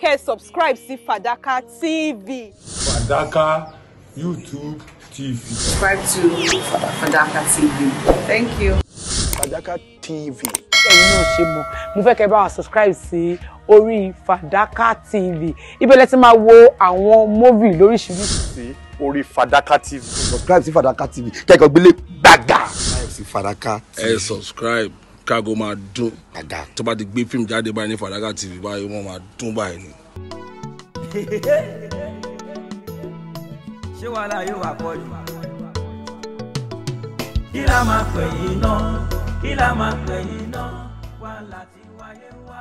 kẹ́ subscribe sí Fàdákà TV. Fàdákà YouTube TV. subscribe to Fàdákà TV. thank you. Fàdákà TV. ẹ̀yin náà ṣe mọ̀ mo fẹ́ kẹ́ bá wa subscribe sí orí Fàdákà TV ibẹ̀ lẹ ti máa wo àwọn móvì lóríṣiríṣi. orí Fàdákà TV. subscribe sí Fàdákà TV kẹ́kọ̀ọ́ gbélé gbàgà. subscribe sí Fàdákà TV. ẹ subscribe chicago máa dún tó bá ti gbé fíìmù jáde báyìí ní fàdákà tv báyìí wọ́n máa dún báyìí ni. ṣé wàhálà yóò wà pọ̀ jù. kí la máa pè yín náà kí la máa pè yín náà wà láti wáyé wá.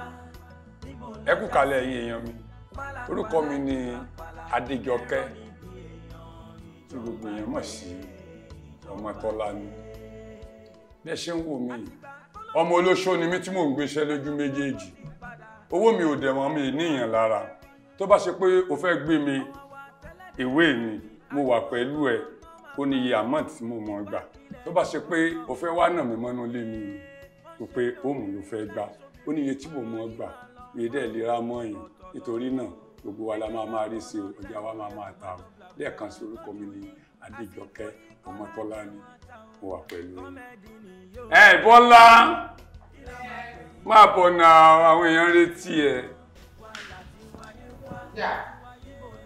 ẹ kú kalẹ̀ yín èèyàn mi orúkọ mi ni adéjọkẹ́ tí gbogbo èèyàn mọ̀ sí ọmọ tọ́lá ni bí ẹ ṣe ń wò mí ọmọ olóṣó ni mí tí mò ń gbéṣẹ́ lójú méjèèjì owó mi ò dẹ̀wọ̀n mi níyàn lára tó bá ṣe pé o fẹ́ gbé mi ìwé mi mo wà pẹ̀lú ẹ ó ní iye amount tí mo mọ̀ gbà tó bá ṣe pé o fẹ́ wá nà mí mọ́nú lé mi kò pé òun ló fẹ́ gbà ó ní iye tí mo mọ̀ gbà iye dẹ̀ lè ra mọ́ yìí nítorí náà gbogbo wa la máa máa rí sí ọjà wa máa máa ta lẹ́ẹ̀kan sí orúkọ mi ní Adéjọkẹ́ Ọmọtọ́lání ó wà pẹ̀lú ẹ̀ bọ́lá máa bọ̀ na àwọn èèyàn retí ẹ̀.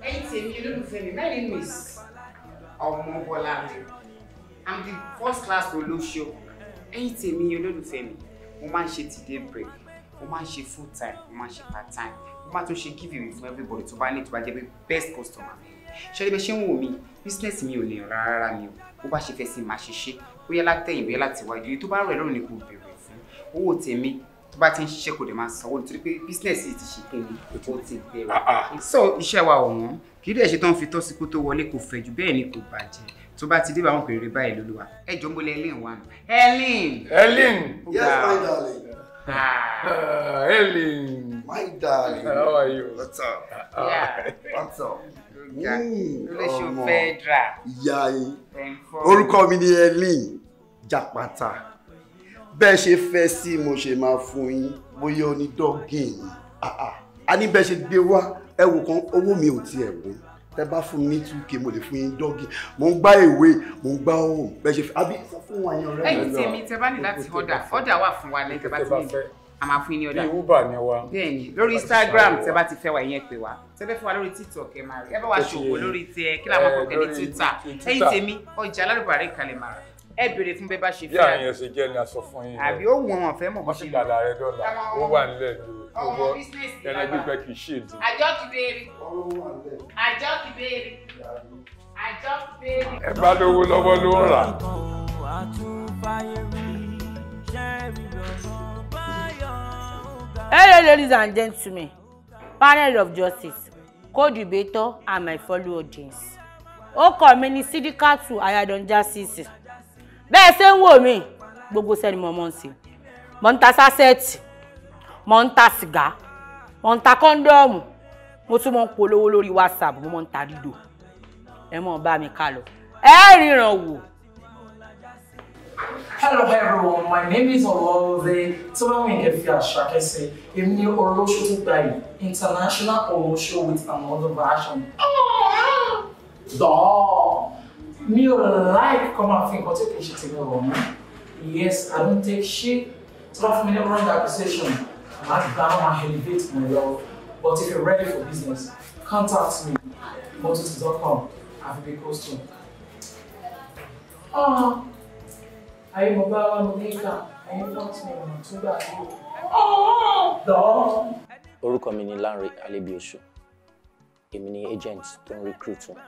ẹ̀yin tèmi olólùfẹ́ mi mẹ́rin miss ọmọ bọ́lá mi i'm the first class olóṣò ẹ̀yin tèmi olólùfẹ́ mi mo máa ń ṣe ti day break mo máa ń ṣe full time mo máa ń ṣe part time mo máa tún ṣe give you fún everybody tó bá ní tó bá jẹ́ best customer ṣe é bẹ́ẹ̀ ṣe ń wò mí business mi ò lè rárá mi o bó bá ṣe fẹ́ sí máa ṣiṣẹ́ bóyá látẹ̀yìn bóyá láti wájú èyí tó bá rẹ̀ lọ́rùn ni kò béèrè fún owó tèmi tó bá ti ń ṣiṣẹ́ kò dẹ̀ máa sanwó nítorí pé bísínẹ́sì ti ṣe kéde ó ti bẹ̀rẹ̀ ah, ah. so iṣẹ́ wa ọ̀wọ́n kì í dẹ̀ ṣe tán fi tọ́ sí kó tó wọlé kò fẹ̀ jù bẹ́ẹ̀ ni kò bàjẹ́ tó bá ti dé bá wọn pèrè báyìí lóluwa ẹ jọ ń bọ́lẹ̀ Helen wa nù yes my darling. Helen. Ah. my darling. how are you. what's up. yeah. what's up jà olóṣù fẹ́ẹ́dra. ìyá yìí orúkọ mi ni Helen Japata bẹ́ẹ̀ ṣe fẹ́ sí mo ṣe máa fún yín bóyá ó ní dọ́gìn ah, ah. a ní bẹ́ẹ̀ ṣe gbé wá ẹwù kan owó mi ò tiẹ̀ wọ́n tẹ bá fún mi ní two k mo lè fún yín dọ́gì mo ń gbá ìwé mo ń gbá ohun bẹ́ẹ̀ ṣe àbí fún wa yẹn ọ̀rẹ́ mi lọ. ẹ̀yin tèmi tẹ bá ní láti ọ̀dà ọ̀dà wà fún wa lẹ́yìn tẹ bá ti ní a máa fún yín ní ọ̀dà. bí uber ni wa. bẹ́ẹ̀ni lórí instagram tẹ bá ti fẹ́ wa ìyẹn pè wá tẹ bẹ fún wa lórí tiktok ẹ máa rí ẹ bá wa ṣòwò lórí tẹ kí làwọn kọkẹ ní twitter ẹ̀yin tèmi ọjà alárùbárẹ kalẹ máa rà ẹ béèrè fún bẹ́ẹ̀ bá ṣe fẹ́. bí àyìn ẹsẹ jẹ ni a sọ fún yín. àbí ó wù wọn fẹ́ mọ bó ṣe lọ. ọsibàlà rẹ dọ́là ó wà nílẹ̀ dúró owó ẹnlẹ gbígbẹ kì í ṣe èdè. àjọ kì béèrè àjọ kì béèrè ẹ bá lówó lọ́wọ́ ló ń rà. Hello, ladies and gentlemen, panel of justice, co-debater and my fellow audience. Okay, many syndicate ní Sídíkàtù Ayádọ́njá sísì. Bẹ́ẹ̀ ṣe ń wò mí, gbogbo sẹ́ni mo mọ̀ ń ṣe. Mo ń ta sásẹ́ẹ̀tì, mo ń ta sìgá, mo ń ta kọ́ńdọ́ọ̀mù, mo tún mọ̀ ń polówó lórí WhatsApp, mo mọ̀ ń ta dídò. Ẹ mọ̀ bá mi kálọ. Ẹ ríran wò. Hello everyone, my name is Ololode Tobamin Efiashakese, a new Orosho Tobai, International Orosho with another version. Duh! Me like come and think, but take shit in Yes, I don't take shit. So that for me, wrong accusation. I'm down and elevate my love. But if you're ready for business, contact me. Motors.com. I will be close to. Oh. ayé mo bá wá mo ní ìkà ẹ̀yìn fọ́ọ̀tì mi ọ̀nà tó gbà lò. orúkọ mi ni Lanre Alebiosu èmi ni agent tó ń recruit wọn.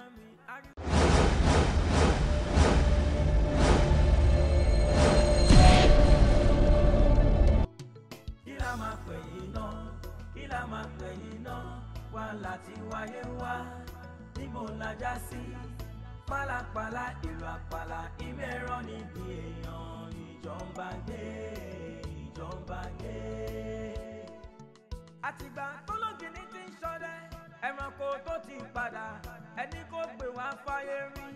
wá láti wáyé wá níbo la sí pálapàla ìlú àpàlà ìmẹ̀rọ níbi èèyàn ìjọba gbé ìjọba gbé. àtìgbà tólógìní ti ń ṣọdẹ ẹranko tó ti padà ẹni kò pè wá fáyé rí.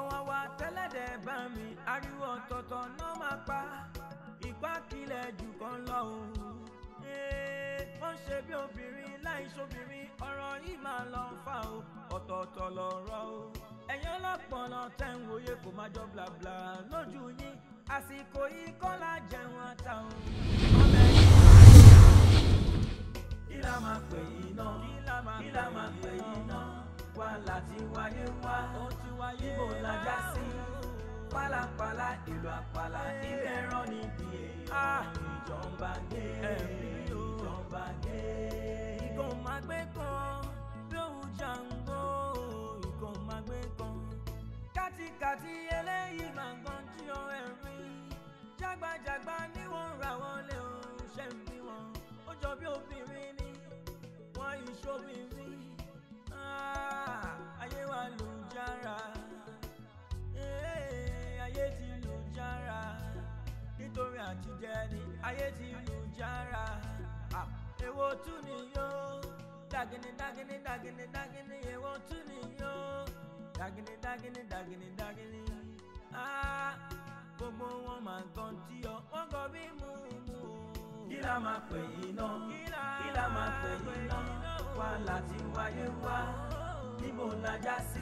ọ̀wọ́n wa tẹ́lẹ̀dẹ̀ bá mi ariwo ọ̀tọ̀ọ̀tọ̀ náà máa pa ìpá jù kan lọ́hùn ó ń ṣe bí obìnrin láì ṣobìnrin ọ̀rọ̀ yìí máa lọ fà o ọ̀tọ̀ọ̀tọ̀ lọ̀rọ̀ o ẹ̀yin ọlọ́pọ̀lọ́ tẹ́ ń wòye kò má jọ blabla lójú yín àsìkò yìí kọ́lá jẹun àtàwọn. kí la máa pè yín náà kí la máa pè yín náà wà láti wáyé wá ibo lajá sí pálapàla ìlú àpàlà ilé ẹran níbi èèyàn ah! ìjọba gbé gbàgbé. ìkan máa gbé kan lóhùn jàǹgbó ìkan máa gbé kan. kátikàti eléyìí máa gbọ́n tí ọ ẹ̀rí. jágbajàgba ni wọ́n ra wọlé oṣẹ́ mi wọn. ó jọ bí obìnrin ni wọ́n ìṣòbìnrin. Ah, ayé wa ló ń jára. Eh, ayé ti ló ń jára. nítorí àtijẹ́ ni ayé ti ló èwo tún nìyó dàgìnì dàgìnì dàgìnì dàgìnì èwo tún nìyó dàgìnì dàgìnì dàgìnì dàgìnì áá ah, gbogbo wọn máa gan tí ọ wọn gan bí mú mú. kí la máa pè yín náà kí la máa láti wáyé wá níbo la já sí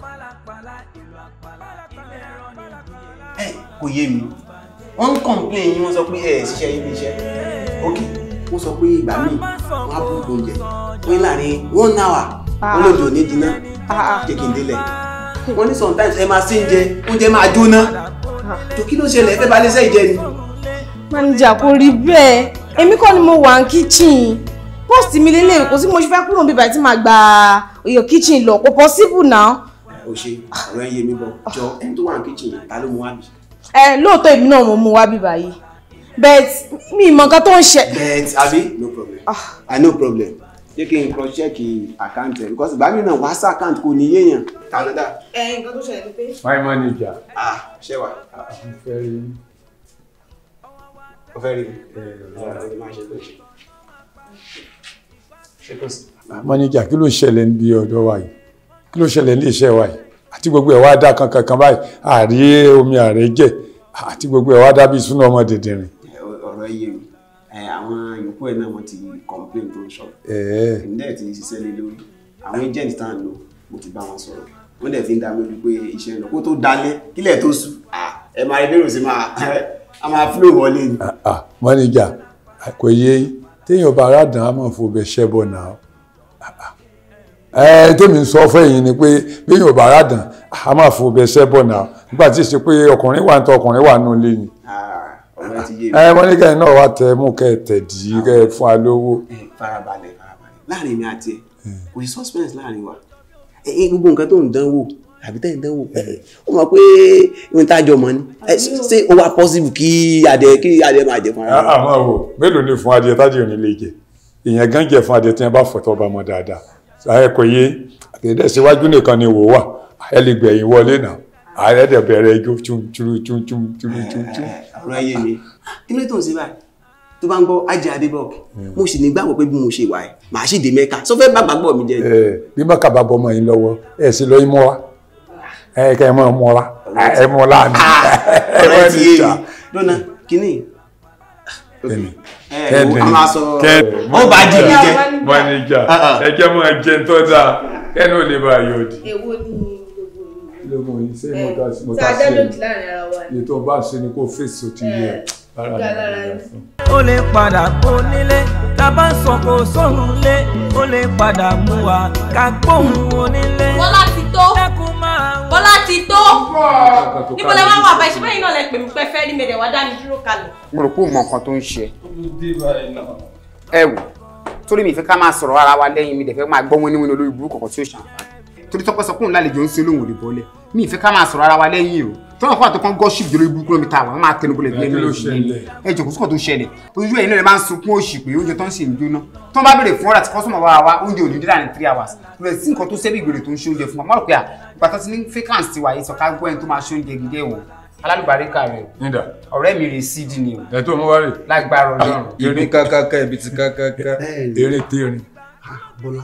pálapàla ìlú àpàlà ilé ẹ̀rọ ni ìlú ẹ kò yé mi wọn ń kọ̀ǹpléyìn yín wọn sọ pé ẹ ẹ ibi iṣẹ́ ok wọ́n sọ pé ìgbà míì wọ́n á bú oúnjẹ wọ́n láàrin one hour ah. wọ́n lè dùn ní dínà kéèké délẹ̀ wọ́n ní sometimes ẹ máa sí oúnjẹ oúnjẹ máa jóná ah. Ah. tó kí ló ṣẹlẹ̀ ẹ fẹ́ balẹ̀ iṣẹ́ ìjẹ ni. manager kò rí bẹ́ẹ̀ èmi kọ́ ni mo wà ní kitchen post mi lélẹ̀ kò sí mo ṣe fẹ́ kúrò níbi ìbàdí máa gba oyè kitchen lọ kò possible now. o ṣe ọ̀rọ̀ ẹ yé mi bọ̀ jọ ẹni tó wà ní kitchen ta ló mú wá bì. ẹ eh, lóòótọ́ èmi náà mo mú wá bì báyìí But me, mọ nǹkan tó ń ṣe. bet abi no problem i ah. ah, no problem jẹ́ kí n cross check account ẹ̀ because ìgbà mìíràn wàá sá account kò ní yéèyàn tàdádá. ẹ nǹkan tó ṣẹlẹ̀ ni pé. my manager. ah ṣé wà. mo fẹ́ rí mo fẹ́ rí ọ̀rọ̀ máa ṣe tó ṣe. Ah, manager kí ló ṣẹlẹ̀ níbi ọ̀dọ̀ wa yìí kí ló ṣẹlẹ̀ ní iṣẹ́ wa yìí àti gbogbo ẹ̀ wá dá kankan kan báyìí àrí omi àrẹ́jẹ àti gbogbo ẹ̀ wá dá bí ìsúná ọmọ dìndìnrín ọ̀rọ̀ yé mi àwọn yòókù ẹ̀ náà wọ́n ti complain tó ń sọ èmi dẹ̀ ti ṣiṣẹ́ lé lórí àwọn agent tá à ń lò mo ti bá wọn sọ̀rọ̀ wọ́n dẹ̀ fi ń dá mi lójú pé iṣẹ́ ń lọ kó tó dalẹ̀ kílẹ̀ tó sùn ẹ máa rí sí máa a máa fúlò wọlé ni. mọ́nìjà kò yé téèyàn bá aládàá mọ̀ fún ọbẹ̀ ṣẹ́bọ̀ náà ẹ tèmi ń sọ fẹ́yìn ni pé béèyàn bá aládàá a máa fún ọbẹ̀ ṣẹ́bọ̀ náà nígbà tí ì ṣe pé ọkùnrin wà ń tọ wà nù lé ni ẹ wọ́n ní kẹ́yìn náà wá tẹ mú kẹ́ tẹ̀ dì í kẹ́ fún wa lówó. farabalẹ̀ farabalẹ̀ láàrin mi àti ẹ kò sí suspense láàrin wa gbogbo nǹkan tó ń dánwò àbí tẹ́ ẹ̀ dánwò ó mọ̀ pé ohun tá a jọ mọ̀ ni ṣé ó wà possible kí adìẹ kí adìẹ máa jẹ fún ara rẹ. àmọ́ o mélòó ni fún adìẹ tájì ò ní lè jẹ èèyàn gan jẹ fún adìẹ tí wọn bá fọ̀ tó bá mọ̀ dáadáa ààrẹ kò yé àtẹ̀dẹ́ síwájú nìkan ni wò wà ẹ lè gbẹ̀yìn wọlé náà ààrẹ dẹ̀ bẹ̀rẹ̀ ijó tún tún tún tún tún tún ọ̀rọ̀ ayé mi kí ló tó ń ṣe báyìí tó bá ń gbọ́ ajé adébọ̀kì hmm. mo sì nígbàgbọ́ pé bí mo ṣe wà ẹ̀ màá sì dé mẹ́ka sọ fẹ́ bàgbàgbọ́ mi jẹ́. ẹ bí bàkà bá bọ́ ọmọ yìí lọ́wọ́ ẹ sì lọ imú wa ẹ kẹ ẹ mọ ọmọ wa ẹ mọ láàmì ẹ mọ ẹni ìjà. lọ́nà kínní. ẹ wo a máa bá jẹ mi jẹ. mọ ah, ah. ẹ jẹ́ mọ ẹ jẹ́ ń tọ́ da kẹ́ni ò lè bá a yọ ọ́ di ló mọ yìí ṣé mo ta ṣe mo ta ṣe ètò ọba ṣe ni kò fèsì òtí yẹ eh, lára rẹ. ó lè padà kó nílé tá a bá sọ kó sóhun lé ó lè padà mú wa ká gbóhùn onílé. bọ́lá ti tó bọ́lá ti tó níbo lè má wà bá ìṣẹ́fẹ́ yìí náà lè pè mí pẹ́ fẹ́ rí mi rẹ̀ wá dá mi dúró kalẹ̀. mo rò pé òun mọ nǹkan tó ń ṣe ẹ wò torí mi fẹ́ ká máa sọ̀rọ̀ ara wa lẹ́yìn mi dẹ̀ fẹ́ máa gbọ́ wọn níwọ̀n olórí burúkú kọ̀ọ̀kan tí ó ṣàǹfààní torí tọ́pẹ́ sọ pé òun lálejò ń ṣe olóhùn òde bọ́lẹ̀ mi ìfẹ́ ká máa sọ̀rọ̀ ara wa lẹ́yìn o tọ́nà fún àtọkàn gọ́ṣìp jẹ́rọ ibú kúrò mi ta àwọn máa tẹnu bọ́lẹ̀ bí ẹni lóṣìṣẹ́ ẹ jẹ́ kó sùkọ̀ tó ṣẹlẹ̀ ojú ẹ̀yin náà máa ń sunkún òṣì pé oúnjẹ tó ń ṣe ń jóná tó ń bá béèrè fún ọ̀rà tí kọ́sùmọ̀ wa wa oúnjẹ òní dídà ní three hours rẹ̀ sí nǹkan tó ṣẹ́bí ìgbèrè tó ń ṣe oúnjẹ fún wa mọ́rọ̀ pé àgbà tó ti ní fẹ́kànsì tiwa yìí sọ ká gbọ́ ẹni tó máa ṣe oúnjẹ gidi ẹ̀wọ̀ alálùbáríkà rẹ nídà ọ̀rẹ́ mi rè sí di ni o ẹ tó mú wá rè lágbára Ọlọ́run erin kákáká ibi ti kákáká erin térin. Ah, bọ́lá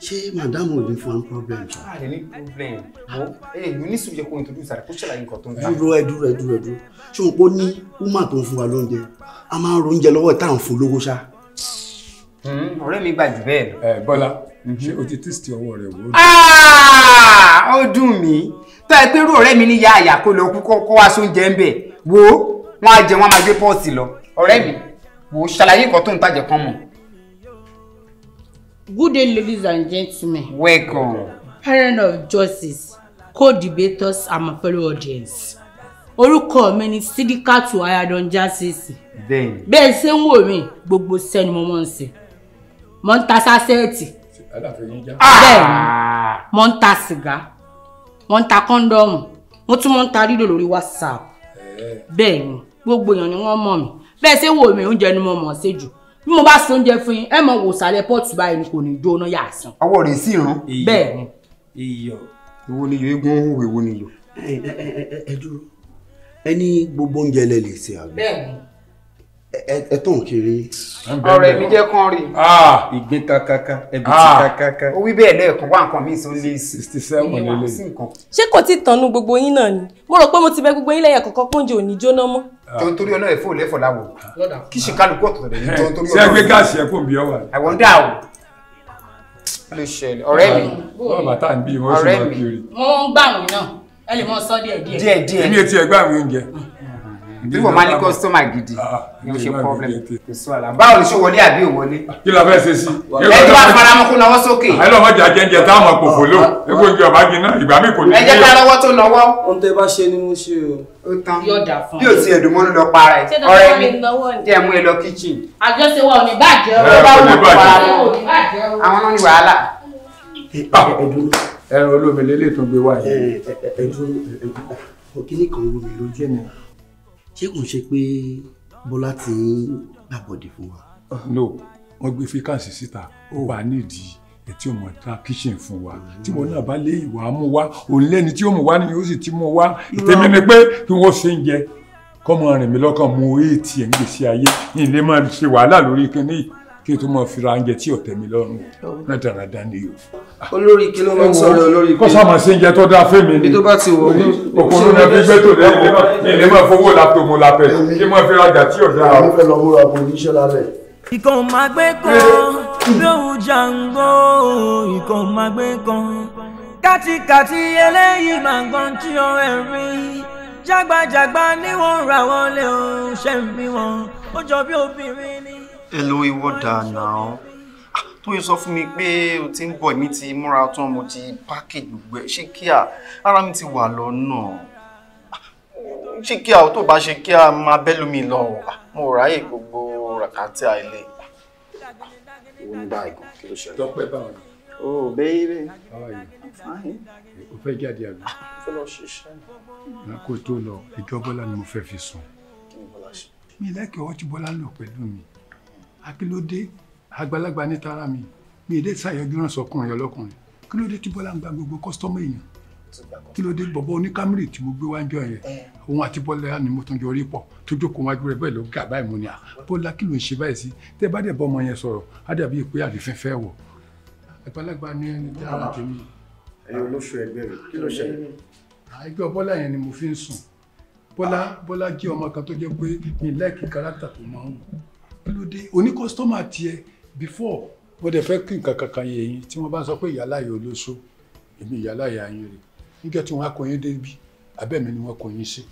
ṣé madam ò ní fún problem ṣá. a ní problem bọ ẹ mi ní sùúrù yẹ kó introduce rẹ kó ṣàlàyé nǹkan tó ń bá. dúró ẹ dúró ẹ dúró ẹ dúró ṣé òun kò ní woman tó ń fún wa lóúnjẹ a máa ń roúnjẹ lọ́wọ́ ìta àwọn fòlówó ṣá. Hmm, ọ̀rẹ́ mi gbà jù bẹ́ẹ̀ lọ. ẹ eh, bọ́lá mhm. ṣé o ti tíìsì ọwọ́ rẹ wò. Ah, ó dùn mí tá ẹ pé irú ọ̀rẹ́ mi ní ya àyà kó lọ kó kó wá sóúnjẹ ń bẹ̀ wo wọn á jẹ wọn á máa gbé pọ́ọ̀sì lọ ọ̀rẹ́ mi wò ṣàlàyé nǹkan tó ń tàjẹ̀ kan mọ̀. Good day, ladies and gentlemen. Welcome. Parent of justice, co-debaters and my fellow audience. Orúkọ mi ni Sídíkàtù Ayadon Jásìsì. Bẹ́ẹ̀ ṣe ń wò mí, gbogbo sẹ́ni mo mọ̀ ń sè. Mo ń ta sásẹ́ẹ̀tì. Bẹ́ẹ̀ni, mo ń ta sìgá, mo ń ta kọ́ńdọ́ọ̀mù, mo tún mo ń ta lílo lórí WhatsApp. Bẹ́ẹ̀ni, gbogbo èèyàn ni wọ́n mọ̀ mí. Bẹ́ẹ̀ ṣe ń wò mí, oúnjẹ ni mo mọ̀ ṣe jù bí mo bá se oúnjẹ fún yín ẹ mọ wò sàlẹ̀ pọ́ọ̀tù báyìí ni kò ní jóná yà sàn. ọwọ́ rẹ̀ sì rán. bẹ́ẹ̀ ni. iyọ̀ èwo ni yọ eégún òwò èwo ni yọ. ẹ dúró ẹ ní gbogbo oúnjẹ lẹ lè ṣe àgbẹ̀. bẹ́ẹ̀ni. ẹ tó ń kiri. ọ̀rọ̀ ẹ̀mí jẹ́ kán rí. Ah! ìgbín kakaka ẹbí ti ah! kakaka. ó wí bẹ́ẹ̀ lẹ́ẹ̀kan wá nǹkan mi sọ lé sixty seven lélẹ̀. ṣé kò tí ì tànú gbogbo yín náà ni mo rò pé mo ti bẹ gbogbo yín lẹ́yìn kọ̀ọ̀kan pọ́njẹ ò ní jóná mọ́ jọ nítorí ọlọ́rẹ̀ fóònù lẹ́fọ̀ láwọ̀ kí ṣe kálukú ọ̀tọ̀ rẹ̀ jọ nítorí ọlọ́rẹ̀. ṣé gbé gáàsì ẹ kò bí ọ wà. àwọn dà o ló ṣẹlẹ̀ ọ̀rẹ́ mi ọ̀rẹ́ mi wọ́n ń gbà mí náà ẹ lè mọ sọ díẹ̀ díẹ̀. díẹ̀ díẹ̀ èmi ò tiẹ̀ gbà oúnjẹ bí wọ́n máa ní kọ́sítọ́mà gidi ni ó ṣe problem kò sọ àlà báwo ló ṣe wọlé àbí ò wọlé. kí la fẹ́ ṣe sí. ẹjọ́ bá fara mọ́ kó nawọ́ sókè. ayé lọ́wọ́ jà jẹ́jẹ́ táwọn àpòfò lò ẹgbẹ́ ojú ọba gbiná ìgbà mi kò ní. ẹ jẹ́ ká lọ́wọ́ tó lọ́wọ́. ohun tẹ bá ṣe ni mo ṣe o. ó tán bí o ti ẹ̀dùn mọ́nú lọ para ẹ̀ ọ̀rẹ́ mi tí ẹ mú ẹ lọ kíchìn. àjọṣe wa ò ní bàjẹ́ ẹran olómi lélẹ̀ tó gbé wáyé. ẹ̀ẹ́dúró òkìní kan wù mí lójú ẹ̀ ṣé kò ń ṣe pé bọ́lá ti ń gbàbọ̀dẹ̀ fún wa. no wọn gbé fíkànsì síta oh. ó wà nídìí ẹ tí o mọ ta kitchen fún wa mm. tí wọn náà bá lé ìwà mú wa òun lẹni tí ó mú wa ni yóò sì ti mú wa mm. ìtẹ́mi ni pé kí wọ́n ṣe ń jẹ kọ́mọ rìn mí lọ́kàn mú èètì gbèsè ayé ìlé ṣe wàhálà lórí kínní kí n tún mọ fira oúnjẹ tí ò tẹ̀mí lọ́rùn rádaràdá ni o. olórí kí ló máa ń sọ̀rọ̀ olórí kí. kọ́sà máa ṣe oúnjẹ tó dáa fẹ́mi ni. ètò bá ti wọ̀ ní. òkúrú náà fi gbé tó dé ilé náà fowó làtò mo la kí n máa fira ọjà tí ò dáa. àwọn fẹ́ lọ múra bò ní lálẹ́. ìkàn máa gbé kan bí jàǹgbó ìkàn máa gbé kan kátikáti eléyìí máa gan tí ó ẹ̀rí jágbajàgba níwọ̀n ra wọlé òun ṣẹ́ mi wọn ó jọ bí obìnrin ni. Hello, ìwọ dà náà. Ah, tó yẹ sọ fún mi pé o ti ń bọ̀ èmi ti múra tán mo ti pákì gbogbo ẹ̀ ṣé kíá ara mi ti wà lọ́nà. Ah, ṣé kíá o tó bá ṣe kíá máa bẹ́ lómi lọ ah, mo ráyè gbogbo ràkàtì àìlè. Owó ń bá ìgò kí ló ṣẹlẹ̀. Tọ́pẹ́ báwọn. O ò bẹ́ẹ̀ rẹ̀. O fẹ́ jáde àgbà. O fẹ́ lọ ṣiṣẹ́. Lákòótó lọ, ìjọ Bọ́lá ni mo fẹ́ fi sùn. Mi lẹ́kẹ̀ẹ́ ọtí Bọ́lá lò pẹ̀lú mi akílódé àgbàlagbà ní tara mi mi èdè ṣàyọjú náà sọkùnrin ọlọkùnrin kí ló dé tí Bọ́lá ń gba gbogbo kọ́sítọ́mù èèyàn kí ló dé bọ̀bọ̀ oníkámírì tí mo gbé wá ń jọ yẹn òun àti Bọ́lá ni mo tún jọ rí pọ̀ tó jókòó wájú rẹ̀ bẹ́ẹ̀ ló ga báyìí mo ní à Bọ́lá kí ló ń ṣe báyìí sí tẹ́ bá dẹ̀ bọ́ ọmọ yẹn sọ̀rọ̀ á dàbí pé àrífín fẹ́ wọ̀ àgbàlagbà ní ẹni tí ara tèmi. ẹyin ni mo fi ń sùn Bọ́lá Bọ́lá jẹ́ ọmọ kan tó jẹ́ mi láìkí kí ló oní kọ́sítọ́mà tiẹ̀ before wọ́n dẹ̀ fẹ́ kí nǹkan kankan yẹ yín tí wọ́n bá sọ pé ìyáláyà olóṣó èmi ìyáláyà yín rè nígbà tí wọ́n á kọ yín débi abẹ́mi ni wọ́n kọ yín sí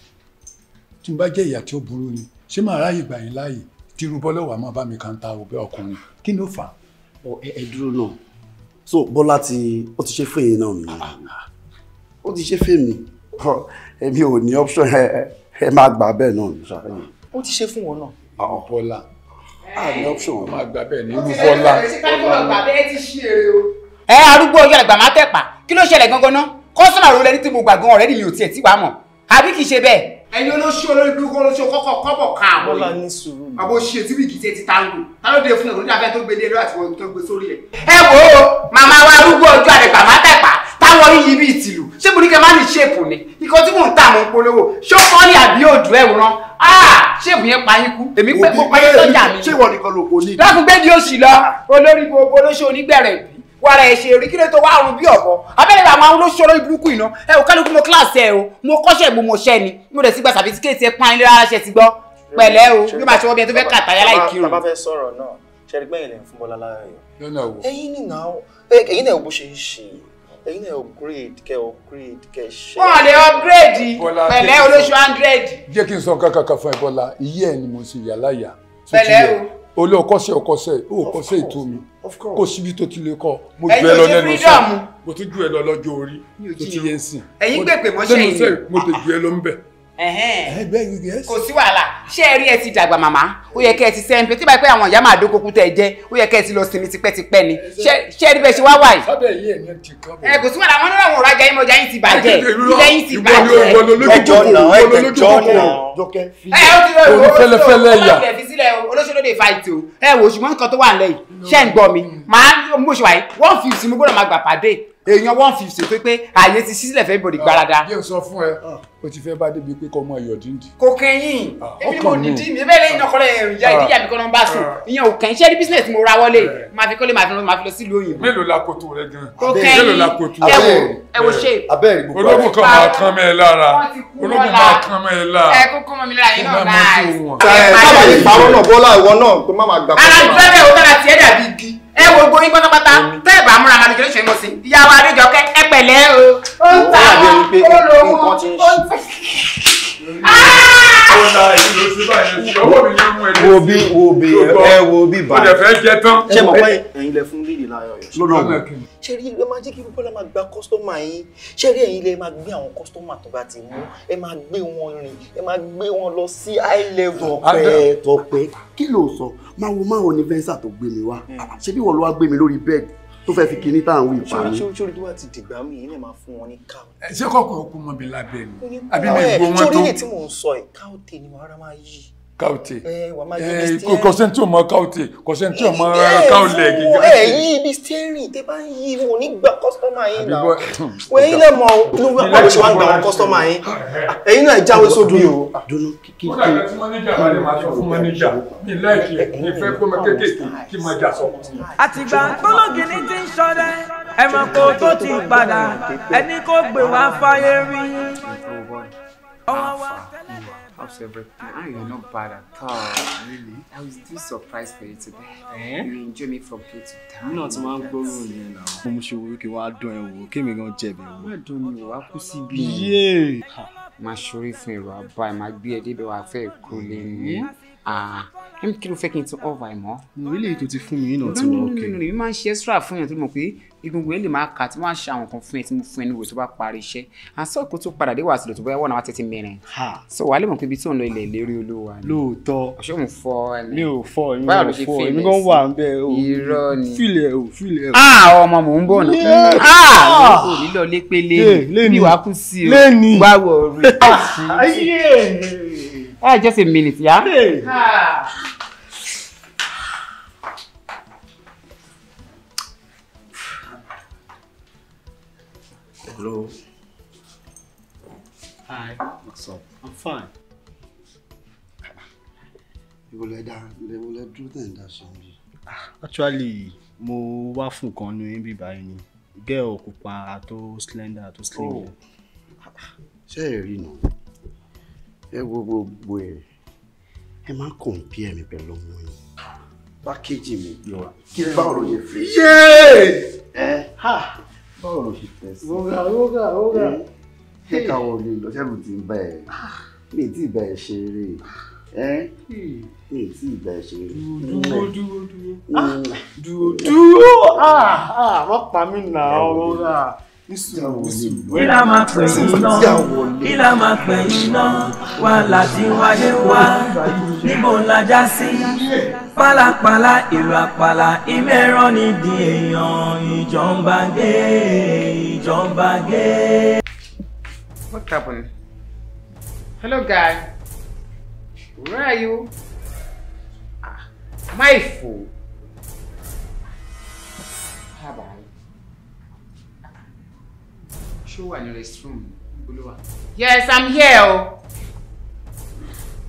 tí mo bá jẹ́ ìyà tí ó burú ni ṣé màá ráàyè gbà yín láàyè tí irú bọ́lọ́wà máa bá mi kàn ta òbẹ́ ọkùnrin kí ló fà á. ẹ dúró náà so bọ́lá ti ó ti ṣe fún èyí náà nìyẹn ah, ah. ó ti ṣe fún mi èmi ò ní option ẹ máa gbà bẹ́ẹ̀ náà. ó ti ṣe fún wọn náà. Ah, bọ́lá àmì ah, option wọn máa gbà bẹ́ẹ̀ ní irú bọ́lá. ẹ arúgbó ọjọ́ àgbà máa tẹ̀pà kí ló ṣẹlẹ̀ gangan náà kọ́sọ̀mà rò lẹni tí mo gbà gan ọ̀rẹ́dì mi ò tiẹ̀ tí wàá mọ̀ àbí kì í ṣe bẹ́ẹ̀. ẹyin olóṣù olórí burúkú olóṣù kọ́kọ́ kọ́bọ̀ ká àbọ̀ yìí àbọ̀ ṣe tí bìkì tiẹ̀ ti ta lù táwọn òde fún ẹ̀rọ nígbà fẹ́ tó gbé lé lọ́wọ́ àti wọn tó gbé sórí ẹ̀. ẹ wo màmá wa arúgbó ọjọ́ àdẹ̀gbà máa tẹ̀pà ọwọ́ yíyí bíi tìlù ṣé mo ní kẹ́ má ní ṣéèpù ni ikọ̀ tí mò ń tà mò polówó ṣó fọ́ọ̀lì àbí òdù ẹ̀wòrán ah, ṣéèpù yẹn payín kú èmi pé kó payín sọ́jà mi. ṣé ìwọ nìkan ló kò ní. lákùngbé ni ó sì lọ ah. olórí gbogbo olóṣè onígbẹ̀rẹ̀ bí wàrà ẹ̀ rí kí ló tó wá àrùn bí ọ̀bọ abẹ́rẹ́ àwọn olóṣù olórí burúkú iná ẹ ò kálukú mo kíláàsì ẹ o mo kọ́ṣẹ́ mo mọ̀ṣẹ́ ni mo dẹ̀ sí gba sàfisikẹ́ẹ̀tì ẹ pààyàn lára ṣe ti gbọ́ pẹ̀lẹ́ o bí màá ṣe wọ́n bí ẹ tó fẹ́ kàtàyà láì kírun. bàbá fẹ́ sọ̀rọ̀ náà ṣẹ́rí gbẹ̀yìn lẹ́yìn fún Bọ́lá lára yọ ẹ̀yin náà upgrade kẹ́ upgrade kẹ́ ṣe. wọn lè upgrade pẹ̀lẹ́ olóṣù hundred. jẹ́ kí n sọ kankan kan fún ẹ bọ́lá iye ẹ̀ ni mo sì yà láyà. pẹ̀lẹ́ o olú ọkọsẹ ọkọsẹ ó kọsẹ ètò mi kò síbi tó ti lè kọ mo ju ẹ lọ lẹ́nu sọ mo tún ju ẹ lọ lọ́jọ́ orí tó ti yẹ ń sìn lẹ́nu sẹ mo ti ju ẹ lọ ń bẹ kò sí wàhálà ṣé ẹ rí ẹ ti dàgbà màmá ó yẹ kẹ́ ẹ ti sẹ́ńpẹ́ tí báyìí pé àwọn ìyá máa dókòkú tẹ́ ẹ jẹ́ ó yẹ kẹ́ ẹ ti lọ sinmi tipẹ́tipẹ́ ni ṣé ẹ rí bẹ́ẹ̀ ṣe wá wà yìí. ẹ kò sí wàhálà wọn lọ́wọ́ ọ̀rajà yín mọ̀jà yín ti bàjẹ́ ilé yín ti bàjẹ́ ẹjọ́ náà ẹjọ́ náà. ẹ ó ti lọ ìwọ olóṣèlú olóṣèlódé fight o ẹ wò ṣùgbọ́n nǹkan tó wà lẹ́yìn ṣẹ́ ń gbọ́ mi màá mú èèyàn one fifty pé pé ààyè ti sílẹ̀ fẹ́ bòdì gbarada. bí ah, o sọ fún ẹ o ti fẹ́ bá débi pé kọ́ ọmọ ayọ̀ díndín. kò kẹ́yìn ah, ebi mo ní dín mi bẹ́ẹ̀ lẹ́yìn náà kọ́lẹ̀ ah. ìyá ìdíyà mi kọ́ ló ń bá sùn ìyẹn ò kẹ́yìn ṣẹ́ẹ́rí bísíǹnẹ̀sì mo ra wọlé eh. máa fi kọ́lé máa fi lọ sílùú òyìnbó. mélòó la kòtò rẹ gan. kò kẹ́yìn ẹ wo ṣe. ológun kan máa kán mẹ́ ẹ lára ológun máa kán mẹ́ ẹ lára. ẹ kó kán mọ́ mi lára yín náà láàyè. ẹ káwọn ìpàwọ́ náà bọ́lá ìwọ náà pé má máa gbà. ara ìfẹ́ bẹ́ẹ̀ o bára tiẹ̀ dàbí igi ẹ wo gbogbo yín pátápátá tẹ́ ẹ̀ bá múra máa dìjọ́ ìṣẹ́yìn sí ìyá wa Adéjọkẹ́ ẹ pẹ̀lẹ́ o. ó ń ta ó lówó ó ń tẹ̀. Ah! wo bí wo bí ẹ wo bí bá ṣe mọ̀ pé ẹ̀yin lẹ fún lílì láyọ̀ yẹn. lọ́dọ̀ mi. ṣé rí ẹ máa jẹ́ kí pípọ́lá máa gba kọ́sítọ́mà yín ṣé rí ẹ̀yin lẹ máa gbé àwọn kọ́sítọ́mà tó bá ti mú ẹ máa gbé wọn rìn ẹ máa gbé wọn lọ sí high level. kí ló sọ máa wo máa wo ní fẹsà tó gbé mi wá hmm. ṣé wọn ló wá gbé mi lórí bẹ́ẹ̀dì tó fẹ́ fi kinní táwọn wí pa mí. sórí tó bá ti dìgbà mí yìí ni màá fún wọn ní cow. ṣé kọ́kọ́ ọkùnrin mọ́bi lábẹ́ ni àbí mi ìgbó wọn tó. sórí ilé mò ń sọ ẹ̀ cow tè ni màá rà máa yí káwùtì eh, eh, kò sẹ́ni tí ò mọ káwùtì kò sẹ́ni tí ò mọ káwùlẹ̀ gíga. ẹ yí ibi steering tẹ bá yí mo ní gba kọ́sítọ́mà yín náà wọ́n yín lè mọ inú bí wọ́n ṣe wá ń gba àwọn kọ́sítọ́mà yín ẹ̀yin náà jáwé sódù yìí o. Ah, dunu kí kí kí kí mánéjà máa lè máa sọ fún mánéjà mi láìsí mi fẹ́ kó máa kéékèèké kí máa jà sọ. àtìgbà gbọ́lọ́gìnì ti ń ṣọdẹ ẹ̀mọ̀kò tó ti padà ẹni kó gbé wá fáyé rí ọwọ́ wa tẹ́lẹ̀ How's everything? Ah, you're not bad at all. Really? I was too surprised for you today. Eh? You enjoy me from play to town. Náà tí wọ́n gbóró ni ẹ̀ náà. Mo mú ṣe owó kí wọ́n á dán ẹ wò kí èmi gan jẹ̀bi wò. Má dán mi wò, wá kú síbi. Yéè! Máa ṣorí fún èrò àbá ẹ̀ máa gbé ẹni kí ló fẹ́ kí n tún ọ̀và ìmọ̀. orílẹ̀ èdè tó ti fún mi yìí náà ti wọ òkè. nínú ìmọ̀ ṣe extra fún yàn tó mọ̀ pé egungun ẹ̀ lè máa kà tí wọ́n á ṣe àwọn kan fún ẹ tí mo fún ẹ níwò tó bá parí iṣẹ́ àṣọ ìkó tó padà dé wàá sílò tó bá wọ̀nà wá tẹ́tí mẹ́rin. so wàá lè mọ̀ pé ibi tó ń lọ ilẹ̀ ìlérí olówó ni. lóòótọ́ ọ̀ṣọ́ mo fọ ẹni. mi ò fọ èmi ò fọ èmi kan wà ń bẹ o irọ́ ni fílẹ̀ o fílẹ̀ o. a ah, ọmọ mò ń bọ̀ náà. a kò nílò lépele bí wàá kú sí o wá wọ̀ ọ̀rẹ́. Ah! just a minute ya. Yeah? Hey. Ah. Hi, what's up? I'm fine. will let dá ìwọlẹ̀ will let ń then. sọ mi. Ah, actually, mo wá fún kan ní ibi báyìí ni. Gẹ́ẹ̀ pupa àtó slender àtó slim. Oh. Ṣé ẹ rí nà? Ẹ wo gbogbo ẹ̀. Ẹ compare mi pẹ̀lú ọmọ yìí. Pákéjì mi gbé wa. Kí báwo ló ṣe fi? Yéé! ha! Báwo ló ṣe tẹ̀sí? oga. ga ó jẹ́ káwọn olè lọ́sẹ̀rù ti ń bẹ̀ ẹ́ ah. mi ì tí ì bẹ̀ ẹ́ ṣeré ẹ́ mi ì tí ì bẹ̀ ẹ́ ṣeré. dúró dúró dúró ah. Ah, dúró wọ́n pa mí nà ọ́ kí la máa pè yín náà kí la máa pè yín náà wà láti wáyé wá níbo la já sí pálapàla ìlú àpàlà ìmẹ̀rọ nídìí èèyàn ìjọba gé ìjọba gé. What happened? Hello, guy. Where are you? Ah, my fool. How about Show one in the restroom. Yes, I'm here.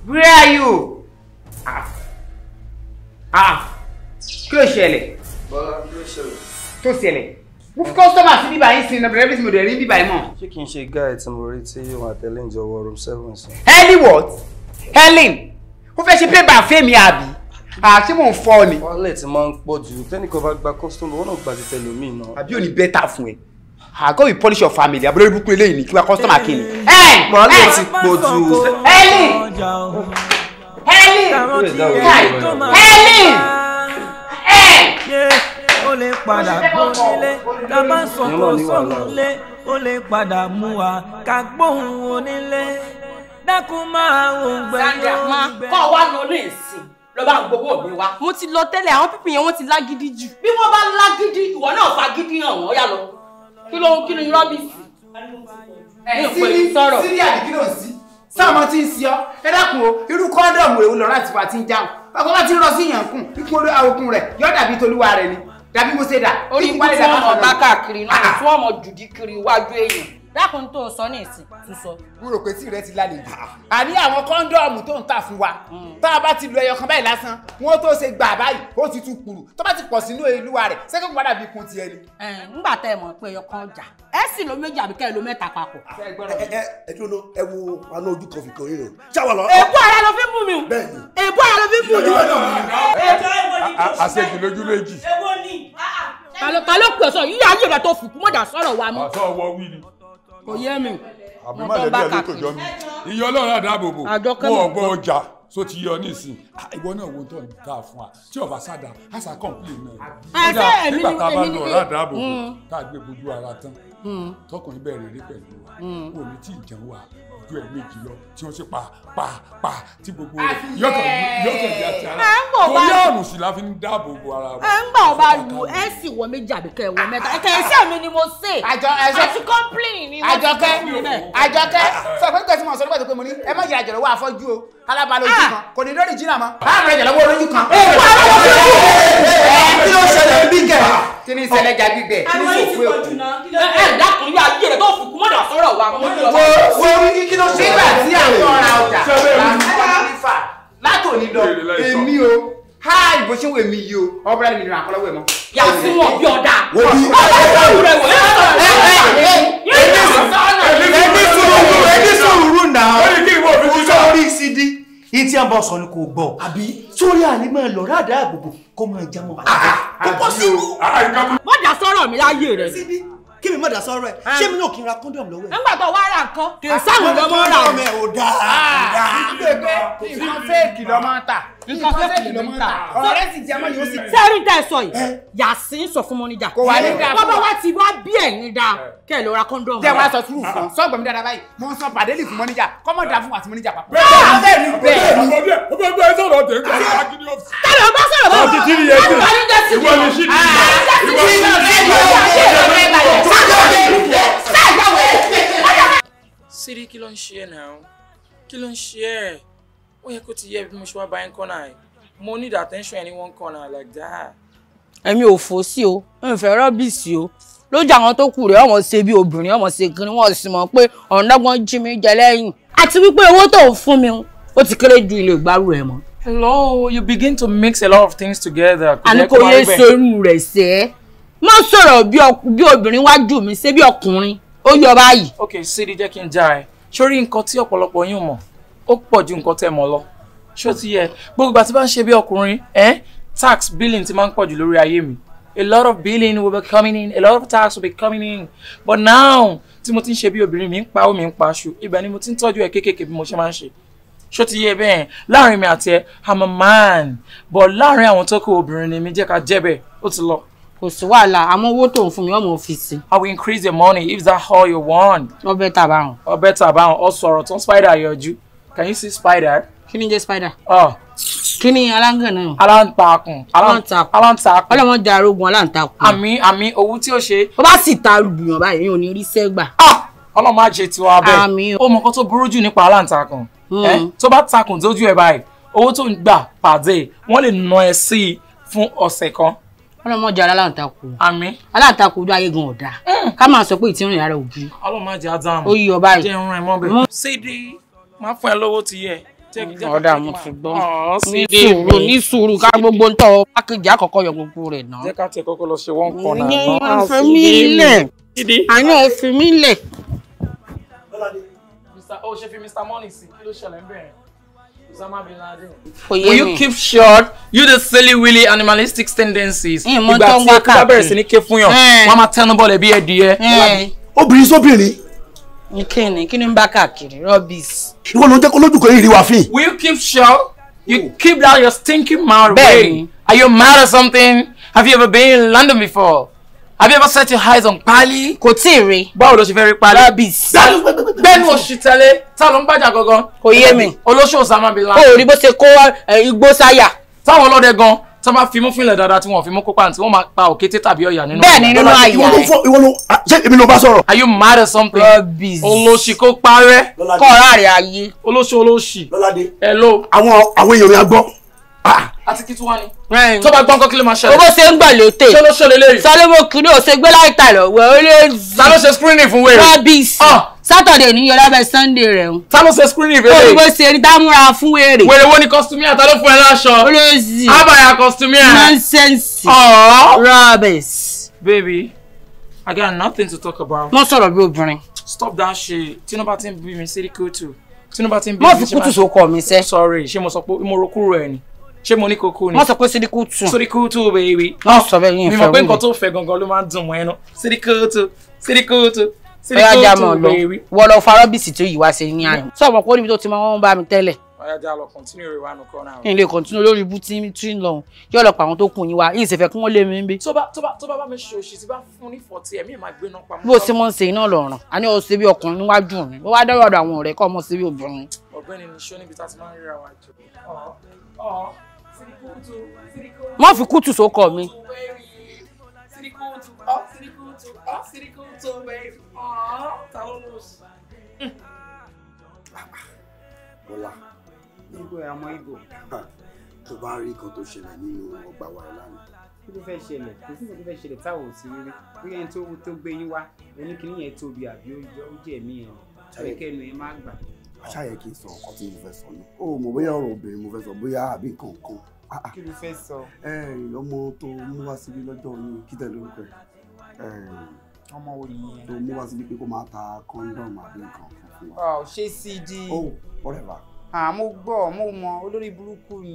Where are you? Ah. Ah. Kí ló ṣẹlẹ̀? Bọ́lá, kí ló ṣẹlẹ̀? mo fi kọ́sítọ́mà sí bíbá yín sin ọ̀bẹ̀rẹ̀ bíi mo dẹ̀ rí bíbá yín mọ̀. ṣé kì í ṣe guy tí mo rí You are telling your room seven sí. heli what helen ó fẹ́ ṣe pébà fẹ́mi àbí àti mò ń fọ́ ni. wálé tí máa ń pọ̀ jù tẹ́nìkan bá gba kọ́sítọ́mù wọn náà gba ti tẹlómi náà. àbí ò ní bẹ́tà fún ẹ go we polish your family àbúrò ibùkún eléyìí ni kí wá kọ́sítọ́mà kí ni. Eh, eh, eh, wálé ti pọ̀ jù. helen helen helen ẹ ó lè padà bó nílé ká bá sọ̀tọ̀ sọ̀rọ̀ lé ó lè padà mú wa ká gbóhùn onílé dákun máa wò gbẹ ló ń gbẹ. kọ́ wa nù ní ìsìn ló bá ń gbowó mi wá. mo ti lọ tẹ́lẹ̀ àwọn pípìn yẹn wọ́n ti lágídí jù. bí wọ́n bá lágídí ìwọ náà fagídí hàn wọ́n yà lọ kí ló ń kí ló ń rọ́bìsì. ẹ sílí sílí àdìgí náà sí sáàmọ tí ń si ọ ẹ dákun o irú kọ́ńdọ̀mù èwo lọ́rọ̀ àti fàtí ń jáwọ́ ọkọ̀ bá ti rọ sí yàn kùn ikú olú àwòkùn rẹ̀ yọ̀ọ́ dàbí tolúwa rẹ̀ ni tàbí mo ṣe dà. orí wálé dàbí ọmọ bá káàkiri náà ah. tí wọ́n mọ jùdí kiri iwájú èèyàn dákun tó sọ ní ìsìn tún sọ. n rò pé tí rẹ ti lálejò ah. àní àwọn kọ́ńdọ́ọ̀mù tó ń tà fún wa hmm. tá a bá ti lu ẹyọ kan báyìí lásán wọn tó ṣe gbà báyìí ó ti tún kúrú tó bá ti pọ̀ sínú ìlúwa rẹ̀ sẹ́kọ̀ọ́ padà bí kun tiẹ̀ ni. ngbà tẹ ẹ mọ̀ pé ẹyọ kan jà ẹ sì lo méjì àbí kẹ́ ẹ lo mẹ́ta papọ̀. ẹ ẹ ẹ dúró ẹ wo àná ojú kan fi kan yín o ṣáwọ lọ. èbú ara ló fi mú mi o èbú ara ló fi mú mi o. àṣejù lójú méjì. èwo ni. ta ló pè sọ yíyá ayé rẹ tó fìkú mọ̀dà sọ̀rọ̀ wa mú. ọ̀sán wọ wí ni kò yé mi wọn tó bá kà iye ọlọ́run àdáàbòbò wọn ò ọjà so ti yọ nísìn ìwọ náà wo tó ń dà fún wa tí ọba sàdà àṣà kọ̀ǹpìlì náà kódà nígbà tá a bá lọ ọ̀rá àdáàbòbò mm. gbé gbogbo ara tán mm. tọkùnrin bẹ̀rẹ̀ rí pẹ̀lú wa kò mm. ní tí ì jẹun wa ju ẹ̀ẹ̀mejì lọ tí wọ́n ṣe pa pa pa tí gbogbo rẹ̀ yọ̀kẹ̀ bí àti ara torí ọ̀rùn sì la fi ń dáàbò bo ara wa. ẹ ń gbà ọba lu ẹ sì wọ méjì àbí kẹ wọ mẹ́ta ẹ kẹsẹ mi ni mo ṣe àti complain ni wọ́n ti kọ́ mi àjọkẹ́ ah, ah. sọ pé kẹsì mọ̀ sọ́dọ́ pẹ̀lú mo ní ẹ má yẹ àjọ̀rọ̀ wá afọ́jú o alábàá ah. kan kò ní lórí kí ni ìṣẹ̀lẹ̀ ìjà gbígbẹ. àwọn yìí ti pọ̀ jù náà. ẹ ẹ dákun yóò ayé rẹ tó fùkú mọ́dà sọ̀rọ̀ wa. wo wo kí ló ṣe nígbà tí àwọn ọ̀rà ọjà látòní lọ èmi o háàlì bó ṣe wo èmi yìí o ọ̀bùrẹ́ mi nìyẹn àkọlọ́wọ́ ẹ̀ mọ́. yà wọn bí ọ̀dà. wọ́n bí ọ̀dà rẹ̀ wọ̀ ẹ́ ẹ́ ẹ́ ẹ́ yìí tí a ń bọ̀ sọ ni kò gbọ́ àbí sórí àlímọ̀ lọ́rọ̀ àdá àgbègbè kó máa já mọ́ àgbẹ̀. Ah, ah, kò pọ̀ sí i. Ah, má dá sọ́rọ̀ mi láyé rẹ̀. kí mi má dá sọ́rọ̀ ẹ̀ ṣé mi náà kí n ra kọ́ńdọ̀mù lọ́wọ́ ẹ̀. nígbà tó wá ra nǹkan kì í sáwọn ọmọ rà. kọ́ńdọ̀mù ẹ̀ ò dáa. kì í gbẹ̀gbẹ́ kì í nǹkan fẹ́ẹ̀kì ló ń tà. ọ̀rẹ́ sì jẹ́ ọmọ yóò sì. tẹ́ ẹ sọ yìí eh? yàsín sọ fún mọ́níjà. kò wá wá bí ẹ̀ ní dáa eh. kẹ́ ẹ lọ ra kọ́ńdọ̀mù. jẹ́ sọ fún ọ ah. sọ́gbọ̀n mi dáadáa báyìí mo sọ pàdélì fún mọ́níjà kọ́mọ̀ dáa fún wa sí mọ́níjà papọ̀. bẹ́ẹ̀ ni bẹ́ẹ̀ ni bẹ́ẹ̀ sọ̀rọ̀ tẹ̀ ń gbà wá kí ni ọ̀fíìsì. tẹ̀lé o bá sọ̀rọ̀ bá ah, wà. ìwọ ni sí ni ah, ìwọ ni sí ni ìwọ ni sí ó yẹ kó ti yẹ bí mo ṣe wá bá yín kọ́nà ẹ̀ mo need attention ẹni wọ́n kọ́nà like that. ẹ̀mi ò fò sí o mi ò fẹ́ rọ́bìsì o lójú àwọn tó kù rẹ̀ ọmọ ṣe bí obìnrin ọmọ ṣe kiri wọ́n sì mọ̀ pé ọ̀nàdọ́gbọ́n jí mi jẹ lẹ́yìn àti wípé owó tó ń fún mi ó ti kéré ju ilé ìgbárù ẹ̀ mọ́. hello you begin to mix a lot of things together. àní kò yẹ sẹ́rù rẹ̀ sẹ́ mọ́ sọ̀rọ̀ bí obìnrin wájú mi ṣe bí ọkùnrin ó yọ báyìí. ok sídi jẹ́ kí n já ẹ sórí nǹkan tí ọ̀pọ̀lọpọ̀ yín mọ̀ ó pọ̀ ju nǹkan tẹ́ mọ̀ lọ ṣó ti yẹ gbogbo ìgbà tí bá ń ṣe bí ọkùnrin tax billing ti máa ń pọ̀ jù lórí ayé mi a lot of billing will be coming in a lot of tax will be coming in but now tí mo ti ń ṣe bí obìnrin mi ń pa omi ń pa aṣọ ibà ni mo ti ń tọ́jú ẹ̀ kéékèèké bí mo ṣe máa ń ṣe ṣó ti yẹ bẹ́ẹ̀ láàrin mi àti ẹ i'm a man but láàrin àwọn tó kọ obìnrin ni mi jẹ́ ká jẹ́ bẹ́ẹ̀ ó ti lọ kò sí wàhálà àmọ́ owó tó ń fún mi ọmọ òfìsì. i will increase the money if that's all you want. ọbẹ̀ tàbá hàn. ọbẹ̀ tàbá hàn ọ̀sọ̀ ọ̀rọ̀ tán spider yọjú can you see spider. kí ni jẹ́ spider. ọ. Ah. kí ni aláǹgàn náà. aláǹtakùn. aláǹtakùn. aláǹtakùn. ọlọ́mọ jẹ́ arógun aláǹtakùn. àmì àmì owó tí ó ṣe. ó bá sì ta olùgbìyàn báyìí yóò ní orí sẹ́gbà. Ah! ọlọ́mọ á ṣe tiwa bẹ́ẹ̀. àmì o. ó mọ kó tó burú jù nípa aláǹtakùn. Hmm. tó bá takùn tójú ẹ̀ báyìí owó tó ń gbà pàdé wọ́n lè ná ẹ sí i fún ọ̀sẹ̀ kan mo jẹ aláǹtakùn àmín aláǹtakùn ojú ayé gan ọdá hmm. ká máa sọ pé ìtìrìn ara òbí ọlọmọ jẹ adáàmù ó yí ọba rẹ jẹ ń rán ẹ mọ bẹ́ẹ̀. Hmm. ṣéde má fún ẹ lówó ti yẹ. ọ̀dà mo ti gbọ́ ní sùúrù ní sùúrù ká gbogbo ń tọ́ pákéjì àkọ́kọ́ yọ gbogbo rẹ̀ náà. jẹ́ ká tiẹ̀ kọ́kọ́ lọ ṣe wọ́n kọ́ náà. ìyẹn máa fi mí lẹ̀ àyàn ò fi mí lẹ̀. ó ṣe fi Mr. Money sí kí ló ṣẹlẹ̀ ń Will you keep short? You the silly willy animalistic tendencies. Ìgbà tí ẹ bẹ̀rẹ̀ sí ní ké fún yàn, wọ́n á máa tẹnubọ̀lẹ̀ bí ẹdìyẹ. Obìnrin sóbìnrin nkíni kí ni ń bá káàkiri rubbish. ìwọ ló ń jẹ́ kó lójú kan will you keep sure you keep that your stinking mouth Ben, are you mad or something have you ever been in London before have you ever set your eyes on Pali. kò tí ì rí. báwo ló ṣe fẹ́ rí Pali. rubbish. bẹ́ẹ̀ni oṣù tẹ́lẹ̀ tá ló ń bàjá gangan. kò yé mi. olóṣù ọ̀sán máa bí o ò rí bó ṣe kó eh, igbó sáyà. táwọn ọlọ́dẹ gan tó bá fimú fúnlẹ̀ dáadáa tí wọ́n fimú kó pàǹtí wọ́n máa pa òkété tàbí ọ̀yà nínú. bẹ́ẹ̀ni nínú àyà ìwọ ìwọ ló ah, ṣé èmi ló bá sọ̀rọ̀. are you mad or something. rubbish olóṣì kó parẹ́. kọ́ra rẹ̀ ayé. olóṣì olóṣì. lọ́ládé. hello. àwọn àwọn èèyàn mi á gbọ́. ah àti kí tí wọ́n ni. tó bá gbọ́n kọ́ kí ló máa ṣẹlẹ̀. owó ṣe ń gbà ló tè. ṣé ló ṣọlẹ̀ léyìí. sọlọ́mọ kìíní ò ṣe gbé láìta lọ wẹ̀ ó lè zi. ta ló ṣe screening fún wẹ̀rẹ̀. rọ́bìsì sátọ̀dẹ̀ ní yọlá bẹ sunday rẹ̀ o. ta ló ṣe screening fún wẹ̀rẹ̀. olùgbò ṣe ní dámúra fún wẹ̀rẹ̀. wẹ̀rẹ̀ wo ni kọ́sítúmíà ta ló fún ẹ láṣọ. ó lè zi. abaya kọ́sítúmíà. nonsense. ọ̀ọ́. rọ́bìsì. baby I got nothing to talk about. mo sọ̀rọ̀ bí obìnrin. stop that shit tinubu ti ń bí mi sí kútù tinubu ti ń bí mi sí. mo fi kútù sókọ mi sẹ́. sorry ṣé mo sọ pé mo ro kúrò ẹ ni ṣé mo ní kókó ni. wọ́n sọ pé síríkù tù. síríkù tù bèbè. wọ́n ah, sọ bẹ́ẹ̀ yín fẹ́ wúlò. mi mọ̀ pé nǹkan tó fẹ́ gangan ló máa ń dùn mọ́ ẹnu síríkù tù síríkù tù síríkù tù bèbè. wọ́n lọ farọ́ bìsì tó yìí wá sí ní àná. sọ ma kó níbi tó ti máa ń bá mi tẹ́lẹ̀. ọ̀yájà lọ continue rẹ̀ wá nù kọ́ náà. kí n lè continue lórí ibú tí ń lọ yóò lọ pa àwọn tó kù yín wá yìí ìṣẹ̀fẹ̀ kí wọ́n lé mi ń bí. tó bá bá mi ṣe òṣì tí bá fún ní fọ̀tì ẹ̀mí máa gbéná pamọ́. bí o ti mọ̀ ń ṣe iná lọ̀ràn a ní o ṣe bí ọkùnrin níwájú mi ó wá dọ́rọ̀ àwọn ọ̀rẹ́ kọ́ ọmọ ṣe bí obìnrin. ọ̀gbẹ́ni nìṣó níbi tá a ti máa ń ríra wa jù má fi kútù sókọ mi. bọ́lá nígbà ọmọ ibo tó bá rí nǹkan tó ṣẹlẹ̀ nínú ọgbà wa lánàá. kí ló fẹ́ẹ́ ṣẹlẹ̀ kò sí nǹkan tó fẹ́ẹ́ ṣẹlẹ̀ táwọn ò sí rírí bí ẹni tó gbé yín wá oníkìníyẹn tóbi àbí ó jẹ́ ẹ̀mí ẹ̀ rẹ̀ kẹ́nu ẹ̀ má gbà ṣáyẹ kí n sọ ọkọ tí mo fẹ́ sọ ni ó mọ̀ bóyá ọ̀rọ̀ obìnrin mo fẹ́ sọ bóyá àbí kankan. Ah, ah. kí ló fẹ́ sọ. ọmọ tó mú wá síbí lọ́jọ́ yìí kí tẹ̀lé orúkọ ẹ̀ ọmọ wo nìyẹn. tó mú wá síbí pé kó máa ta kọ́ńdọ̀mù àbí nǹkan fún wa. ọ ṣé cd. ó whatever. àmọ́ gbọ́ mo mọ olórí burúkú ni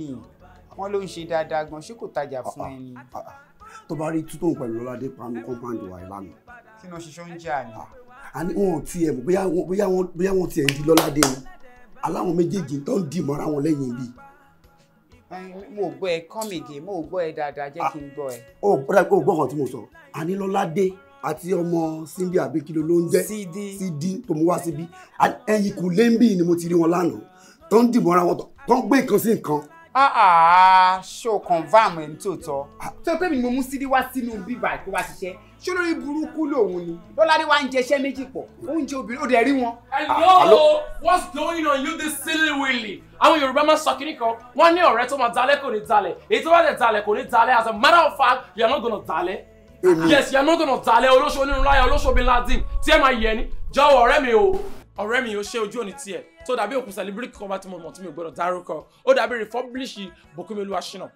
wọ́n ló ń ṣe dáadáa gan ṣé kò tajà ah, fún ẹni. tó bá rí tútò pẹ̀lú ọládé àní wọn ò tiẹ̀ mọ̀ bóyá wọn bóyá wọn tiẹ̀ ń di lọ́ládé ni aláwọn méjèèjì tó ń dì mọ́ra wọn lẹ́yìn bíi. mo gbọ́ ẹ kọ́mìgì mo gbọ́ ẹ dáadáa jẹ́ kí n gbọ́ ẹ. ó ó gbọ́ kan tí mo sọ àní lọ́ládé àti ọmọ síndí àbíkíló ló ń jẹ́ sídí tó mú wá síbí ẹ̀yìn kù lẹ́ńbì ni mo ti rí wọn lánàá tó ń dì mọ́ra wọn tó ń gbé nǹkan sí nǹkan ṣó kan váàmù ẹni tó tọ tó pé mi ni mo mú sídí wá sínú bíbà kó wá ṣiṣẹ́ ṣé burúkú lòun ni lọ́ládé wa ń jẹ méjì pọ̀ oúnjẹ obìnrin ó dẹ̀ rí wọn. hello ah, what's going on you this silly willy àwọn yorùbá máa sọ kínní kan wọn ní ọ̀rẹ́ tó máa dalẹ̀ kò ní dalẹ̀ èyí tó bá dẹ̀ dalẹ̀ kò ní dalẹ̀ as a matter of fact you are not gonna dalẹ̀ yes you are not gonna dalẹ̀ olóṣù onírúurú ayé olóṣù obìnrin ladin tí ẹ máa yẹ ni jọ̀wọ́ ọ̀rẹ́ mi o ọ̀rẹ́ mi ò ṣe ojú òní tiẹ̀ tó dàbí òkú celebrity cover tí mo mọ̀ tí mi ò gbọ́dọ̀ dárúkọ ó dàbí republish Bùkúnmi Olúwaṣínà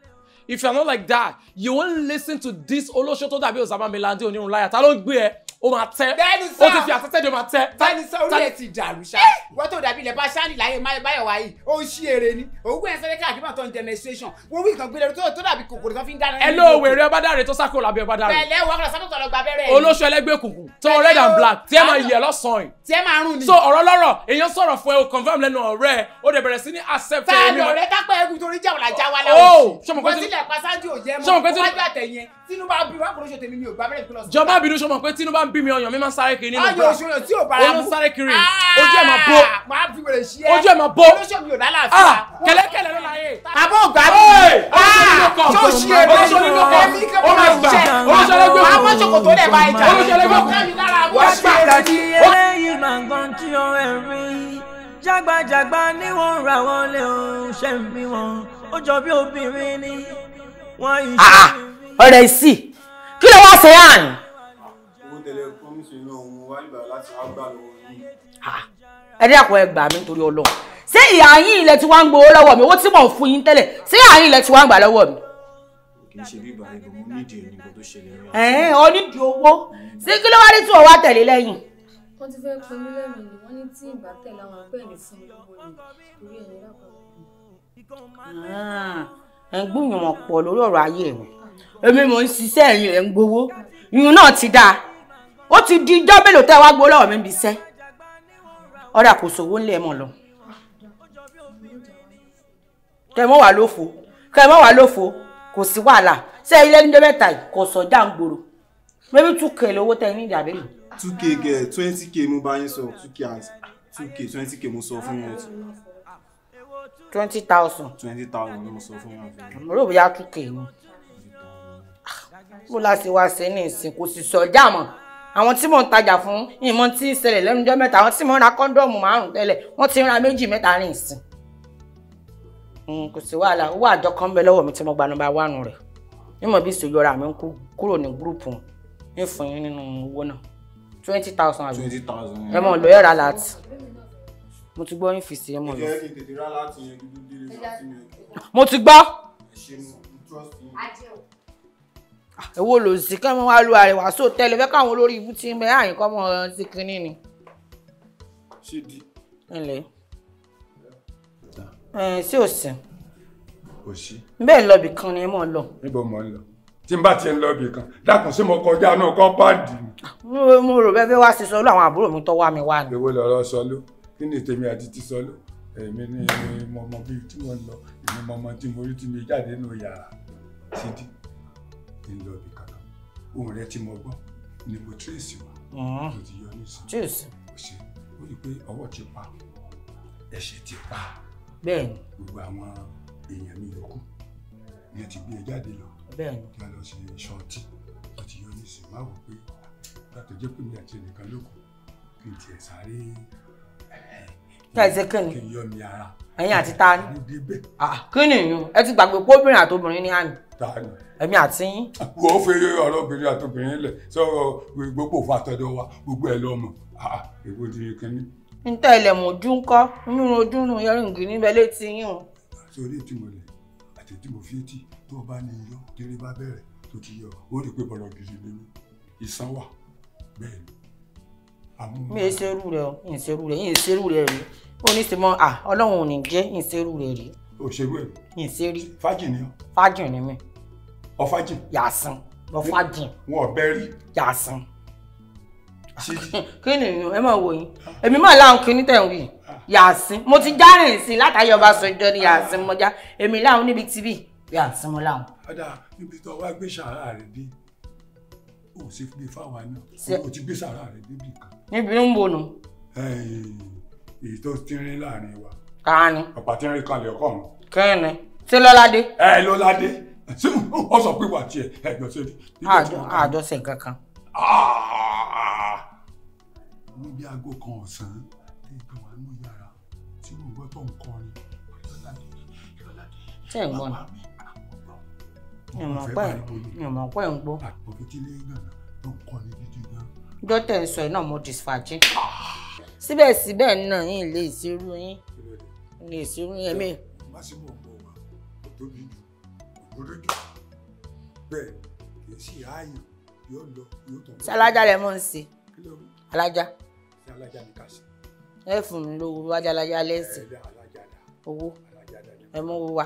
if you are not like that you won't listen to this olóṣó tó dàbí Osama Milande onírun ta ló ń gbé ẹ o máa tẹ́ o ti fi àtẹ́tẹ́ de o máa tẹ́. bẹ́ẹ̀ni sọ orí ẹ ti dàrú ṣá eh! wọ́n tó dàbí ilẹ̀ bá ṣáàlì láyé báyọ̀wá yìí ó ń ṣí eré ni òwúgbọ́n yẹn sẹ́rẹ́kà àdìmọ̀ tó ń demonstration wọ́n wí ìkànnì gbélé tó dàbí kòkòrò tó fi ń dáná. ẹ ló wèrè ọba dáre tó sákò lábẹ́ ọba dáre. bẹ́ẹ̀ lẹ́wọ̀ ọkọ̀ sọ́kòtò ọlọ́gba abẹ́rẹ́. olóṣù ẹlẹ́gbẹ́ òkùnkùn tó red and black tí ẹ máa yẹ lọ́sàn-án yìí. tí ẹ máa rún ni. so ọ̀rọ̀ lọ́rọ̀ èèyàn sọ̀rọ̀ fún ẹ o confirm lẹ́nu ọ̀rẹ́ ẹ o dẹ̀ bẹ̀rẹ̀ sí ní accept ẹ. táàbì ọ̀rẹ́ kápẹ́ ẹ̀kú torí tinubu abiru wa kò ní ṣe mi ò gba abẹ́rẹ́ ìpínlẹ̀ ọ̀sán. jọba abiru sọ pé tinubu ń bí mi ọyàn mi máa ń sáré kiri nínú gbà. ayọ̀ òṣèlú tí ò bára bú. olóńsá sáré kiri ah! ojú ẹ̀ máa bó. máa fi wèrè sí ẹ. ojú ẹ̀ máa bó. olóṣèlú mi ò lálàáfíà. Ah! kẹlẹkẹlẹ ló láyé. àbọ̀ ògbà ah! mi. olóṣèlú mi ò kọ̀ jagbajagba ni wọn ra wọn lé o ṣe ń wọn ó jọ bí obìnrin ni wọn ìṣe ni ọ̀rẹ́ ìsì kí ló wá ṣe hàn. owó tẹlẹ promise iná òun wá ìgbà láti wá gbà lọ́wọ́ yìí. ẹ àpò ẹgbà mi nítorí Ọlọ́run ṣé ìyá yín ilẹ̀ tí wọ́n ń gbowó lọ́wọ́ mi owó tí mò ń fún yín tẹ́lẹ̀ ṣé ìyá yín ilẹ̀ tí wọ́n ń gbà lọ́wọ́ mi. kì í ṣe bí ìbàdàn mo nídìí ẹni nǹkan tó ṣẹlẹ̀ rẹ. ẹ ẹ ọ nídìí owó ṣé kí ló wá rí tí wọn wá tẹ̀lé lẹ́yìn. wọ́n ti fẹ́ pe mí lẹ́mìí wọ́n ní tí ìgbà tẹ̀lé èmi mò ń ṣiṣẹ́ ẹ̀yìn ẹ̀ ń gbowó ìyún náà ti dáa ó ti di ijọ́ mélòó tẹ́ wá gbowó lọ́wọ́ mi bí iṣẹ́ ọ̀rẹ́ àkóso owó ńlẹ̀ mọ̀ lọ. kẹmọ́ wà lófo kẹmọ́ wà lófo kò sí wàhálà ṣé ilé ní dẹ́mẹ́ta yìí kò sọ já ń gbòòrò mẹ́bí two k lówó tẹ ní ìdàbẹ́ mi. two k gẹ twenty k mo bá yín sọ two k two k twenty k mo sọ fún yín twenty thousand. twenty thousand ni mo sọ fún yàrá. mo rò bóyá two k ni bó láti wá sí ní ìsìn kò sì sọjà mọ́ àwọn tí mò ń tajà fún ìmọ̀ tí ń ṣẹlẹ̀ lẹ́nu ọjọ́ mẹ́ta àwọn tí mò ń ra kọ́ńdọ̀mù márùn-ún tẹ́lẹ̀ wọ́n ti ń ra méjì mẹ́ta ní ìsìn hmm, kò sí wàhálà owó àjọ kan bẹ lọ́wọ́ mi tí mo gba nọ́mbà wánu rẹ̀ mímọ̀ bí ìṣòyọra mi ń kú kúrò ní gúrùpù ń fún yín nínú owó náà twenty thousand àbí twenty thousand ẹ mọ̀ lọ́yọ̀ rà láti mo ti gbọ́ yín fi sí ẹ mọ̀ lọ. mo ti gbọ́. Ah, èwo ló sì kí wọn wá lu àrẹwà só tẹlẹ fẹ káwọn olórí ibú ti ń bẹ àyìn kọ mọ ọ se kinní ni. ṣé di. ẹnlẹ ẹ sí òsì. òsì. bẹ́ẹ̀ lọ bì kan ni ẹ mọ̀ lọ. níbo mo ń lọ tí n bá ti ń lọ bì kan dákun sí mo kọjá náà kọ́ńpáàdì. Ah, mo rò bẹ́ẹ̀ fẹ́ wá sí sọlú àwọn àbúrò mi tó wá mi wá ni. èwo lọ̀rọ̀ sọlú kí ni tèmi àti ti sọlú èmi ni mo mọ bí tí mo ń lọ èmi mo mọ mo rí tí mo jáde nù yàrá ṣídìí kí n lọ bí kàkà ohun rẹ tí mo gbọ́ ni mo tírèsì wá tó mm-hmm. ti yọ nísìnyí kò ṣe ó rí i pé ọwọ́ ti pa ẹ̀ṣẹ̀ ti pa bẹ́ẹ̀ni gbogbo àwọn èèyàn mi yòókù ni ti gbé e jáde lọ bẹ́ẹ̀ni kí a lọ ṣe ṣọọti tó ti yọ nísìnyí má wò pé látọ̀ jẹ́ pé mi àti ẹnìkan ló kí n tiẹ̀ sáré eh, tẹ̀sí kìnnì ẹ̀yin àti ta ni kí ni ẹ ti gbàgbé pé obìnrin àti obìnrin ní àná èmi àti yín. wọ́n fi ọ̀rọ̀ obìnrin àtobìnrin lẹ̀ sọ̀rọ̀ gbogbo òfin àtọ̀dọ̀ wa gbogbo ẹ̀ lọ́mọ ah, ah, èwo di kínní. n tẹ́ ilẹ̀ mọ̀ ojú ń kọ́ nínú ojú nù yọrìngì níbẹ̀ létí yín o. sórí ètí mo àti ètí mo fi tó o bá ní iyọ̀ kéré bá bẹ̀rẹ̀ tó ti yọ ó rí i pé bọ̀rọ̀ gidi lé mi ìsan wà bẹ́ẹ̀ ni. mi ì ṣerú rẹ o ì ṣerú rẹ ì ṣerú rẹ rí ó ní sèmọ à ọlọ́run ò ní jẹ́ ì ṣerú rẹ rí. òṣèlú ẹ̀. ì ṣerú. fájì ni ọ. fájì ni mi ọ̀fàjìn. yàsán ọ̀fàjìn. wọn ò bẹ́ẹ̀ rí. yàsán. kí ni ẹ máa wò yín èmi máa láwọn kí ní tẹ̀wé yìí yàsín mo ti járìn sí látàyè ọba sọjọ ni yàsín mo já èmi láwọn níbi tv yàsín mo láwọn. ọ̀dà níbi tó wá gbé sàárà rẹ̀ dé o ò sì gbé fáwa náà o ti gbé sàárà rẹ̀ débi kan. níbi ń bò nù. èyí tó tínrín láàrin wa. káàní. ọ̀pá tínrín kan lè kọ́ mi. kẹ́hìn ni ṣé lọ́ládé. ẹ lọ́ládé ṣé wọ́n sọ pé wà tiẹ̀ ẹ̀gbọ́n ṣe. àjọṣe nǹkan kan. ní ah! bí aago kan ọ̀sán tí ìgbà wà nínú yàrá tí mo gbọ́ tó ń kọrin ṣe ń gbọ́ ni ah, ìmọ̀ pẹ́ ń gbọ́. Ah, dọ́tẹ̀ ń sọ iná mo disfají síbẹ̀síbẹ̀ náà yín lè ṣerú yín lè ṣerú yín ẹ̀mí òdòdó bẹ́ẹ̀ kì í sì ráàyè yóò lọ yóò tọ̀. ṣé alájà lẹ mọ̀ ń ṣe alájà. ṣé alájà ni ká ṣe. ẹ fún mi lówó wájà alájà lẹ́sìn owó ẹ mú owó wa.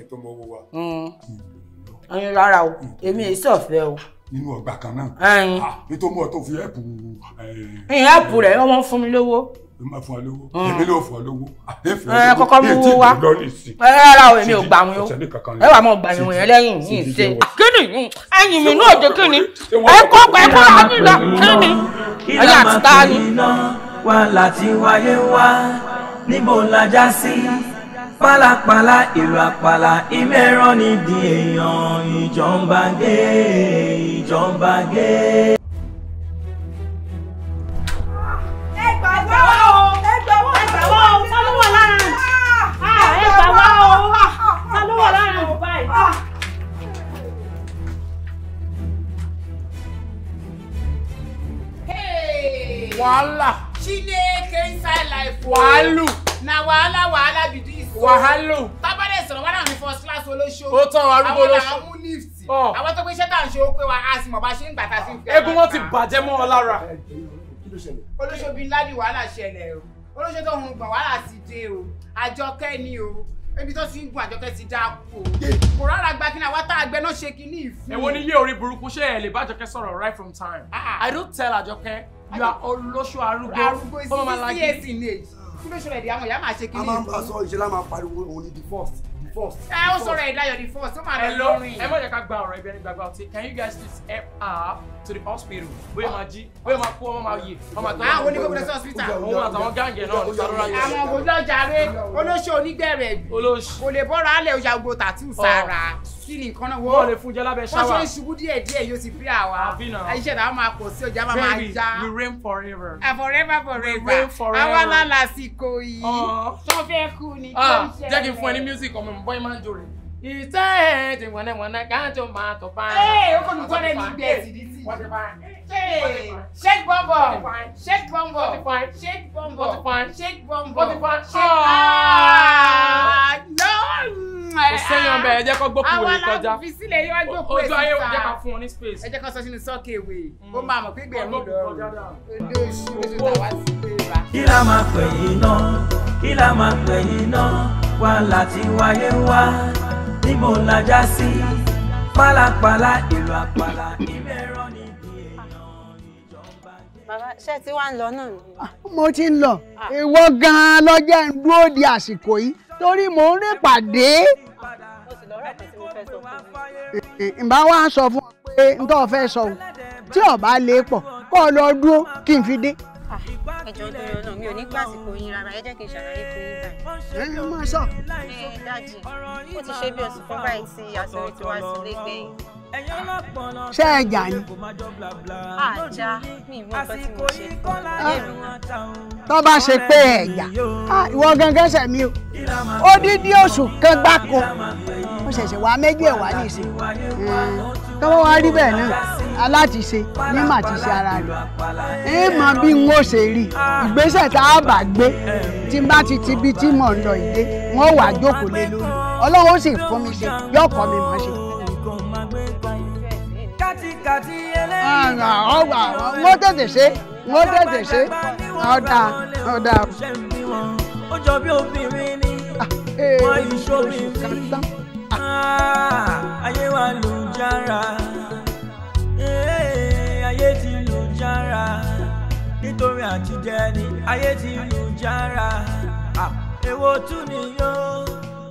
ẹ tó mọ owó wa. Hmm. ẹyin rárá o èmi èyí sọ̀fẹ́ o nínú ọgbà kan náà. Ah, nítorí mo tó fi ẹ̀pù. ẹ̀yìn ẹ̀pù rẹ̀ wọ́n fún mi lówó ló máa fún ọ lówó hmm. èmi ló fún ọ lówó àtẹ̀fẹ́ olówó ẹ eh, kọ́kọ́ mú wá ẹ eh, rárá o èmi ò gbà wọn o ẹ wà mọ gbà wọn yẹn lẹ́yìn yìí ṣe kíni ẹ̀yìn mi náà dé kíni ẹ kọ́ pẹ́ kọ́ ọdún lọ kíni ẹ̀yìn àti táàní. wà láti wáyé wá níbo la já sí pálapàla ìlú àpàlà ìmẹ̀rán nídìí èèyàn ìjọba gé ìjọba gé. Go! gbà wá o ta ló wà láàrin òun báyìí. wàhálà. chineke inside life. wàhálù. na wàhálà wàhálà bìdú ìsọ. wàhálù. tábàdé sọ̀rọ̀ wọn náà ní first class olóṣó. ó tán arúgbó olóṣó. àwọn làwọn mú lift. àwọn tó pé iṣẹ́ tá à ń ṣe ó pé wa a sì mọ̀ bá ṣe ń gbà tá a sì ń fẹ́. egun wọn ti bàjẹ́ mọ́ ọ lára. olóṣó bíi ńlá ni wàhálà ṣẹlẹ̀ o olóṣó tó hun gbọ̀n wàhálà ti dé o àjọkẹ́ ni o ebi tó ti ń gun àjọkẹ́ ti dáa kú o kò rárá gba kí ni àwa tá a gbẹ náà ṣe kí ni ìfún. èwo ni yé orí burúkú ṣé ẹ lè bá àjọkẹ́ sọ̀rọ̀ right from time ah, ah. i don't tell àjọkẹ́ you are olóṣù arúgbó arúgbó sí csc ní èyí kí ló ṣẹlẹ̀ di àwọn ìyá máa ṣe kí ni ìfún. a máa ń bá a sọ ìṣẹ́lá máa pariwo òun ni the first first. ẹ eh, ó sọ̀rọ̀ ẹ Dayọ̀ the first ó máa lọ lórin. ẹ má jẹ́ ká gba ọ̀rọ̀ can you guys please help her to the hospital bóyá máa jí bóyá máa kú ọmọ máa yè ọmọ àtàwọn. àwọn onígbàgbọ́ lọ sí hospital. òun àtàwọn gáǹgẹ̀ náà ló sọ̀rọ̀ ayé. àwọn òjò jàre olóṣèlú onígbẹ̀rẹ̀ olóṣèlú kò lè bọ́ra alẹ́ òjàgbó tàtú sára. Oh, kí ni nǹkan náà wọ́n lè fún jẹ́ lábẹ́ ṣáwà wọ́n ṣe ń díẹ̀ díẹ̀ yóò ti bí àwa iṣẹ́ ìdáwọ́ máa pọ̀ sí ọjà máa máa baby we rain forever ah forever forever àwa lálẹ́ àsìkò yìí tó kú ni kí n ṣe jẹ́ kí n fún ẹ ní music ọmọ mi bọ́ ẹ máa ń ìtẹ́ ẹ̀ ti wọ̀nẹ̀ wọ̀nẹ̀ máa tó bá a. o kò ní gbọ́dọ̀ ní gbẹ̀ẹ́sì Shake bum bum. Shake bum bum. Shake bum bum. Shake bum bum. Kò sẹ́yìn ọbẹ̀ ẹ jẹ́ kó gbókùn wèrè kọjá. Àwọn aláàbò fi sílẹ̀ yóò gbókùn wèrè síta. Ojú ayé ò jẹ́ ká fún wọn ní space. Ẹ jẹ́ kó sọ sínú sọ́ọ̀kì ìwé. Hmm. Ó máa mọ̀ pé gbẹ̀rún lọ́rùn. Odò oṣù oṣù náà wá sí ìlera. Kí la máa pè yín náà? Kí la máa pè yín náà? Wà láti wáyé wá. Níbo la já sí? Pálapàla ìlú àpàlà ìmẹ̀rọ Bàbá ṣé tí wàá ń lọ náà ni. Ah, mo ti ń lọ. Ah. Ìwọ gan-an lọ́jọ́ ń dúró di àsìkò yìí torí mò ń rí pàdé. Mo sì lọ́rọ̀ kan tí mo fẹ́ sọ fún mi. Ǹbá wá sọ fún ọ pé n tó fẹ́ sọ o, tí ọ̀bá lè pọ̀, kó o lọ dúró kí n fi dé. Ẹ̀jọ̀ tó yọ náà mi ò ní gbàsìkò yín rárá, ẹ jẹ́ kí n ṣàlàyé fún yín báyìí. Ẹ máa sọ. Ẹ eh, dájì, ó ti ṣe bí oṣù kan báyìí tí àṣírí ti wá sílé gbẹ̀yìn ṣé ẹ jà ni. àjà mi ìwọ nǹkan tí mo ṣe lérò wọn ta o. tó bá ṣe pé ẹ jà ah, ìwọ gangan ṣe mí o odidi oṣù kan gbáko mo ṣẹ̀ṣẹ̀ wá méjì ẹ̀ hmm. wá nìṣe tọ́wọ́ wá rí bẹ́ẹ̀ náà alátiṣe ní màtíṣe ara rẹ̀ ẹ mọ bí n ó ṣe rí ah. ìgbésẹ̀ tá a bá gbé tí n bá ti ti bí tí mò ń lọ ìdé wọn wàá jókòó lé lórí ọlọ́wọ́ sì fún mi ṣe yọ̀ọ̀kọ́ mi mọ̀ ṣe. Ah, ah ọ̀wà wọ́n tètè ṣe wọ́n tètè ṣe ọ̀dà ọ̀dà. ó jọ bí obìnrin ni ah, wọ́n hey, eh, ṣóbìnrin ah. ayé wa ló ń jára eh, ayé ti ló ń jára nítorí àtijẹ́ ni ayé ti ló ń jára èwo tún nìyó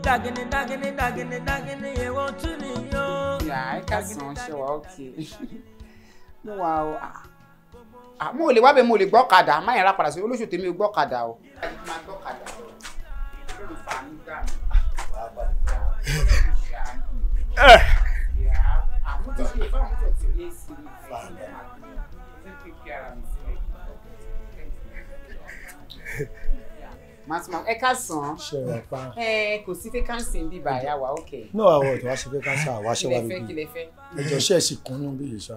dagini dagini dagini dagini èwo tún nìyó. ìyá ẹ ká sàn ṣe wa ókè mo wà o mo ò lè wábẹ mo ò lè gbọ́ kàdà má yẹn ra padà sí olóṣù tèmi ò gbọ́ kàdà o. ẹ. Eh. màtúmọ̀ ẹ ká sàn án. ṣe rẹ pa. ẹ kò sí fẹkánsì ń bí bàyà wa ok. náà àwọn ọ̀dọ́ wa ṣe fẹkánsì àwa ṣe wà lóbi. kí lè fẹ́ ẹjọ́ ṣe é sì kún ní bí ìṣá.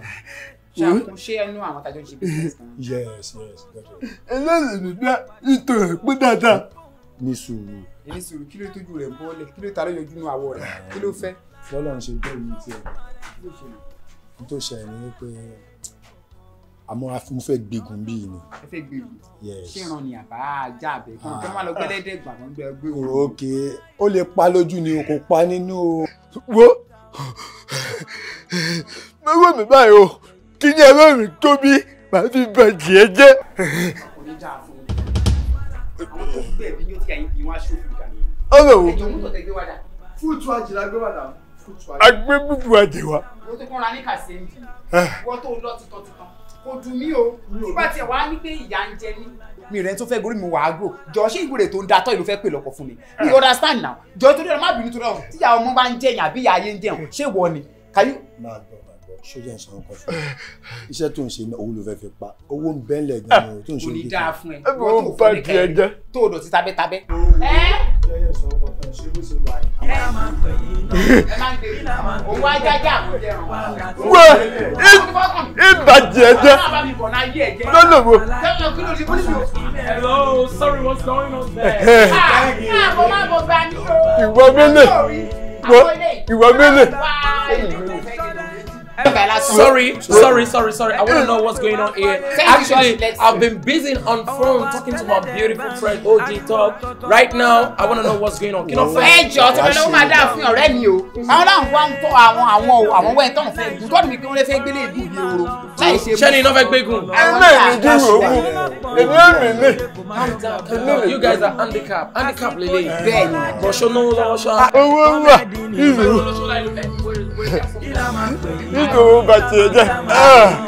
ṣàkún ṣé ẹnu àwọn tàjọ jí bí ìṣá. yes yes. ẹlẹ́sìn mi dá nítorí pé dáadáa. ní sùúrù. ní sùúrù kí ló tójú rẹ̀ bọ́ọ̀lẹ̀ kí ló ta lóyún ojú àwọ̀ rẹ̀ kí ló fẹ́. lọ́lọ́run ṣe bẹ́ẹ̀ ní tiẹ̀ àmọ́ mo fẹ́ gbẹ̀gùn bíi ni. ẹ fẹ́ gbẹ̀gùn ṣé ìran ni àbá ajá àbẹ kan ah. kí wọ́n lọ gbẹ́dẹ́dẹ́ gbà wọ́n gbẹ gbé wọn. ok ó lè pa lójú ni o kò pa nínú o. wo mẹ́wọ́ mi báyìí o kí ni ẹ̀rọ mi tóbi màá fi bẹ̀ jẹ́ jẹ́. ọkùnrin dáa wo fúùtù àjìlá gbé wá dà. agbẹ́bùbù àjẹwà. Ah. wọ́n tó kọ́ra ní kàṣẹ́ńdì wọ́n tó lọ́ títọ́ títọ́ kò dùn mí o nígbà tí ẹ ní pé ìyá ń jẹ mí. mi rẹ tó fẹ́ gorí mi wàá jọ ṣé ìwúre tó ń da tọ́ ìlú fẹ́ pè lọ́kọ̀ fún mi eh. mi understand now jọ torí ọmọ àbínú torí ọmọ tíyà ọmọ bá ń jẹyàn àbí ìyá ayé ń jẹun ṣé ìwọ ni kàyú. máa gbọ́ máa gbọ́ sójà ń sanwó kọfí iṣẹ́ tó ń ṣe owó ló fẹ́ fi pa owó ń bẹ́ńlẹ̀ gan-an tó ń ṣe jẹ́yẹ̀ sọ ọkọ̀ tó ṣe bó ṣe wà yìí. ẹ máa ń pè yín hello sorry what's going on there. ìwọ mélè ìwọ mélè sorry, sorry, sorry, sorry. I want to know what's going on here. Actually, I've been busy on phone talking to my beautiful friend OG Top. Right now, I want to know what's going on. Kí ló fẹ́? you? jọ tọ́mọ lọ́wọ́ máa dáa fún ọ̀rẹ́ mi o. Àwọn náà ń wá ń tọ́ àwọn àwọn àwọn ẹ̀ tán fún un. Tọ́ni mi kí wọ́n lè fẹ́ gbélé ìlú ìlú ooru. Ṣẹ́ni iná fẹ́ gbégun. Ẹ̀mí mi dúró ogun. Ẹ̀mí mi ní. You guys are handicapped. Handicap lele. Bẹ́ẹ̀ni. Bọ̀ṣọ́ náwó lọ́wọ́ ṣá. Ah, owó wà. Ìlú need to hold back here.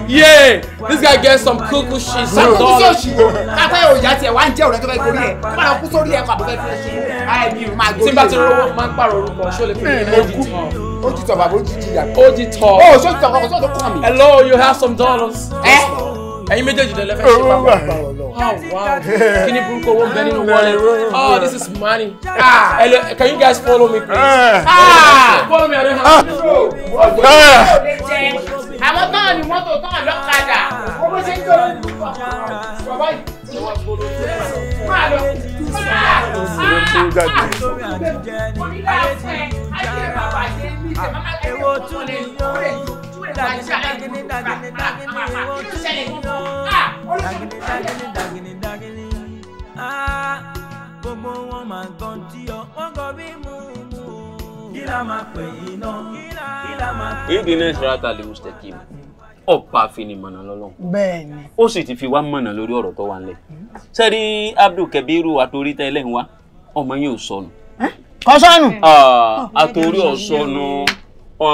Yeah, this guy get some cuckoo shit. Some cuckoo shit. Ata yóò yá tiẹ̀ wá ń jẹ́ ọ̀rẹ́ tó fẹ́ gorí ẹ̀. Kí come on, sórí ẹ̀ kó àbúfẹ́ fẹ́ ṣe. Ayé mi ò máa gorí ẹ̀. Tí n bá ti rówó, máa ń pààrọ̀ orúkọ. Ṣé o lè fi ìlú ojú tọ̀? Ojú tọ̀ bàbá ojú jìyà. Ojú tọ̀. Ó ṣó ti tọ̀ kọ́kọ́ sọ́dọ̀ kọ́ mi. Hello, you have some dollars. Eh? ẹ̀yin méjèèjì lẹ́lẹ́ fẹ́ ṣe papọ̀ àgbàwọ̀ oh, lọ. kí ni burúkú owó ń bẹ nínú wallet oh this is money ah hello can you guys follow me please ah, ah follow me Ah, don't have ah. Ah. àwọn tán ni mọ́tò tán lọ́kadà owó ṣe ń jọ lórí púpọ̀ bàbá yìí Ewo tún ni yóò dagini dagini dagini dagini wọ́n tún ní lọ dagini dagini dagini dagini gbogbo wọn máa gan tí ọ wọn kọ bí mú mú kí la máa pè yín náà kí la máa pè yín. ìdílé ìṣòro àlè mustaqim ọ̀pá àfinimọ̀nà lọ́lọ́. bẹ́ẹ̀ni. ó sì ti fi wá mọ̀nà lórí ọ̀rọ̀ tó wà nílẹ̀. sẹ́ni Abdul Kabiru àtòrí tẹ́lẹ̀ ń wá ọmọ yín ò sọnù. kò sọnù. Ah, ah, àtòrí ò ọ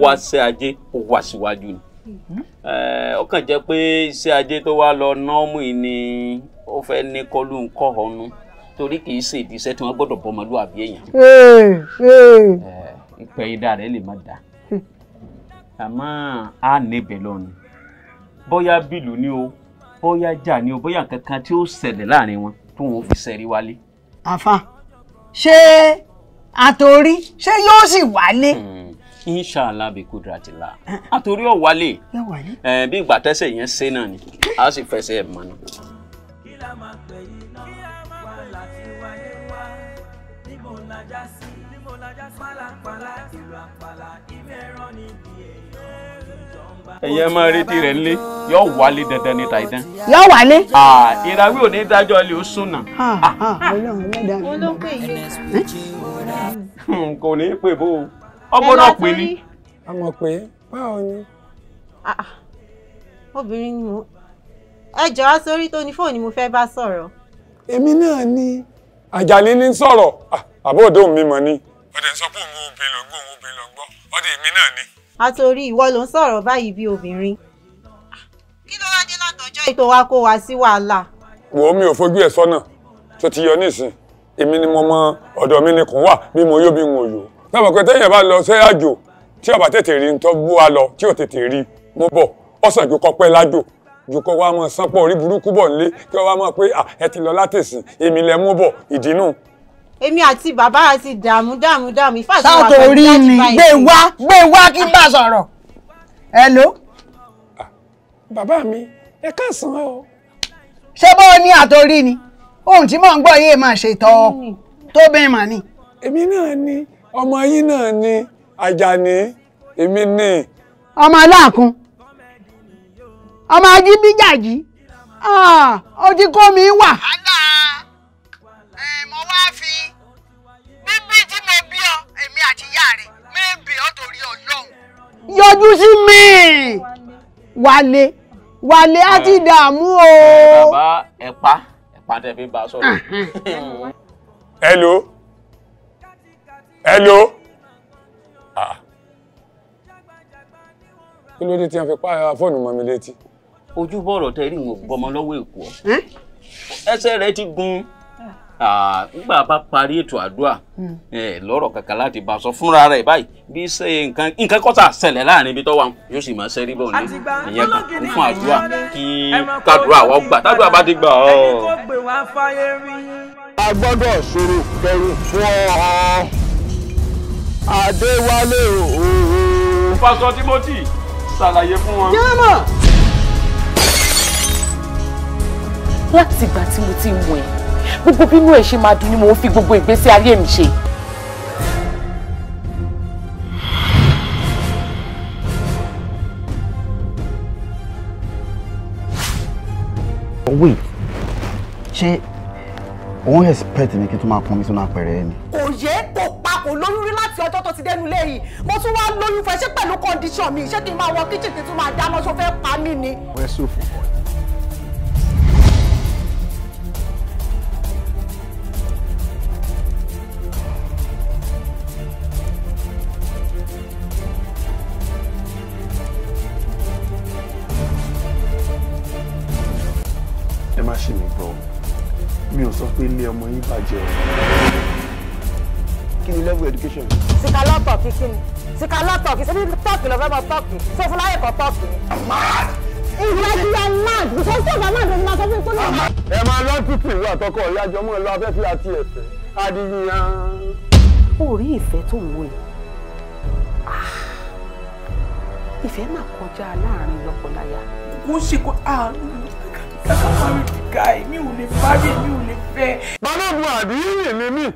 wá sí ajé ó wá síwájú ni hmm. eh, ó kàn jẹ pé iṣẹ ajé tó wá lọ nọ́ọ̀mù yìí ni ó fẹ ní kọlù ń kọ́ ọ̀nù torí kì í ṣe ìdíṣẹ́ tí wọ́n gbọ́dọ̀ bọ́ ọmọlúwàbí èèyàn eh, eh. ìpè ìdá rẹ̀ lè má dáa àmọ́ á níbẹ̀ lọ́nu bóyá bílù ni o bóyá jà ni o bóyá kankan tí ó ṣẹlẹ̀ láàrin wọn tó wọn fi ṣẹ̀rí wálé. àfa ṣé àtòrí ṣé yóò sì wálé. Mm. inshàlá bí kudratillah àtòrí ọ̀wálé bí ìgbà tẹ́sẹ̀ yẹn ṣe náà ni a sì fẹsẹ̀ ẹ̀ mọ́nà. kí la máa pè yín náà wà láti wáyé wá níbo lajá sí níbo lajá sí pálapàla ìlú àpàlà ilé ẹran níbi èèyàn ẹ̀yẹ́ máa retí rẹ̀ nílé yóò wálé dandan ní tàìdán. yóò wálé. ìràwé ò ní dájọ́ ilé ó súnà. Ah. olóńgbò yìí kò ní í pè bó o ọgbọ́dọ̀ pè ní. a mọ̀ pé báwo ni. Ah, ah. obìnrin ni mo ẹ jọ̀wọ́ sórí tó ní fóònù mo fẹ́ bá sọ̀rọ̀. èmi náà ni àjàní ní sọ̀rọ̀ ah, àbọ̀ òdòun mi mọ̀ ni. ọ̀dẹ̀ sọ pé òun obìnrin lọ́gbọ́n òun obìnrin lọ́gbọ́n ọ̀dẹ̀ èmi náà ni. a torí ìwọ ló ń sọ̀rọ̀ báyìí bí obìnrin. kí ló wá dé látọjọ́ ètò wa kó wa sí wàhálà. wo mi ò fojú ẹ sọ́nà tó ti yọ nísìn èmi ni mo mọ ọ̀dọ̀ mi ni kò wà bí mo yó bí n sábà pé téèyàn bá lọ sí àjò tí ó tètè rí ń bú wa lọ tí ò tètè rí mo bọ̀ ọ̀sán ju kọpẹ́ lájò ju kọ́ wa mọ̀ sánpọ̀ orí burúkú bọ̀ nílé kí wọ́n wá pé ẹ ti lọ látẹ̀sìn èmi lẹ mú bọ̀ ìdínú èmi àti bàbá àti dààmú dààmú dààmú ìfà sí wà pẹ̀lú láti bá ìlú. gbé wá gbé wá kí n bá a sọ̀rọ̀. hello. bàbá mi ẹ káàsán o. ṣé bó o ní àtòrí ni ohun tí mò ń gbọ́ yé máa ṣètò tó bẹ́ẹ̀ mà ni. èmi náà ni ọmọ yín náà ni àjàní èmi ni. ọmọ aláàkún ọmọ ajíbíjàjí ah, ó ti kó mi wà. àgbà mo wá fi bíbí tí mo bí ọ èmi àti ìyá rẹ mi ń bì ọ torí Ọlọ́run. yọjú sí mi wálé wálé á ti dààmú o. bàbá ẹ pa ẹ pa tẹ fi bá a sọ̀rọ̀. hello. hello ah kí ló dé tí wọ́n fi pààyà fóònù mọ́ mi létí. ojú bọ̀rọ̀ tẹ rí ìwọ̀n gbọmọ lọ́wọ́ èkó ẹsẹ̀ rẹ ti gun nígbà bá parí ètò àdúrà hmm. lọ́rọ̀ kankan láti bá a sọ fúnra rẹ̀ báyìí bí ṣe nǹkan nǹkan kọ́tà ṣẹlẹ̀ láàrin ibi tó wà yóò sì máa ṣẹ́rí bọ̀ ní ìyẹn kan fún àdúrà kí kádùrà wọ́n gbà tádùrà bá ti gbà ọ́. a gbọ́dọ̀ ṣòro pẹ̀lú fún ọ. Adéwálé òòó. Pásọ Timothy ṣàlàyé fún wọn. Yẹ́mọ̀. Láti ìgbà tí mo ti mọ̀ ẹ́, gbogbo bínú ẹ̀ ṣe máa dùn ni mo ń fi gbogbo ìgbésí ayé mi ṣe. Wait, ṣé òun expect mi kí n tún máa pọn mi sínú àpẹẹrẹ ẹ ni. Kò yẹ kó papò lórí láti ọjọ́ tó ti dẹ́nu léyìí mo tún wá lóyún fún ẹ ṣé pẹ̀lú kọ́ndíṣọ̀n mi ṣé kí n máa wọ kíchìn kí n tún máa dáná tó fẹ́ pa mí ni. wẹ́ẹ́ sòfò kọ́ ni. ẹ má ṣe mí gbọ́ mi ò sọ pé ilé ọmọ yín bàjẹ́ o education. sika lọ́tọ̀ kí kí ni sika lọ́tọ̀ kí sẹ́ni tọ́ọ̀kì lọ́fẹ́ mọ tọ́ọ̀kì tó fún láyé kan bá mad ló máa sọ fún ìpínlẹ̀. ẹ máa lọ títì ìlú àtọkọ ìyájọ mọ lọ afẹ́fẹ́ àti ẹ̀fẹ́ adìyàn. ó rí ìfẹ́ tó ń wò ah! ìfẹ́ máa kọjá láàrin lọ́kọláya. wọ́n ṣe kó ah, kàkàkà mi ò lè bá mi ò lè fẹ́. balógun àdúyìn ni mí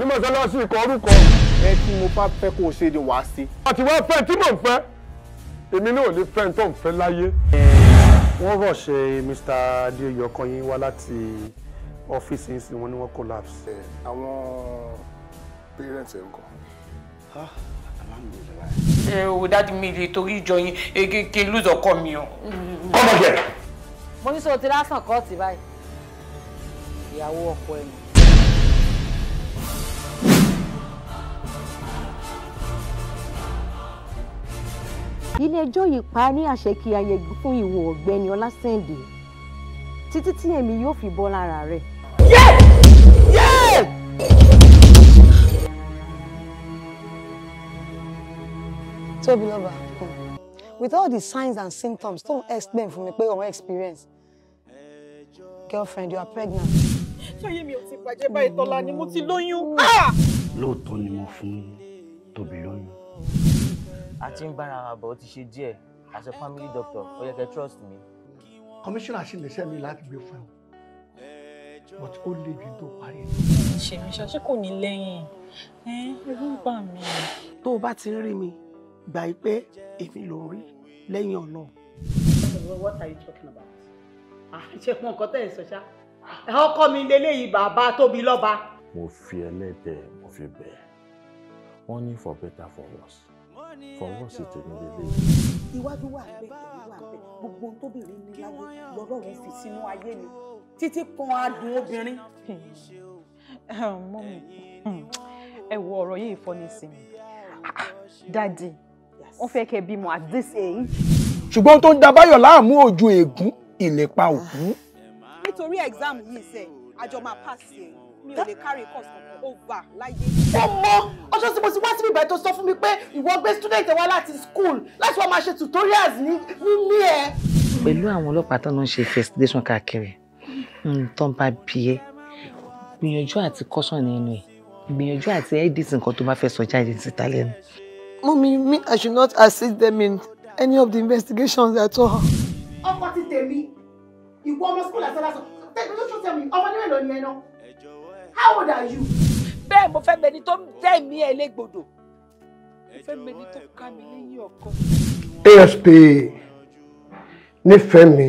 ní mọ́sálásí ikọ̀ orúkọ. ẹ tí mo bá fẹ́ kó o ṣe ni wàá ṣe. àti wá fẹ́ tí mò ń fẹ́ èmi náà ní fẹ́ tó ń fẹ́ láyé. wọ́n rọ̀ ṣe Mr. adéyọ kan yín wá láti ọ́fíìsì yín sí wọn ni wọ́n collapse. àwọn parents ẹ̀ ń kọ́. Ah, ẹ ò dáàdi mi lè torí ìjọ yín kí n lùzọ̀ kọ́ mi o. ọmọ jẹ. mo ní sọ ti lásán kọ́ọ̀tì báyìí ìyàwó ọkọ ẹ̀ nù. ilé-ẹjọ́ yìí pa ní àṣẹ kí a fún ìwọ ọ̀gbẹ́ni ọlásẹ̀ǹdè títí tí èmi yóò fi bọ́ lára rẹ̀. yẹ́ẹ̀ yẹ́ẹ̀. with all the signs and symptoms don't explain fún mi pé ọ̀rọ̀ experience girlfriend you are pregnant. ṣáyé mi ò ti bàjẹ́ báyìí tọ́lá ni mo ti lóyún. Hmm. Ah! lóòótọ́ ni mo fún Tóbi lóyún a ti ń bára wa bọ̀ ó ti ṣe díẹ̀ as a family doctor ó yẹ kẹ́ trust me. commissioner sì lè sẹ́mi láti gbé fún ẹ but ó lè ju tó parí. ìṣèmíṣà ṣé kò ní lẹ́yìn ẹ̀rù ń bà mí. tó o bá ti ń rí mi gbà í pé èmi ló rí lẹ́yìn ọ̀nà. what are you talking about? Ah, ṣé mo nǹkan tẹ̀ ẹ́ sọ ṣá ọkọ mi lélẹ́yìí bàbá tóbi lọ́ba. mo fi ẹlẹ́dẹ̀ẹ́ mo fi bẹ̀ẹ́ wọ́n ní for better for worse fọwọ́ sí tèmi lélẹ̀. iwájú wà pé ìwà pé gbogbo ohun tóbìnrin ní láyé lọ́lọ́run fi sínú ayé mi títí kan adùn obìnrin. mọ́mí hmm. ẹ wo ọ̀rọ̀ yìí fọ́ni sí mi ah, dadi wọ́n fẹ́ kẹ́ bímọ at this age. ṣùgbọ́n tó ń da báyọ̀ láàmú ojú ègún ìlépa òkú. Ah. nítorí exam yìí sẹ́ àjọ máa pass yẹn mi ò lè carry course kankan over láyé. ṣé mo ọjọ́ tí mo ti wá síbi ìbàdàn tó sọ fún mi pé ìwọ gbé student wá láti school láti wá máa ṣe tutorials ní ní ẹ. pẹ̀lú àwọn ọlọ́pàá tó ń ṣe investigation káàkiri tó ń bá bí ẹ gbìyànjú àti caution nínú ẹ gbìyànjú àti edit nǹkan tó bá fẹ́ sọ jáde síta lẹ́nu. Mommy, me, I should not assist them in any of the investigations at all. Ọkọ ti tèmi, ìwọ ọmọ school àti aláṣọ, tẹ́lifíṣọ́ tẹ̀mí, ọmọ nílẹ̀ lọ ni ẹ náà how old are you. bẹ́ẹ̀ mo fẹ́ mẹni tó ń dẹ́mi ẹ̀ légbodò mo fẹ́ mẹni tó ká mi lẹ́yìn ọkàn. asp nífẹ̀ẹ́mi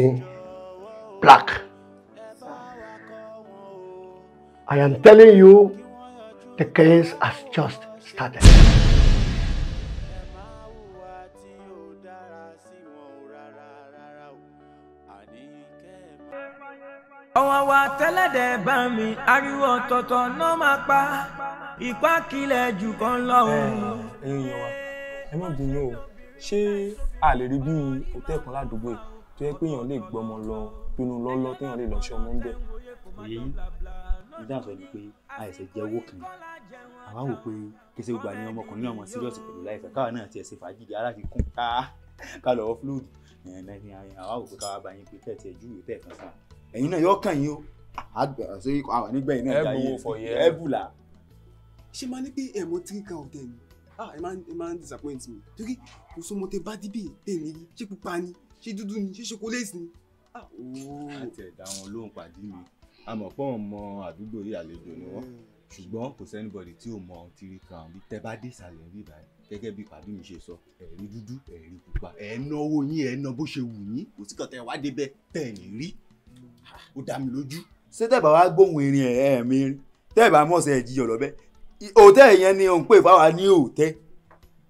black i am telling you the case has just started. ọwọ́ wa tẹ́lẹ̀dẹ̀ bá mi ariwo ọ̀tọ̀ọ̀tọ̀ náà máa pa ipá kílẹ̀ jù kan lọ. ẹ̀yin wa ẹ má bínú o ṣé a lè rí bí òtẹ́ kan ládùúgbò ẹ̀ tó yẹ pé èèyàn lè gbọmọ lọ pinnu lọ́lọ́ téèyàn lè lọ ṣe ọmọ ń bẹ̀. òye yín ìdáhùn sọ ni pé àìsàn jẹ́ owó kan àwa wò pé kése gbà ní ọmọkùnrin náà mọ pẹ̀lú láìfẹ́ káwa náà tiẹ̀ ṣe fàájì aláàfin kún ká ká lọ́wọ́ fúlùdù ẹ̀ẹ́dẹ́gbẹ̀rin àwa wò pé káwa bá yín pé tẹ̀ tẹ̀ júwèé tẹ̀ kan sáà ẹ̀yin náà yọ kàn yín o àgbẹ̀ ṣé àwọn nígbẹ̀yìn náà yà yé ẹ̀bùlà. ṣé máa ní pé ẹ̀ mọ three kan ọ̀tẹ̀ ni ah ẹ máa ẹ máa disappoint mi torí kò sómo tẹ bá díbì tẹ̀ ní ṣé pupa ni ṣé dúdú ni ṣé ṣokoléètì ni. àti ah, ẹ̀dá wọn ló ń pàdé mi àmọ́ pọ́n mọ àdúgbò yìí àlejò ni wọ́n ṣùgbọ́n kò sẹ́nibọ̀dì tí ò mọ three kan bí tẹ bá dé ìsàlẹ̀ rí báyìí gẹ́gẹ́ bí pàdé mi ṣe sọ ẹ̀rí dúdú ẹ̀rí pupa ẹ̀ náwó yín ẹ̀ ná bó ṣe wù yín kò sí kàn tẹ wá débẹ̀ tẹ̀ ní rí ó dá mi lójú ṣé tẹ́ bá wá gbóhùn erin ẹ̀ ẹ̀ mi rin tẹ́ bá mọ̀ọ́sẹ̀ ẹ̀ jiyàn lọ́bẹ̀ òtẹ́ yẹn ni òun pè fáwa ní òtẹ́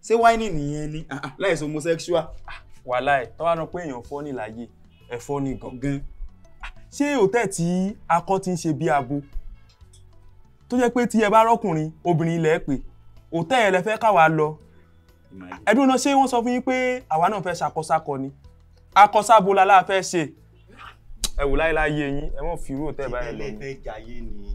ṣé wáìnì nìyẹn ni ah, ah, láìsí homosexual. Ah, wàhálà ẹ tọ́wá náà pé èèyàn fọ́ ní láyé ẹ̀ fọ́ ní gangan ṣé òtẹ́ tí akọ ti ń ṣe bí abo tó jẹ́ pé tí ẹ bá rọ́kùnrin obìnrin ilẹ̀ pè òtẹ́ ẹ lẹ fẹ́ káwa lọ ẹdùn náà ṣé wọ́n sọ fún yín pé àwa náà fẹ́ ṣàkọsákọ ni akọsábo láà fẹ́ ṣe ẹ wò láyé láyé yín ẹ mọ̀ fi irú òtẹ́ báyìí lọ. ìbẹ̀lẹ̀ fẹ́ jayé ni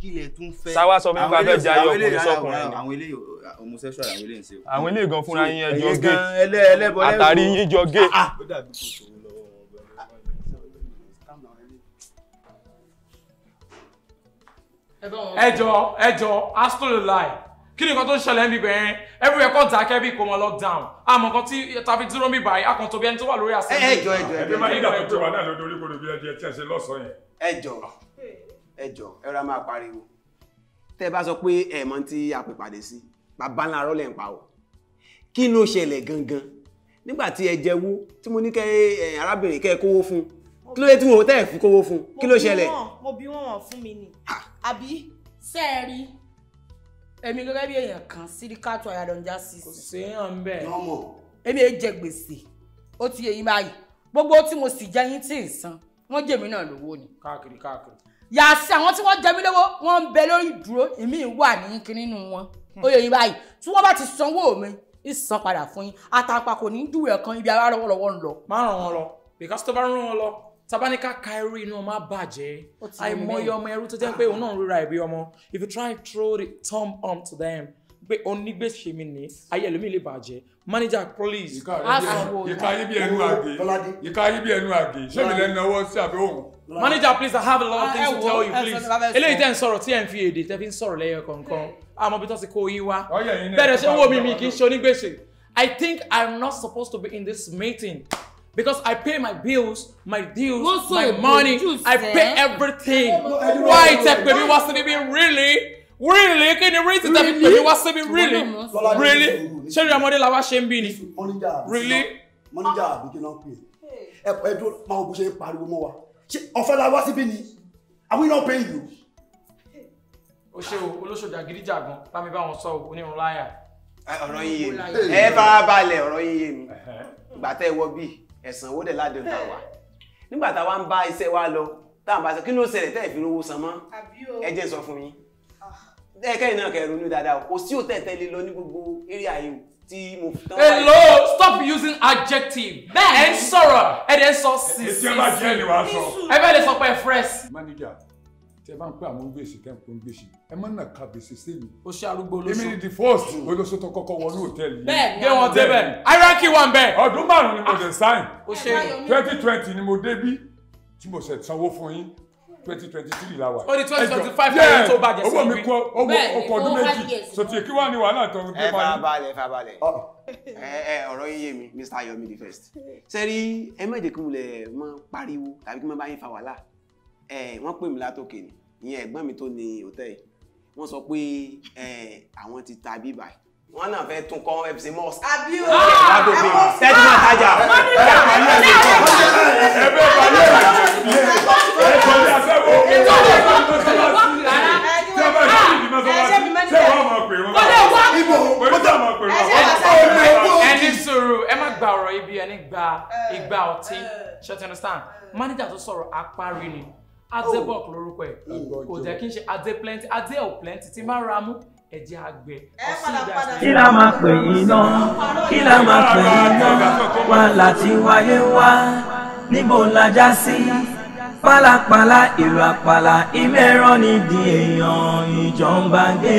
kí tún fẹ́. sáwá sọ fún mi pé a fẹ́ jayé ọkùnrin sọkùnrin ni. àwọn eléyìí homosexual àwọn eléyìí ń àwọn eléyìí gan fúnra yín ẹjọ gé àtàrí yín jọ gé. Ah, ah. ẹ jọ astro lie kí ni nǹkan tó ń ṣẹlẹ̀ níbi bẹ́ẹ̀ everywhere kọ́ dákẹ́ bí kò mọ lockdown àmọ́ nǹkan tí tàbí dúró mi báyìí akọ̀tọ̀ bí ẹni tó wà lórí àṣẹ. ẹjọ ẹjọ ẹjọ ẹjọ máa nígbà tó wà náà lórí orí bí ẹjẹ tí ẹ ṣe lọ́sàn yẹn. ẹjọ ẹjọ ẹ ra máa pariwo tẹ bá sọ pé ẹ mọ tí a pè pàdé sí bàbá ńlá rọlẹ̀ ń pa ọ kí ló ṣẹlẹ̀ gangan nígbà tí ẹ jẹ́wó tí mo ní kẹ́ ẹ arábìnrin kẹ́ ẹ kówó fún kí ló yẹ tí mo tẹ́ ẹ fi kówó fún kí ló ṣẹlẹ̀. mo bí wọn fún mi ni àbí sẹ́ẹ̀rí èmi gẹ́gẹ́ bí èèyàn kan síríkàtù àyàdọ̀njà sí i. kò séèyàn bẹ́ẹ̀. nọ́mọ̀. èmi è jẹ gbèsè ó ti yẹ yín báyìí gbogbo tí mo sì jẹ yín tí ì san wọ́n jẹ mí náà lówó ni. káàkiri káàkiri. yàtí àwọn tí wọ́n jẹ mí lówó wọ́n ń bẹ lórí ìdúró èmi wà ní kinní nu wọn ó yẹ yín báyìí tí wọ́n bá ti sanwó mi ìsan padà fún yín àtàpà kò ní dùwẹ̀ kan ibi ara lọ́wọ́lọ́wọ́ ń lọ. má ràn wọn lọ bìkásítọ́ bá ràn wọn lọ tabanika kairi inú ọmọ bàjẹ́ àìmọye ọmọ ẹrú tó jẹ́ pé òun náà rira ìbí ọmọ if you try throw the thumb up to them pé onígbèsè mi ní ayé ẹlòmíì lè bàjẹ́ manager please. ìka yí bí ẹnu àgè ìka yí bí ẹnu àgè ṣé mi lẹ́nu ọwọ́ sí àbí òun. manager please i have a lot of ah, things to tell you please eléyìí tẹ́ ń sọ̀rọ̀ tí ẹ̀ ń fi èdè tẹ́ fi ń sọ̀rọ̀ lẹ́yọ kọ̀ọ̀kan àmọ́ bí tó ti kó yín wá bẹ́ẹ̀ ṣé ń wò mi kì í ṣe onígbèsè i think i'm not supposed to be in this meeting because I pay my bills, my dues, my money, I pay everything. Why tẹ pè mí wá síbí bí really? Really? Can you reason it? fi pè mí wá síbí really? Really? Ṣé your money, la wá ṣe ń bí ni? Really? Money job, kí cannot pay. é. Ẹ̀pọ̀ ẹ̀dùn máa ń bó ṣe ń pariwo mọ́ wa. Ṣé ọ̀fẹ́ it. wá síbí Are we not paying you? O ṣe o, olóṣòjà gidija gan, bá mi bá wọn sọ o, onírun láyà. Ọ̀rọ̀ yíyé mi. Ẹ bá balẹ̀ ọ̀rọ̀ yíyé mi. Gbàtẹ́ wọ bíi ẹ̀sán owó dẹ̀ ládùn tá a nígbà tá a wá ń bá iṣẹ́ wa lọ tá à bá sọ kí ló ṣẹlẹ̀ tẹ́ ẹ̀ fi rówó san mọ́ ẹ jẹ́ sọ fún yín ah. ẹ̀kẹ́yìn náà kẹ́ ronú dáadáa kò sí òtẹ́ẹ̀tẹ́ lè lọ ní gbogbo eré ayé tí mo tán. hello stop using adjective. bẹ́ẹ̀ ẹ ń sọ̀rọ̀ ẹ dẹ̀ ń sọ sí sí sí lè sọ pé fresh. manager tí ẹ bá ń pẹ́ àwọn gbèsè tẹ́ ń pọ́n gbèsè ẹ má nà ka gbèsè sẹ́mi. ó ṣe arúgbó olóṣù èmi ni the first olóṣù tó kọ́kọ́ wọnú hòtẹ́ẹ̀lì yìí. bẹ́ẹ̀ gbé wọn débẹ̀ iraki wà ń bẹ. ọdún márùn-ún ni mo ah. dé sáyìn twenty twenty ni mo débí tí mo ṣe sanwó fún yín twenty twenty three la wà. ó di twenty twenty five ẹ̀yìn tó bàjẹ́ sí mi. owó mi kọ owó ọkọ̀ ọdún méjì sọtì kí wàá ní wàhálà tó ń gbé wá. ẹ fà balẹ̀ fà balẹ̀ ah. ẹ ọ̀rọ̀ yín mi Mr. Yomi the first. sẹ́rí ẹ mẹ́jẹ̀ kí mo lè máa pariwo tàbí kí mo bá yín fa wàhálà ẹ wọ́n pè mí látòkè ni ìyẹn ẹ̀gbọ́n mi tó ní hòtẹ́ẹ̀lì wọ́n sọ pé àwọn ti ta bíbà wọ́n náà fẹ́ tún kọ́ fc mosque. àbí o ìwádò mi tẹ́tí máa tajà. ẹgbẹ́ balẹ̀ ilé ẹ̀kọ́ ní afẹ́wọ́ ètò ìwà ẹni sọ̀rọ̀ ẹ má gba ọ̀rọ̀ ibi ẹni gba igba ọtí ṣe ti understand manager tó sọ̀rọ̀ apá rí ni azebok oh. lorúkọ ẹ̀ kò jẹ́ kí n ṣe adé plenty adé ò plenty tí máa ra mú ẹ̀jẹ̀ àgbẹ̀ ọ̀sìn ìdájọ́. kí la máa pè iná kí la máa pè iná wà láti wáyé wá níbo la já sí pálapàla ìlú àpàlà ìmẹ̀rán nídìí èèyàn ìjọba gé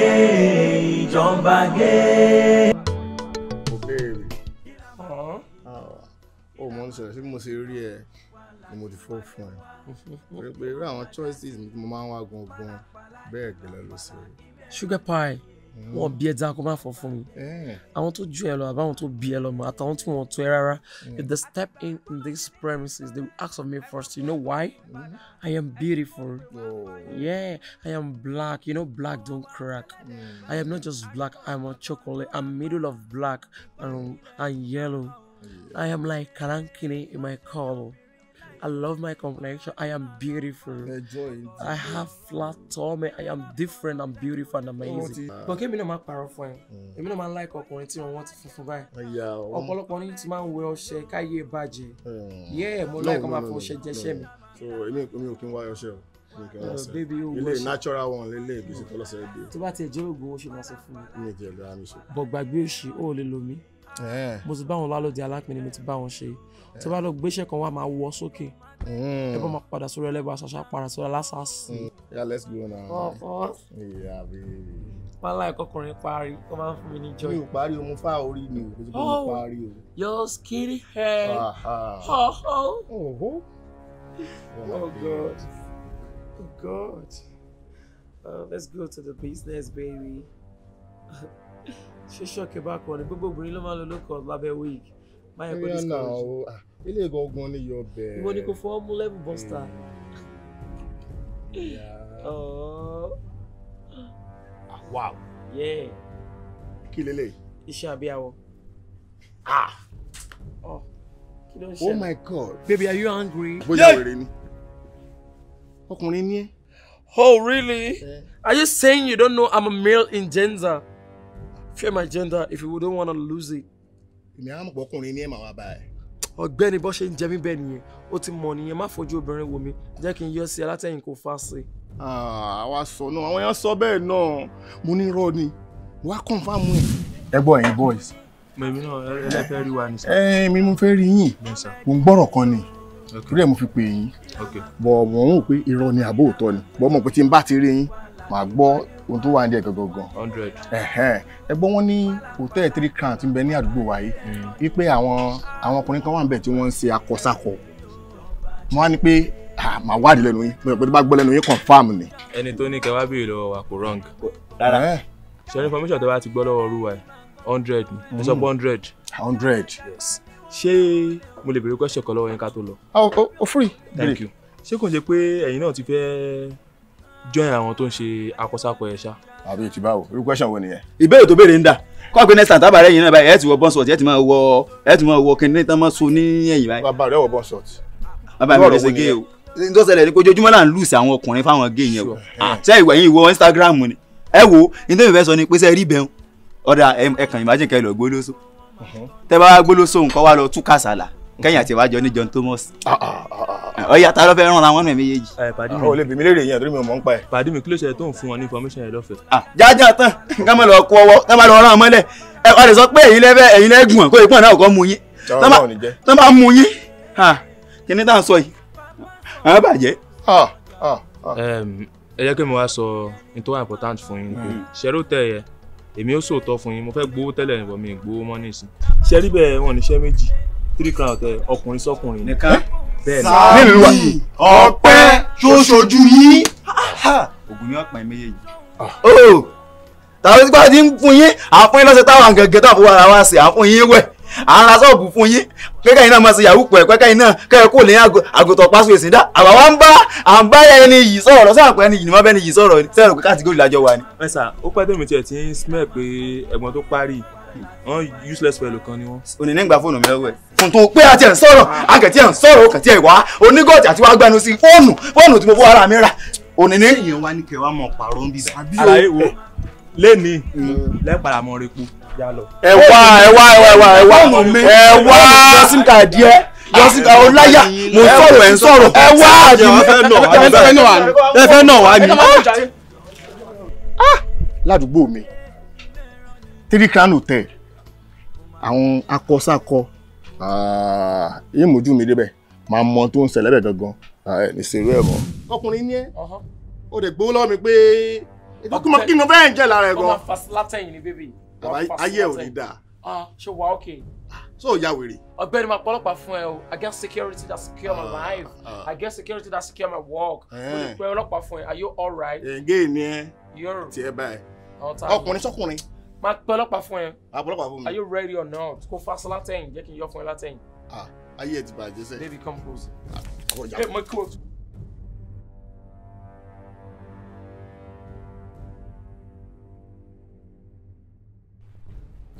ìjọba gé. ó ah, mọ̀ ń sọ̀rọ̀ sí mo ṣe rí ẹ ni mo ti fọ́ fún ẹ irú àwọn choices mi mo máa ń wá gangan bẹ́ẹ̀ gẹ́lẹ́ ló ṣe. sugar pie hmm. wọn bí ẹ dáko má fọ fún mi eh. àwọn tó ju ẹ lọ àbáwọn tó bí ẹ lọ mọ àtàwọn tí wọn tó ẹ rárá hmm. if they step in in these premises they will ask of me first you know why mm. i am beautiful oh. yeah i am black you know black don't crack mm. i am not just black i am a chocolate i am middle of black and, and yellow yeah. i am like kalankini in my color. I love my complexion. I am beautiful. Enjoy. I have flat tummy. I am different. I'm beautiful and amazing. But kí no náà máa parọ́ fún ẹ. Hmm. Èmi náà máa ń like ọkùnrin tí wọ́n ti funfun báyìí. Oh, oh. Ọ̀pọ̀lọpọ̀ ní ti máa ń wẹ ọṣẹ káyé bàjẹ́. Hmm. Yẹ́ mo like ọmọ àfọwọ́ṣẹ jẹ́ṣẹ́ mi. So èmi ò kí ń wá ọṣẹ o oh, ilé natural one lélẹ̀ gbèsè tó lọ́sẹ̀ dé. tó bá tiẹ̀ jẹ́ oògùn oṣù máa sọ fún mi. mi ò jẹ́ ìlú àmì ṣe. bọ̀gbàgbé òṣì ó lè lò mí. Eh. mo ti bá wọn lálọ́ di alápinni mo ti bá wọn ṣe tí bá lọ gbéṣẹ́ kan wá máa wọ sókè hmm. ẹ bá máa padà sórí ẹlẹ́gbàá ṣàṣà padà sórí alásàásì. Hmm. yeah let's go now. ọ̀fọ̀. ìyá bèbè. pálá ìkọkùnrin parí kó máa ń fún mi ní joy. mi ò parí o mo fá orí mi ò kó mo oh, parí o. your skinny hair. oh oh. oh god oh god uh, let's go to the business baby. ṣé ṣọ́ọ̀kì bá kọ́ ni gbogbo obìnrin ló máa ń lo lókọ̀ lábẹ́ wíìgì báyọ̀ kò discourage. Ah, ilé ìgò ọgbọ́n ni yọ bẹ́ẹ̀. ìwọ ni kò fọwọ́ mú level buster. wow. yeah. kí lélẹ̀. iṣẹ́ abíyáwó. ah. oh kí ló ń ṣe. oh my god. baby are you angry. Yeah. wèrè ni. ọkùnrin ni Oh, really? Yeah. Are you saying you don't know I'm a male in gender? Fear my gender if you don't want to lose it èmi á mọ̀ ní ẹ̀ màá wá ọ̀gbẹ́ni bó ṣe ń jẹ mí bẹ́ẹ̀ nìyẹn ó ti mọ̀ nìyẹn má fojú obìnrin wò mí jẹ́ kí n yọ sí alátẹ̀yìn kó fa sí. àwa sọ náà àwọn èèyàn sọ bẹ́ẹ̀ náà mo ní irọ́ ni wàá kọ̀ǹfàmù ẹ̀. ẹ gbọ́ ẹ̀yin boys. mẹ̀mí náà ẹlẹ́fẹ́ rí wa ní sá. ẹ mi mo fẹ́ rí yín mo ń gbọ́rọ̀ kan ni torí ẹ̀ mo fi pè yín bọ̀ mọ̀ ń wò pé irọ́ ni àbóòtọ́ ni bọ́ mọ̀ pé tí n bá ti rí yín màá gbọ́ ohun tó wà ní ẹ̀gàn gangan. hundred. ẹgbọ́n wọn ní hòtẹ́ẹ̀lì three crown ti ń bẹ ní àdúgbò wa yìí hmm. wípé àwọn àwọn ọkùnrin kan wà ń bẹ tí wọ́n ń ṣe akọsákọ mo wá ní pé màá wádìí lẹ́nu yín mo rò pé tó bá gbọ́ lẹ́nu yín confam ni. ẹni tó ní kẹwàá bèrè lọ́wọ́ wa kò wrong. rárá ní information tó bá ti gbọ́ lọ́wọ́ olúwa hundred ní sọ pé hundred. hundred. yes ṣé mo lè béèrè question kan lọ́wọ́ yín ká tó lọ. o oh, oh, oh, free. thank you ṣé kò ń ṣe pé ẹ̀yin náà ti fẹ́ join àwọn tó ń ṣe akọ́sákọ́ ẹ̀ ṣá. àbí ti báwo irú question wo nìyẹn. ìbéèrè tó béèrè ń dà kọ́ pé next time tábàárẹ̀ yìí náà báyìí ẹ̀ ti wọ bọ́ǹsọ̀tì ẹ̀ ti máa wọ ẹ̀ ti máa wọ kíní tán máa so ní ẹ̀yìn báyìí. bàbá rẹ̀ wọ bọ́ǹsọ̀tì. bàbá mi ò ṣe gé o n tó ṣẹlẹ̀ ní kojoojúmọ́ là ń lùsì àwọn ọkùnrin fáwọn gé yẹn o ah, eh. ṣé ìwà yín ìwọ Instagram ni ẹ wo ní tó ìfẹ́ sọ ni pé sẹ́ rí bẹ́ẹ̀ ọ̀dà ẹ̀kan ìmájìnkẹ́ lọ gbólóso tẹ́ bá gbólóso kẹ́yìn àti ìwájọ ní John Thomas. Ah, ah, ah, ọyà ta ló fẹ́ ràn láwọn ọ̀nà méjèèjì. pàdí mi ò lè bí mi léèrè yẹn torí mi ò mọ̀ ń pa ẹ̀. pàdí mi kí ló ṣe tó ń fún wọn ní information yẹn lọ́fẹ̀ẹ́. jájà tán ká má lọ kó ọwọ́ ká má lọ rán ọmọlẹ̀ ẹ wà lè sọ pé èyí lẹ́fẹ̀ èyí lẹ́gùn kó ìpọ́n náà kọ́ mu yín. tọ́ bá mu yín kí tá à ń sọ yìí àwọn bàjẹ́. ẹ jẹ́ kí mo wá sọ ní tó wà important fún yín hmm. ṣẹ́rú tẹ̀ yẹ èmi ó sòótọ́ fún yín mo fẹ́ gbowó tẹ́lẹ̀ mi gbowó mọ́ nísìn ṣẹ́rí bẹ́ẹ̀ three crown tẹ ọkùnrin sọkùnrin. nìkan bẹ́ẹ̀ ni nílùú wa ọpẹ́ ṣoṣojú yín. ògùn ni ọpẹ́ méjèèjì. Ah. Oh. tàbí gbàdí ń fún yín àfún yín lọ́sẹ̀ táwọn gẹ̀gẹ́ tó àfọwọ́ ara wa sí àfún yín wẹ̀ ara sọ́ọ̀bù fún yín kẹ́kẹ́ iná máa ṣe yahoo pẹ̀ kẹ́kẹ́ iná kẹ́kẹ́ kò lè àgùntàn pàṣẹ èsì dá àwa ń bá à ẹni yìí sọ̀rọ̀ sáà ẹni yìí ni wọ́n bẹ́ni yìí sọ̀rọ̀ sẹ́yìn òkú káàtì góòlù lájọ wa ni. ẹ sà ó pẹ́ tèmi tiẹ̀ ti ń smell pé ẹ̀gbọ́n tó parí wọn useless fellow kan ni wọn. òní nígbà fóònù mi lọ́wọ́ ẹ̀. fún tó pé àti ẹ̀ ń sọ̀rọ̀ àkẹ́tì ẹ̀ ń sọ̀rọ̀ òkàtì ẹ̀ wá onígọ̀tì àti wàá gbẹnu sí fóònù fóònù tí mo fọ́ ara mi rà. òní ní. ìyẹn wá ní kẹwàá mọ pàrọ̀ ń bì bẹ́ẹ̀. àlàyé wo lẹ́ni lẹ́pàdà mọ repo. ẹ wá ẹ wá ẹ wá ẹ wá ẹ wá ẹ wá lọ́sìnkà díẹ̀ lọ́sìnkà ọláyà mo sọ̀rọ̀ ẹ̀ ń sọ̀rọ̀ ẹ wá àbí ẹ fẹ́ náà wá mi. ládùúgbò mi three crown hotel àwọn akọsákọ ah, yìí mi débẹ̀ máa mọ tó ń ṣẹlẹ̀ bẹ̀ gangan ah, ní ṣerú ẹ̀ ọkùnrin ní ẹ o lè gbowó lọ́wọ́ mi pé ìdókùnmọ́ kí ni bẹ́ẹ̀ ń jẹ́ lára ẹ̀ gan. ọmọ fasilátẹ̀yìn ni bébì. bàbá ayé ò ní dáa. Ah, ṣé wàá òkè so ya wèrè. ọ̀gbẹ́ni ma pọlọpà fún ẹ o i get security that secure my life i get security that secure my work eh. mo lè pẹ ọlọ́pàá fún ẹ are you alright. ẹ̀ǹgẹ́ ni ẹ tiẹ̀ báyìí ọkùnrin sọkùnrin máa pẹ́ ọlọ́pàá fún ẹ. àpọ̀lọpàá fún mi. are you ready or not kó fásọ látẹ̀yìn jẹ́ kí n yọ fún ẹ látẹ̀yìn. ah ayé ẹ ti bàjẹ́ sẹ́yìn. baby come close. àwọn ìyá mi.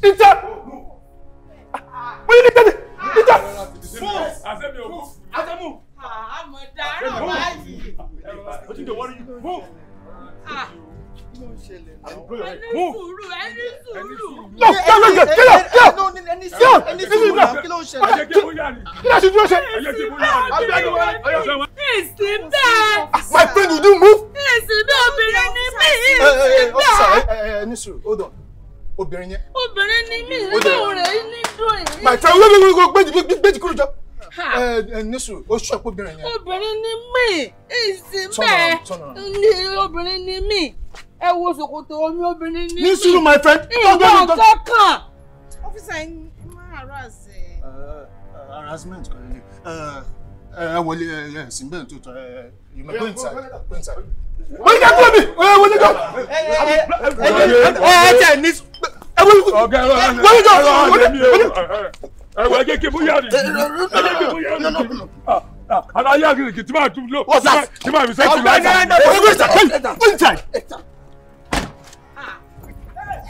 ìjà wíyí níta níta. ah, àmọ̀dá rọ̀ báyìí. ó ti dè wọ́n rí move. Move! No, no, no, get up, get up, get up! Ẹni sí ọ̀rọ̀, ẹni sí ọ̀rọ̀, kí ló ń ṣẹlẹ̀? Kí ló ṣe dúró ṣe? Èsì bẹ́ẹ̀. My friend, you do move. Èsì bẹ́ẹ̀ obìnrin ni mí, èsì bẹ́ẹ̀. Ẹni sùn, hold on obìnrin yẹn. obìnrin ni mí lóun rẹ̀ ní dùn yìí. màtí àwọn olóògbé gbèjì gbèjì kúrò jọ. nísù ó ṣọ pé obìnrin yẹn. obìnrin ni mí ìsìn bẹ́ẹ̀ ni obìnrin ni mí ẹ wo ṣòkòtò omi obìnrin ní. ní sùúrù my friend. ìyọ̀bọ̀ ọ̀tọ̀ kàn. ọ́fíìsà yín máa hàrọ̀ àṣẹ. harassment kọ́ ni ẹ wọlé ẹ ẹ sí bẹ́ẹ̀ tó tọ ẹ ẹ you may go inside go inside. wọ́n yẹ kúrò mi ẹ wọlé jọ. ẹ ẹ tẹ ní. ẹ wọlé jọ wọlé jọ wọlé jọ. ẹ wọlé kékeré bóyá rí. ara yá kìrìkì tí máa tún lò. wọ́n sá tí máa fi sẹ́kù láì sá. ẹ wọlé jọ wọlé jọ.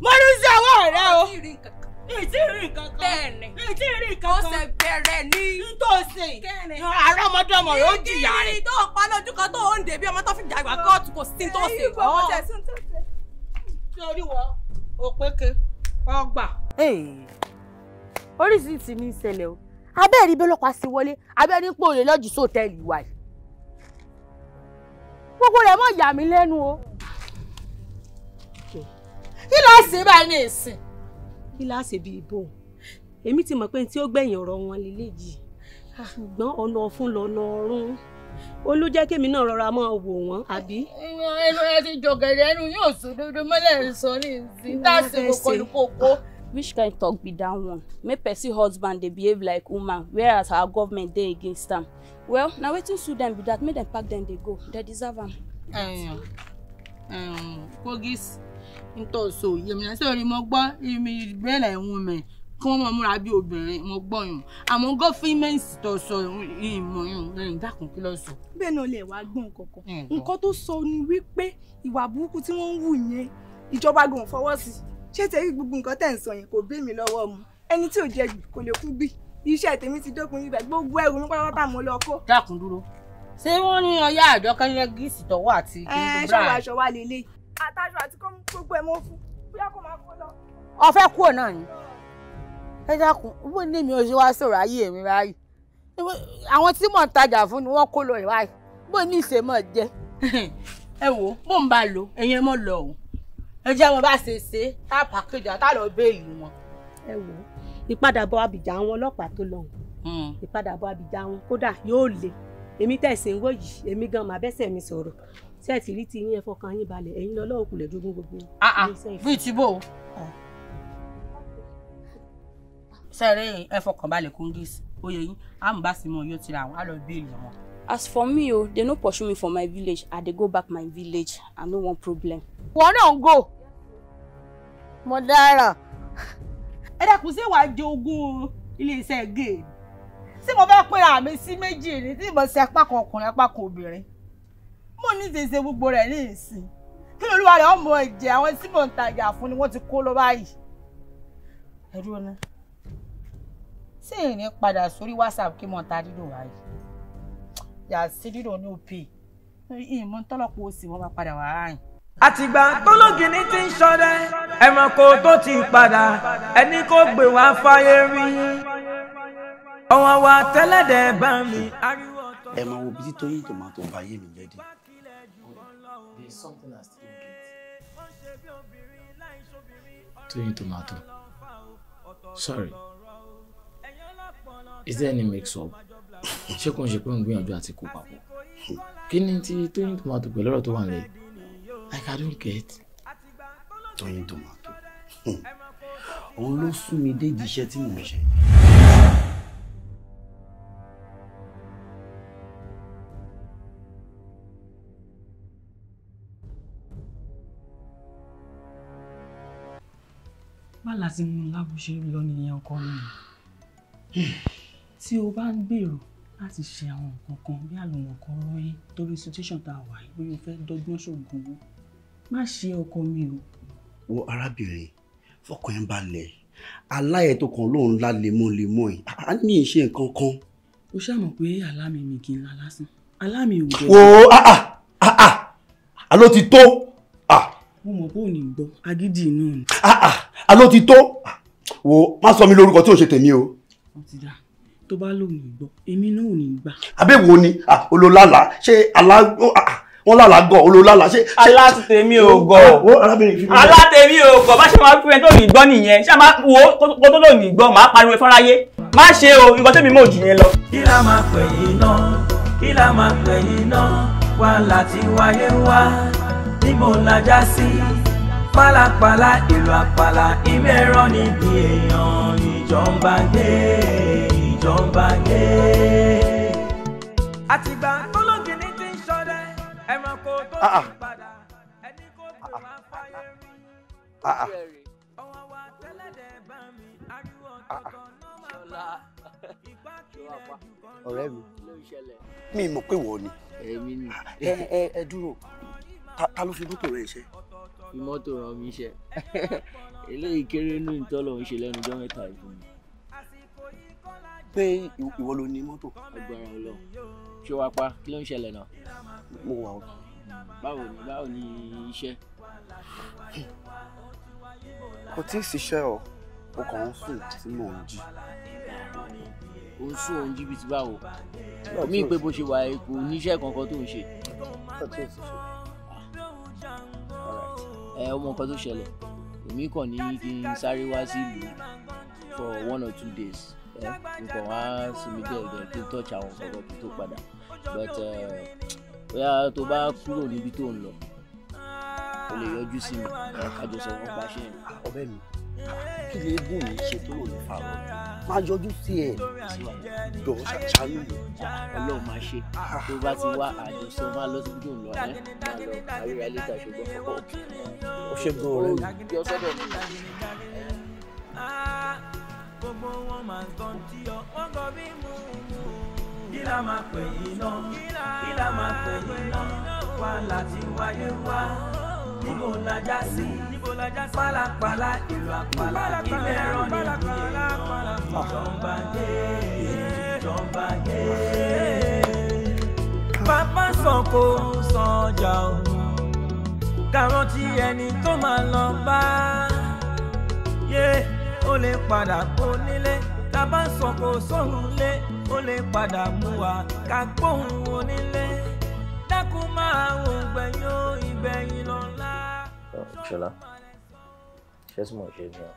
mo rí sí ọwọ́ rẹ o ìtí rí nǹkan kan bẹ́ẹ̀ni ìtí rí nǹkan kan ó ṣe bẹ̀rẹ̀ ní ntòsí ara ọmọdọmọ rẹ ó jìyà rẹ. kí ni tó pa lójú kan tó ń dèbí ọmọ tó fi jàgbà kóòtù kò sí ntòsí. torí wọ òpèké ọgbà. oríṣiríṣi ní ìṣẹ̀lẹ̀ o abẹ́ẹ̀rí bọ́lọ́pàá sí wọlé abẹ́ẹ̀rí pòlè lọ́jì sóòtẹ́ẹ̀lì wa yìí gbogbo rẹ̀ mọ̀ yà mí lẹ́nu o kí la báyìí ní ìsìn. kí la bíi bò èmi ti mọ̀ pé tí ó gbẹ̀yìn ọ̀rọ̀ wọn lélẹ́yìí ṣùgbọ́n ọ̀nà ọ̀fun lọ́nà ọ̀run ó kémi náà rọra máa wò wọ́n àbí. ẹnu ẹ ti jọ̀gẹ̀dẹ̀ ẹnu yóò sùn dúdú mọ́lẹ̀ sọ ní ìsìn táàsì kòkòrò Which kind talk be that one? Make person husband dey behave like woman, whereas our government dey against am. Well, na wetin sue dem be that, make dem pack dem dey go. Dem deserve am. Um, um, ntọ́sọ yèmínà sọ̀rọ̀ mo gbọ́ ìmì ìbẹ́lẹ̀ ìhun mẹ́ kí wọ́n máa múra bí obìnrin mo gbọ́ yùn àmọ́ gọ́fímẹ́ǹsì tó sọ ìmọ̀ yùn lẹ́yìn dákun kí ló sọ. bẹ́ẹ̀ náà lè wá gbọ́n kọ̀ọ̀kan nǹkan tó sọ ni wípé ìwà burúkú tí wọ́n ń wù yẹn ìjọba gan fọwọ́ sí ṣé tẹ̀rí gbogbo nǹkan tẹ̀ ń sọ yẹn kò bí mi lọ́wọ́ mu ẹni tí ò jẹ kò lè kú bí iṣẹ́ tèmi ti dópin ibẹ̀ gbogbo ẹrù mi pátápátá mo lọ kó. dákun dúró ṣé wọ́n ní ọyá àjọkẹ́lẹ́gìsì àtàjọ àti kọ́ gbogbo ẹ̀ mọ́ fún bóyá kò máa kó lọ. ọfẹ kúrò náà ni ẹ dákun bó ní mi ò ṣe wá sọ̀rọ̀ ayé mi báyìí àwọn tí mò ń tajà fún ni wọ́n kó lọ báyìí bó ní ìṣe mọ̀ jẹ́. ẹ wo mò ń bá lò ẹ̀yin mọ̀ lọ o ẹ jẹ́ wọn bá ṣe ṣe tá a pàkéjì àtà lọ béèlì wọn. ẹ wo ìpadàbọ̀ àbíjà àwọn ọlọ́pàá tó lọ hmm. ìpadàbọ̀ àbíjà àwọn kódà yóò le èmi tẹ̀sí ń yìí èmi gan màá bẹ́sẹ̀ mi sọ̀rọ̀ ṣé ẹ ti rí ti yín ẹ fọkàn yín balẹ̀ ẹ̀yin lọ́lọ́wọ́ kulẹ̀ dógún gbogbo. Ah, ah, bí ti bò ó sẹ́rẹ̀ ẹ fọkàn balẹ̀ kúndìs oyè yín á mú bá sí mọ yóò tira àwọn á lọ bíìlì wọn. as for me o oh, they no pursue me for my village i dey go back my village i no want problem. wọn náà ń gò mo dára. ẹ dẹ́kun ṣé wàá jẹ ogún iléeṣẹ́ géè tí mo fẹ́ pera mi sí méjì ni tí mo ṣe apá kan ọkùnrin apá kan obìnrin mo ní tèsè gbogbo rẹ̀ ní ìsìn kí lolúwa rẹ̀ ọmọ ẹ̀jẹ̀ àwọn tí mò ń tajà fún ni wọ́n ti kó lọ báyìí. ẹ dúró ná ṣé ìrìn padà sórí whatsapp kí mo ta dídò wáyé yàtí dídò ní òpè ìmọ̀ tọ́lọ́pọ̀ òsì wọn bá padà wá rìn. àtìgbà tólógìní ti ń ṣọdẹ ẹranko tó ti padà ẹni kò gbé wá fáyé rí ọwọ́ wa tẹ́lẹ̀dẹ̀ bá mi. ẹ máa wo bí títóyìn tòmátò bá yé mi jẹ́ is something I still get. Toyin Tomato. Sorry. Is there any mix up? Ṣé kò ń ṣe pé ń gbìyànjú àti kó papọ̀? Kí ni ti Toyin Tomato pẹ̀lú ọ̀rọ̀ tó wà nílẹ̀? Like I don't get. Toyin Tomato. Òun ló sún mi dé ìdí tí mò ń ṣe. má láti mú lábò ṣe lọ nìyẹn ọkọ mi tí o bá ń gbèrò láti ṣe àwọn nǹkan kan bí àlùmọ̀kọ́ rọ́yìn torí situation tá a wà yìí bóyá o fẹ́ dọ́gbọ́n ṣògùn owó má ṣe ọkọ mi o. wo arábìnrin fọkàn ẹ balẹ̀ aláyẹ tó kàn lóun ńlá lemọ́lemọ́ ẹ̀ á ní ìṣe nǹkan kan. o ṣàmọ̀ pé àlá mi mi kì í la lásán àlá ò jẹ́. wo àà àà àló ti tó mo mọ̀ pé ò ní gbọ́ agídí inú ni. Ah, ah, àlọ́ ti tó wò má sọ mi lórúkọ tí ò ṣe tèmi o. ó ti dà tó bá lò ní gbọ́ èmi náà ò ní gbà. àbẹ̀wò ni ah, olólàlà ṣé àlá wọn lálàá gọ olólàlà ṣe. alátèmi ò gọ alátèmi ò gọ bá ṣe máa fún ẹ tó ní gbọ́ nìyẹn ṣé máa wo kó tó lò ní gbọ́ máa pariwo ẹ fọ́nráyé má ṣe o nǹkan tẹ́mi mọ̀ jù yẹn lọ. kí la máa pè náà kí la máa pè náà wà láti wáyé wá níbo la já sí pálapàla ìlú àpàlà ìmẹ̀rọ níbi èèyàn ìjọba gbé ìjọba gbé. àtìgbà tọ́lọ́gìnní ti ń ṣọdẹ ẹranko tó ah, ah. ti padà ẹni kó ah, tó máa fáyé rí. ọwọ́ wa tẹ́lẹ̀dẹ̀ bá mi ariwo ọ̀tọ̀ọ̀tọ̀ ló máa bá ìpá kílẹ̀ jù kan lọ. ọ̀rẹ́ mi mi mọ̀ pé wọ́n ni. èmi ni ẹ ẹ dúró ta ló fi mọ́tò rẹ ṣe. fi mọ́tò ràn mí ṣe eléyìí kéré ní ìtọ́lọ̀ ń ṣe lẹ́nu ọjọ́ mẹ́ta ìfún mi. pé ìwọ ló ní mọ́tò. agbára Ọlọ́run ṣé wàá pa kí ló ń ṣẹlẹ̀ náà. mo wà ó. báwo ni báwo ni iṣẹ́. kò tí ì ṣiṣẹ́ o mo kàn ń sùn tí mò ń jí ò ń sún òun jìbìtì báwo mí pé bó ṣe wà ipò oníṣẹ́ kankan tó ń ṣe ẹ eh, ọmọ nǹkan tó ṣẹlẹ̀ èmi kàn ní kí n sáré wá sí ìlú for one or two days ẹ eh, nǹkan wá sinmi díẹ̀ kí n touch àwọn ọ̀rọ̀ kí tó padà but eh, bóyá tó bá kúrò níbi tó ń lọ o lè yọjú sí mi ká jọ sọ fún paṣẹ. ọ̀rẹ́ mi kí lè bù mí ṣe tó lè fa máa yọjú sí ẹ jọ ṣàánú mi máa ṣe tó bá ti wá àjọṣe máa lọ síbi ẹ máa lọ àríwá lẹta ṣùgbọ́n fọkọ ṣe gan ọ̀rẹ́ mi yọ sọ́dọ̀ mi. gbogbo wọn máa ń tán tí ọ wọn kọ bí mú mú. kí la máa pè yín náà kí la máa pè yín náà wà láti wáyé wá níbo la já sí pálapàla ìlú àpàlà ilé ẹ̀rọ ní ìlú ìjọba dé ìjọba dé. pápá sọ̀kò sọ̀jà o kàrántí ẹni tó máa lọ bá yé ó lè padà kó nílé tábà sọ̀kò sóhun lé ó lè padà mú wa ká onílé dákú máa ń gbẹ̀yìn ó ìgbẹ̀yìn lọ. Ṣọlá, ṣé tí mo ṣe ni ọ?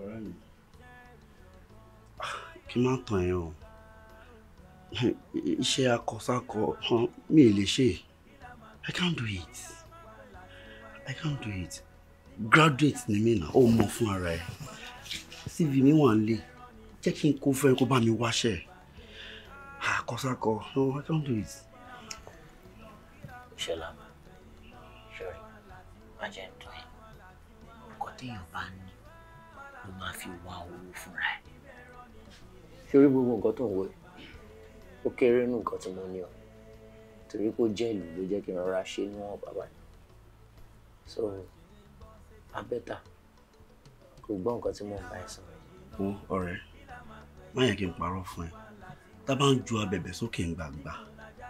Ọ̀rẹ́ mi, kí máa tàn ẹ́ o. Iṣẹ́ akọsákọ kan mi ì lè ṣe. I can't do it. I can't do it. Graduate ni mí náà, ó mọ fún ara ẹ̀. CV mi wà ń lè. Jẹ́ kí n kó fẹ́ kó bá mi wáṣẹ́. Ah, Kosako, no, I don't do it. Shalama, sorry, má jẹ́ ntọ́ ẹ̀. Nǹkan téèyàn bá ní ló máa fi wá owó fúnra ẹ̀. Sórí gbogbo nǹkan tó ń wọ ẹ̀, ó kéré nù nǹkan tí mo ní ọ. Torí kó jẹ́ ìlú ló So, I better gbọ́ nǹkan tí mo ń bá some. Oh, alright. ọ̀rẹ́, má yẹ kí n parọ́ fún tá a bá ń ju abẹ̀bẹ̀ sókè ngbàgbà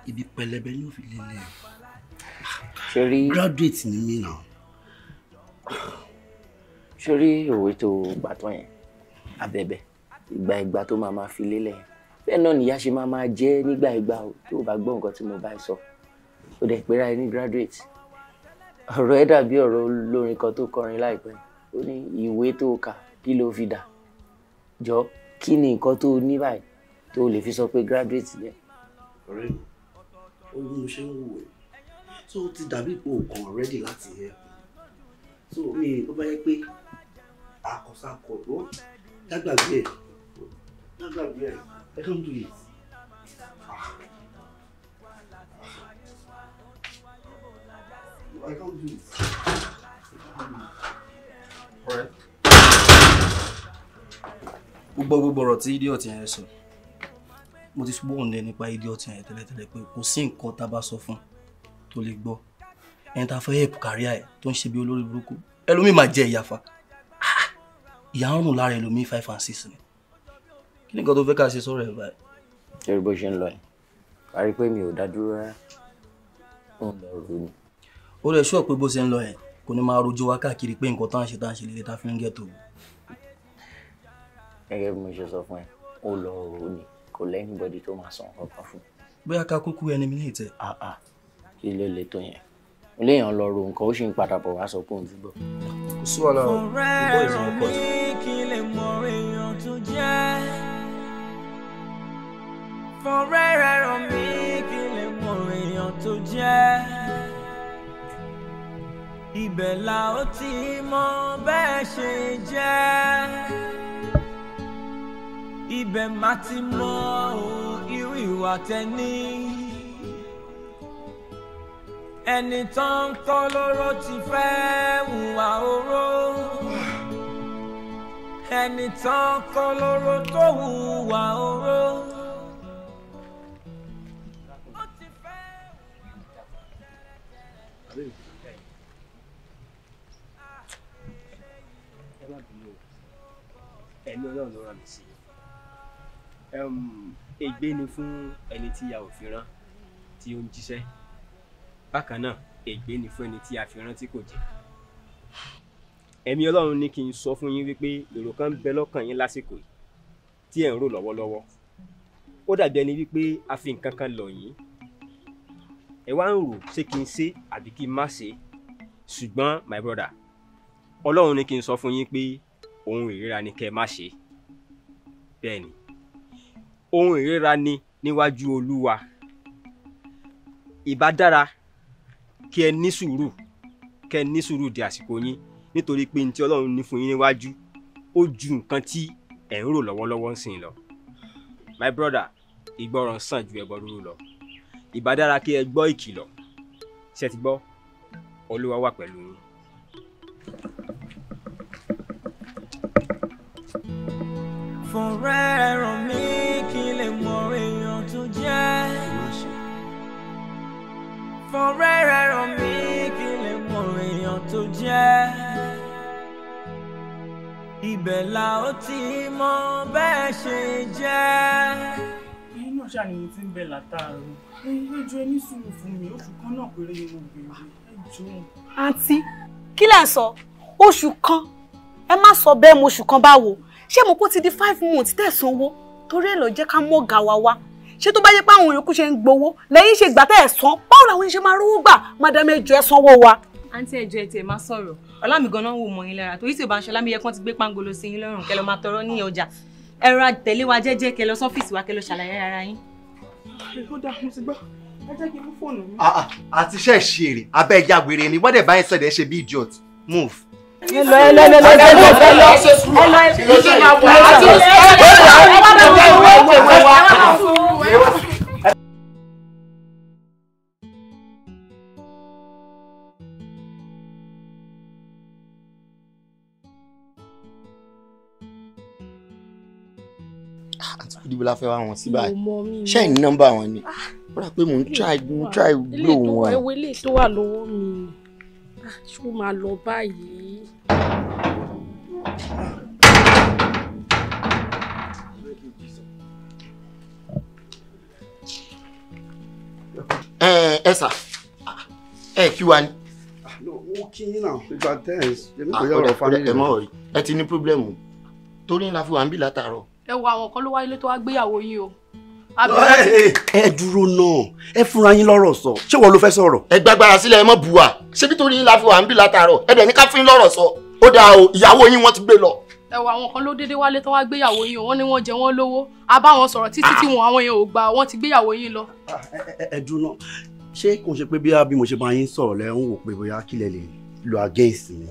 ibi pẹlẹbẹ ni ó fi lélẹ̀ ṣorí graduate ni mí náà. ṣorí òwe tó gbàtọ́ yẹn abẹ̀bẹ̀ ìgbà ìgbà tó máa máa fi lélẹ̀ yẹn bẹ́ẹ̀ náà nìyá ṣe máa máa jẹ́ nígbà ìgbà tó o bá gbọ́ nǹkan tí mo bá sọ ó dẹ̀ pera ẹ ní graduate ọ̀rọ̀ ẹ dàbí ọ̀rọ̀ olórin kan tó kọrin láìpẹ́ ó ní ìwé tó kà kí ló fi dà jọ kí ni nǹkan tó ní báyìí tó lè fi sọ pé graduate dẹ. ọ̀rẹ́ mi ó ní mo ṣe ń wò ẹ́ tó ti dàbí ipò kan already láti yẹ tó mi tó bá yẹ pé àkọsákọ ló dágbàgbé ẹ̀ dágbàgbé ẹ̀ ẹ̀ kàn dùn yìí. I can't do this. Alright. Gbogbo gbogbo ọ̀rọ̀ tí Idiot yẹn sọ mo ti ṣubú òun lẹ nípa ìdí ọtí yẹn tẹ́lẹ̀tẹ́lẹ̀ pé kò sí nǹkan tá a bá sọ fún tó lè gbọ́ ẹni tá a fẹ́ help career ẹ̀ tó ń ṣe bí olórí burúkú ẹlòmíì máa jẹ ìyàfa ah, ìyá ń rùn lára ẹlòmíì five and six ni kí ni nǹkan tó fẹ́ ká ṣe sọ̀rọ̀ ẹ̀ báyìí. ṣeré bó ṣe ń lọ yìí a rí i pé mi ò dá dúró rárá ń lọ rò ó ni. ó rẹ̀ ṣọ́ pé bó ṣe ń lọ yẹn kò ní máa rojọ́ wá káàkiri pé nǹkan tá à ń ṣe tá à ń tó. gẹ́gẹ́ kò lẹ́yìn bọ́dí tó máa san kankan fún. bóyá ká kúkú ẹni mi lè tẹ. kí ló lè tó yẹn mo léèyàn lọ ro nǹkan ó sì ń padà bọ̀ wá sọ pé òun ti gbọ́. kò sí wàhálà o ìbò ìsìn ọkọ rẹ. fọ̀rẹ́ rẹ̀ ràn mí kí lè mọ èèyàn tó jẹ́ ibẹ̀ la ó ti mọ bẹ́ẹ̀ ṣe jẹ́ ibẹ̀ má ti mọ irú ìwà tẹ́ni ẹni tó ń tọ́ lóró ti fẹ́ hùwà oró ẹni tó ń tọ́ lóró tó hùwà oró. ẹni ọlọ́run ló rà mí sí ègbé ni fún ẹni tí a ò fi rán tí ó ń jíṣẹ́ bákan náà ègbé ni fún ẹni tí a fi rán tí kò jẹ́ ẹ̀mí ọlọ́run ní kí n sọ fún yín wípé èrò kan ń bẹ lọ́kàn yín lásìkò yìí tí ẹ̀ ń rò lọ́wọ́lọ́wọ́ ó dàbí ẹni wípé a fi nǹkan kan lọ̀ yín ẹ wá ń rò ṣé kí n ṣe àbí kí n má ṣe ṣùgbọ́n my brother ọlọ́run ní kí n sọ fún yín pé ohun ìríra ni kẹ́ ẹ má ṣe bẹ́ẹ̀ ni ohun ìríra ni níwájú olúwa ìbá dára kí ẹ ní sùúrù kẹ ní sùúrù di àsìkò yín nítorí pé ní tí ọlọ́run ní fún yín níwájú ó ju nǹkan tí ẹ̀ ń rò lọ́wọ́lọ́wọ́ ń sìn lọ my brother ìgbọràn sàn ju ẹbọ rúru lọ ìbá dára kí ẹ gbọ́ ìkìlọ̀ ṣe ti gbọ́ olúwa wà pẹ̀lú yín. fúnra ẹ̀ràn mi kí n lè mọ èèyàn tó jẹ́. fúnra ẹ̀ràn mi kí n lè mọ èèyàn tó jẹ́. ibẹ̀ la ó ti mọ bẹ́ẹ̀ ṣe jẹ́. ẹ̀yin náà ṣàníyàn ti ń bẹ látàárọ̀ ẹ̀yin lójú ẹni sùúrù fún mi oṣù kan náà péré ni mo béèrè ẹ jọ̀ọ́. àǹtí kí lẹ sọ oṣù kan ẹ má sọ bẹ́ẹ̀ mo oṣù kan báwo ṣé mo kó ti di five months tẹ̀sán owó torí ẹ̀ lọ jẹ́ ká mọ́ ga wa wá ṣé tó bá jẹ́ pé àwọn yòókù ṣe ń gbowó lẹ́yìn ṣe gbà tẹ́ ẹ̀ san báwo làwọn ṣe máa rówó gbà madam ẹjọ ẹ sanwó wa. àǹtí ẹjọ ẹ tiẹ̀ máa sọ̀rọ̀ ọlámi ganan wò mọ yín lára torí tí ò bá mi yẹ kán ti gbé pangolo sí yín lọ́rùn kẹ́ lọ máa tọrọ ní ọjà ẹ ra tẹ̀lé wa jẹ́jẹ́ kẹ́ lọ sọ́fíìsì wa kẹ́ lọ ṣàlàyé ara yín. ó dáa mo ti gbọ́ ẹ jẹ́ kí n mú ah, ah, idiot move ẹ lọ ẹ lọ ẹ lọ ẹ lọ ẹ lọ ẹ lọ ẹ lọ ẹ lọ la fẹ́ wá wọn sí báyìí ṣé ní nọ́mbà wọn ni ó rà pé mò ń try gbó wọn. ilé ìtọ́wọ́ ewé tó wà lọ́wọ́ mi ṣó máa lọ báyìí. ẹ ẹ sà ẹ kí wa ni. ó kí yín náà ìgbà tẹ́ẹ̀sì èmi kò ah, yọ̀rọ̀ fámìlì. ẹ mọ̀ rí ẹ ti ní pírọ́blẹ́mù torí ńlá fi wà ń bì látàárọ̀. ẹ wo àwọn kan ló wáyé lé tó wá gbéyàwó yín o ẹ dúró náà ẹ fúnra yín lọ́rọ̀ sọ ṣé wọ́n ló fẹ́ sọ̀rọ̀. ẹ gbàgbára sílẹ̀ ẹ mọ̀ bù wá ṣé nítorí la fi wà ń bì látàárọ̀ ẹ dẹ̀ ní ká fún yín lọ́rọ̀ sọ ó dáa o ìyàwó yín wọ́n ti gbé lọ. ẹ wọ àwọn kan ló déédéé wálé tó wá gbéyàwó yín wọ́n ní wọ́n jẹ wọ́n lówó a bá wọn sọ̀rọ̀ títí tí wọn àwọn yẹn ò gbà wọ́n ti gbéyàwó yín lọ. Ah, ẹ dúró náà ṣé kò ń ṣe pé bí mo ṣe bá yín sọ̀rọ̀ lẹ́ ń wò pé bóyá kílẹ̀ lè rí lọ against mi.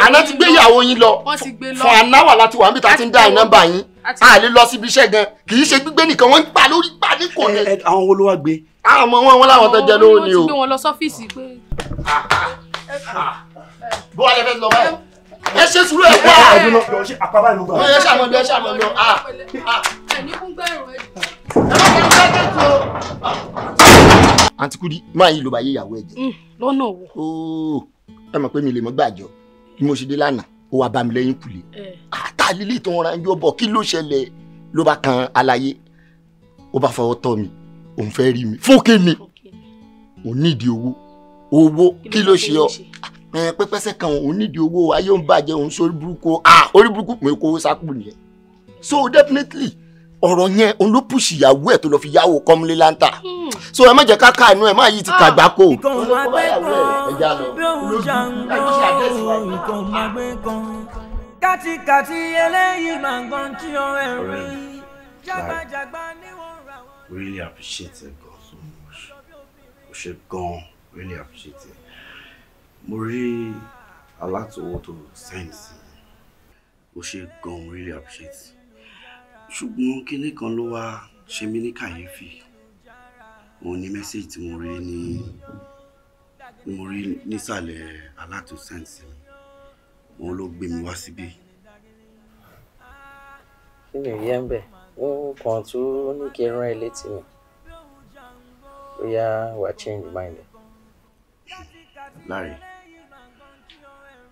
àná ti gbéyàwó yín lọ fún anáwà láti wà níbi tá a ti ń dá nọ́mbà yín a lè lọ síbi iṣẹ́ gan kì í ṣe gbígbé nìkan wọ́n ń pa lórí pa ní kò ní. àwọn wo ló wá gbé. àwọn ọmọ wọn wọn làwọn tó jẹ lóhùn ni o. wọ́n ti gbé wọn lọ sọ́fíìsì pé. bó wàá lè fẹ́ lọ báyìí ẹ ṣe sùúrù ẹ wá. ẹ dúró lọ ṣe àpá báyìí ló gbà. ẹ ṣàmọ lọ ẹ ṣàmọ lọ. ẹ ní kún gbẹrù ẹ. ẹ má kẹ́ ẹ kẹ́ tó. àǹtí Kúdí máa yí ló bá yé ìyàwó ẹ jẹ. Mm, lọ́nà wo ẹ mọ̀ pé mi lè mọ́ gbàjọ bí mo ṣe dé lánàá ó wá bá mi lẹ́yìn kùlé àtàlílì tó ń ra ẹjọ́ bọ̀ kí ló ṣẹlẹ̀ ló bá kan àlàyé ó bá fọwọ́ tọ́ mi òun fẹ́ rí mi fókè mi òun nídìí owó owó kí ló ṣe ọ pẹ́pẹ́sẹ́ kan òun nídìí owó ayé òun bàjẹ́ òun sórí burúkú orí burúkú pé kó sápò nìyẹn so definitely ọ̀rọ̀ yẹn òun ìyàwó ẹ̀ tó lọ fi yáwó kọ́múlé láńtà so ẹ má jẹ́ ká ká inú ẹ má yí ti kàgbá kó. kátikàti eléyìí máa ń gan tí ó ẹ rí jágbàjàgbà níwọ̀n ra wọn. really appreciate it gan so much o ṣe gan really appreciate it mo rí alátòwò tó sáyẹ̀nsì o ṣe gan really appreciate it ṣùgbọ́n kinní kan ló wá ṣe mí ní kàyéfì òun ni mẹ́sẹ̀jì tí mo rí ní mo rí nísàlẹ̀ alátùsẹ́ǹsì mi òun ló gbé mi wá síbí. kí ni ìyá ń bẹ̀ wọ́n kàn tó ní kí n ẹ létí mi bóyá wàá change mind ẹ. láre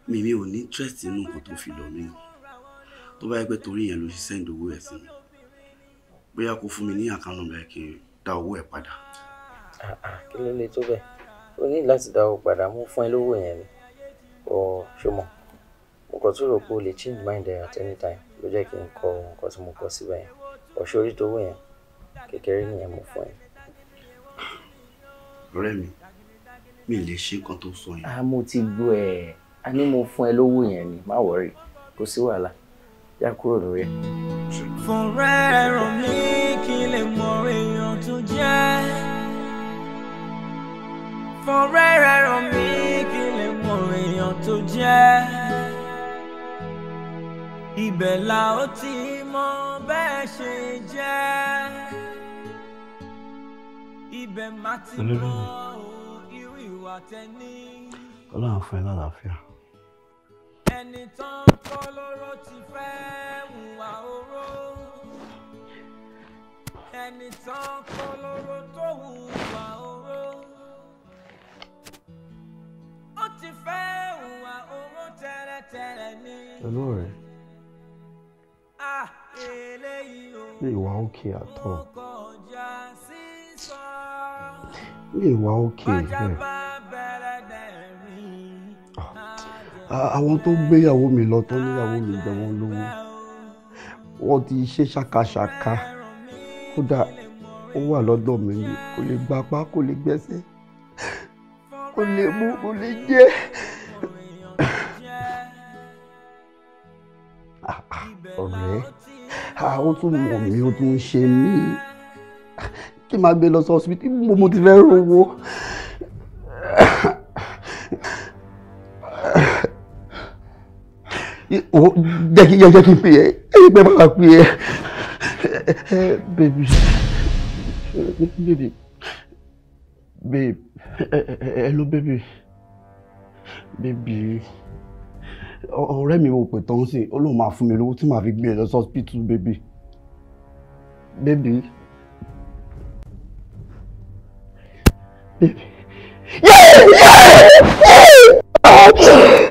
mi mi ò ní interest nínú nǹkan tó fi lọ mí tó bá yẹ pé torí yẹn ló ṣe send owó ẹ̀ sí mi bóyá kó fún mi ní àkáǹtì nọ́mbà kí n dá owó ẹ̀ padà. Ah, ah, kí ló lè tó bẹ́ẹ̀ o ní láti dá owó padà mú fún ẹ lówó yẹn ni ọ ṣọmọ mo kàn tún rò pé o lè change mind ẹ at any time ló jẹ́ kí n kọ nǹkan tí mo kọ síbẹ̀ yẹn ọ̀ṣọ́ orí tó wọ̀ yẹn kékeré nìyẹn mo fún ẹ. ọ̀rẹ́ mi mi lè ṣe nǹkan tó sọ yẹn. a ah, mo ti gbọ́ ẹ a ní mo fún ẹ lówó yẹn ni má wọrí kò sí wàhálà yá kúrò lórí ẹ̀. fọ̀rẹ́ ràn mí kí n lè mọ èèyàn tó jẹ́ fọ̀rẹ́ ràn mí kí n lè mọ èèyàn tó jẹ́ ibẹ̀ la ó ti mọ bẹ́ẹ̀ ṣe jẹ́ ibẹ̀ má ti mọ irú ìwà tẹ ní. ọlọ́run fún ẹ lálàáfíà ẹni tán kọ́ lóró ti fẹ́ hùwà oró ẹni tán kọ́ lóró tó hùwà oró ó ti fẹ́ hùwà oró tẹ́rẹ́tẹ́rẹ́ ní. pẹ̀lú ọ̀rẹ́. Ah, lè wá òkè àtọ̀ lè wá òkè yẹn. àwọn tó gbéyàwó mi lọ tán níyàwó mi jẹ wọ́n lówó wọ́n ti ṣe ṣàkàṣàkà kódà ó wà lọ́dọ̀ mi ni kò lè gbapá kò lè gbẹ́sẹ̀ kò lè mú kò lè jẹ. ọ̀rẹ́ ó tún mọ̀ mí ó tún ṣe mí kí n máa gbé lọ sí ọsibítù mo ti fẹ́ rówó. o jẹ́ kí jẹ́ kí n pè ẹ́ ẹ̀yìn pé bàbá pè ẹ́ bèbí bèbí bèbí hello bèbí bèbí ọ̀rẹ́ mi mo pè tán sí ó lóun máa fún mi lówó tí màá fi gbé e lọ sọ́spítù bèbí bèbí Yeah! Yeah! Yeah!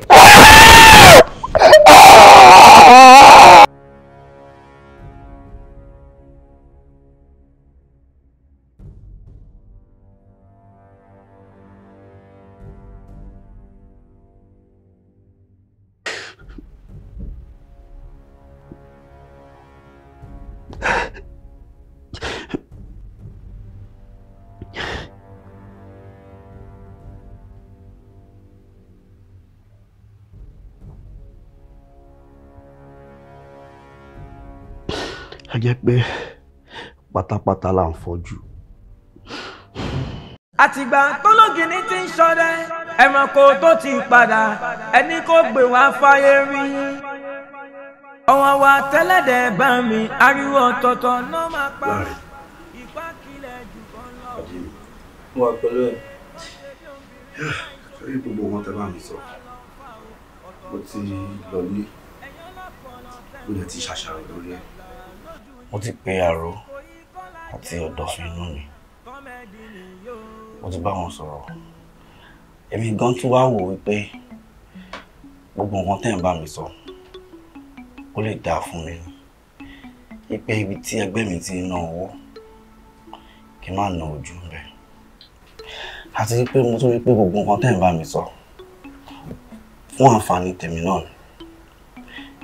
jẹ́ pé pátápátá là ń fọ́jú. àtìgbà tọ́lọ́gìnní ti ń ṣọdẹ ẹranko tó ti padà ẹni kò gbé wá fáyé rí ọwọ́ wa tẹ́lẹ̀dẹ̀ bá mi ariwo ọ̀tọ̀ọ̀tọ̀ náà máa pa ìpá kílẹ̀ jù kan lọ. mo wà pẹ̀lú ẹ̀ sórí gbogbo wọn tẹ́ bá mi sọ mo ti lọ ní mo ti ṣàṣàrò lórí ẹ̀ mo ti pe àrò àti ọ̀dọ̀fin inú mi mo ti bá wọn sọ̀rọ̀ èmi gan tún wá wò wípé gbogbo nǹkan tẹ́ ń bá mi sọ ó lè dáa fún mi wípé ibi tí ẹgbẹ́ mi ti ń ná owó kí n má ná ojú rẹ̀ àti wípé mo tún rí pé gbogbo nǹkan tẹ́ ń bá mi sọ fún àǹfààní tèmi náà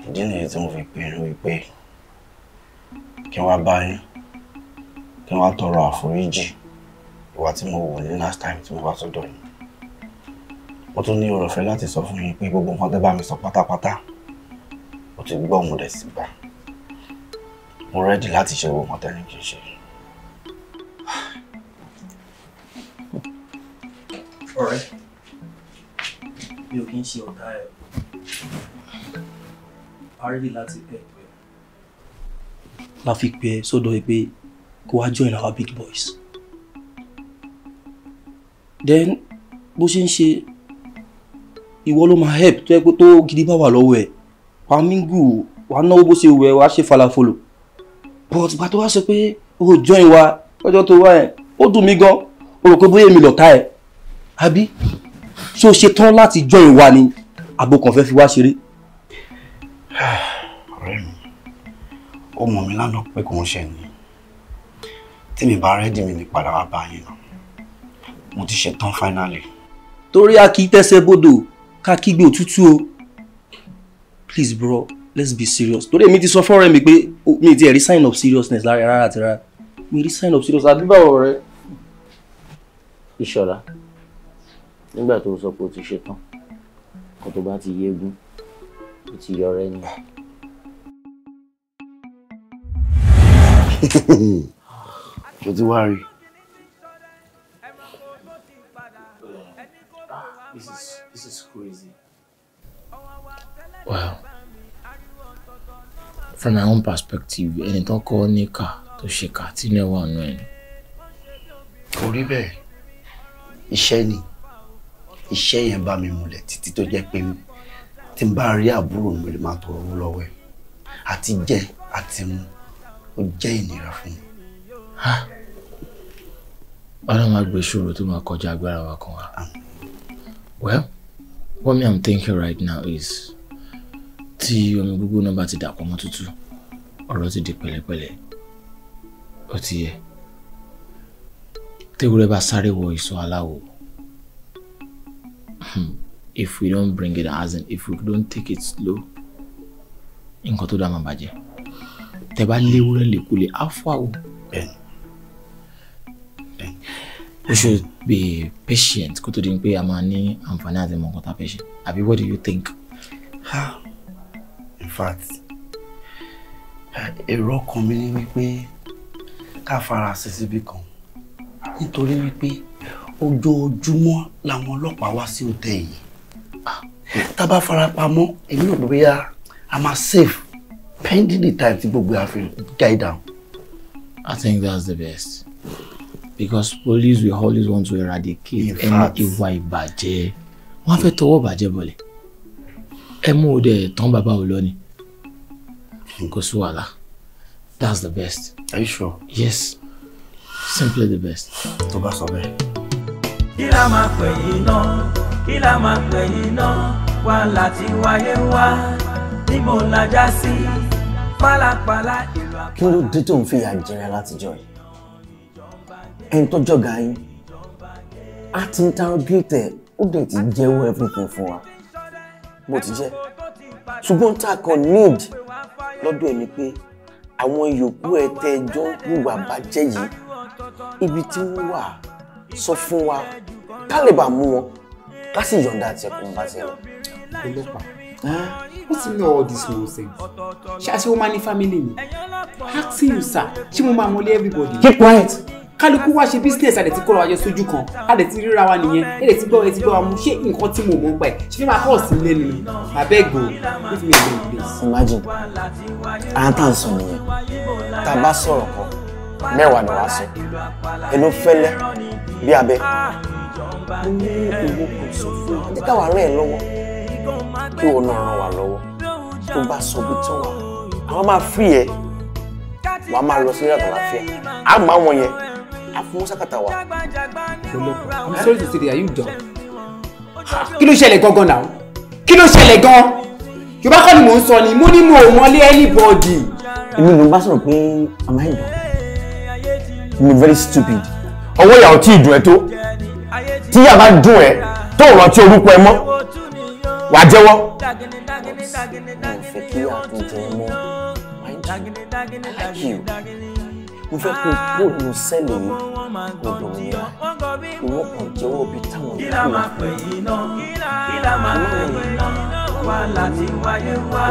ìdí nìyí tí mo fi pinnu wípé kí n wá bá yín kí n wá tọrọ àforíjì ìwà tí mo wù ní last time tí mo wá sọ́dọ̀ yín mo tún ní ọ̀rọ̀ fẹ́ láti sọ fún yín pé gbogbo nǹkan tẹ́ bá mi sọ pátápátá mo ti gbọ́ mo dẹ̀ sì gbà mo rẹ́dì láti ṣe gbogbo nǹkan tẹ́ ní kí n ṣe. ọ̀rẹ́ mi ò kí ń ṣe ọ̀tá ẹ̀ parí láti bẹ̀rẹ̀ la fi pè ẹ́ sọ́dọ̀ ẹ pé kó wá join our big boys then bó ṣe ń ṣe ìwọ ló máa help tó yẹ pé tó gidi bá wà lọ́wọ́ ẹ̀ wàá mingu wàá náwó bó ṣe wẹ̀ wàá ṣe falafolo but bá tó wá sọ pé o join wa lọ́jọ́ tó wá ẹ̀ ó dùn mí gan o rò pé bóyá èmi lọ̀tá ẹ̀ àbí ṣó ṣe tán láti join wa ni àbò kan fẹ́ fi wá ṣeré ó mọ̀ mí lánàá pé kò ń ṣe ni tèmi bá rẹ́dì mi ní padà wá bá yín lọ mo ti ṣetán finally. torí a kì í tẹ́sẹ̀ bodò ká kígbe òtútù o please bro let's be serious torí èmi ti sọ fọ́ọ̀rẹ́ mi pé mi ti rí sign of seriousness lára rárá àti rárá mi rí sign of seriousness àdúgbò rẹ. ìṣọ̀lá nígbà tó sọ pé o ti ṣetán kó tó bá ti yégun o ti yọrẹ ni. ṣe ti wá rí. This is this is crazy. Well, from my own perspective, ẹni tó kọ́ ní kà tó ṣe kà tí ní ẹwà nù ẹ̀. Kò bẹ́ẹ̀. Iṣẹ́ ni iṣẹ́ yẹn bá mi múlẹ̀ títí tó jẹ́ pé tí n bá rí àbúrò mi lè máa tọrọ owó lọ́wọ́ ẹ̀ àti jẹ àti mu ó jẹ́ ìnira fún mi. ọlọ́run á gbé ìṣòro tó máa kọjá agbára wa kan wá. well what me i'm thinking right now is tí omi gbígbóná bá ti dàpọ̀ mọ́ tútù ọ̀rọ̀ ti di pẹ̀lẹ́pẹ̀lẹ́ ó ti yẹ tewúrẹ́ bá sáré wọ ìsọ̀ aláwọ̀ hmm, if we don't bring it as in if we don't take it slow nǹkan tó dá máa bàjẹ́ tẹ bá léwúrẹ́ lèkulè á fọ́ àwọ̀. we should be patient kó tó di pé a máa ní àǹfààní àti mọ̀ tá a fẹ́ ṣe àbí what do you think. in fact èrò ọkàn mi ni wípé ká fara sí síbì kan nítorí wípé ojoojúmọ́ làwọn ọlọ́pàá wá sí òtẹ́ yìí ah. tá a bá fara pamọ́ èmi náà bóyá a máa safe pending the time tí have àfihàn die down. I think that's the best because police will always want to eradicate any ìwà ìbàjẹ́ wọ́n fẹ́ tọwọ́ bàjẹ́ bọ̀lẹ̀ ẹ mú o dẹ̀ tán bàbá o lọ ni kò sí wàhálà that's the best. Are you sure? Yes simply the best. tó bá sọ bẹ́ẹ̀. kí la máa pè yín náà kí la máa pè yín náà wá láti wáyé wá níbo la já sí pálapàla ìlú àpá. kí ló dé tó ń fìyà jẹrẹ látijọ́ yìí ẹni tó jọ̀gá yín a ti ń tarọ́gìtì ẹ̀ ó dẹ̀ ti jẹ́wọ́ everything fún wa bó ti jẹ́ ṣùgbọ́n tá a kàn need lọ́dọ̀ ẹ̀ ni pé àwọn yòókù ẹ̀ tẹ́ ẹjọ́ wùwà bàjẹ́ yìí ibi tí wọ́n wà sọ fún wa ká bá mú wọn ká sì yọ̀ǹda àti ẹ̀kọ́ ń bá ṣe lọ. ọlọ́pàá Huh? What's in all this nonsense? She has máa ní family ni? see you sir, She mo máa everybody? Keep quiet. Kaluku wa she business àdẹ̀tí kọ́ra wájọ sójú kan, àdẹ̀tí ríra wa nìyẹn, èdè tí gbọ́ ẹ ti gbọ́ wa mú ṣé nǹkan tí mo mọ̀ ń pa ẹ̀, ṣé fẹ́ máa kọ́ sí lẹ́nu ni? Abeg o, put me in a place. Imagine, à ń tà ń sọ nìyẹn, tá a bá sọ̀rọ̀ kan, mẹ́wàá ni wàá sọ, ẹnu fẹ́lẹ́ bí abẹ. Mo ní owó kan sọ fún ọ, ẹ káwá rẹ̀ lọ́wọ́ kí wọn náà ràn wá lọ́wọ́ tó bá sọ bí tó wà àwọn máa fi yẹ wàá máa lọ sí ìrìnàjò àlàáfíà á máa wọn yẹn á fún sákàtà wa. ọlọpàá i'm sorry to say that you don kí ló ṣẹlẹ̀ gangan náà kí ló ṣẹlẹ̀ gan yorùbá kọ́ ni mò ń sọ ni mo ní mo ò mọlé anybody. èmi ló ń bá sọ̀rọ̀ pé àmà ìdán mi very stupid ọwọ́ ìyàwó tí ì dùn ẹ́ tó tíyà bá dùn ẹ́ tó rántí orúkọ ẹ mọ́ wà á jẹ́wọ́. mo fẹ́ kí àtúntò mọ́ mind you like you mo fẹ́ kó kó nu sẹ́lẹ̀ yìí gbọdọ̀ mi ra ìwọ kan jẹ́wọ́ bí táwọn ìlú wa pè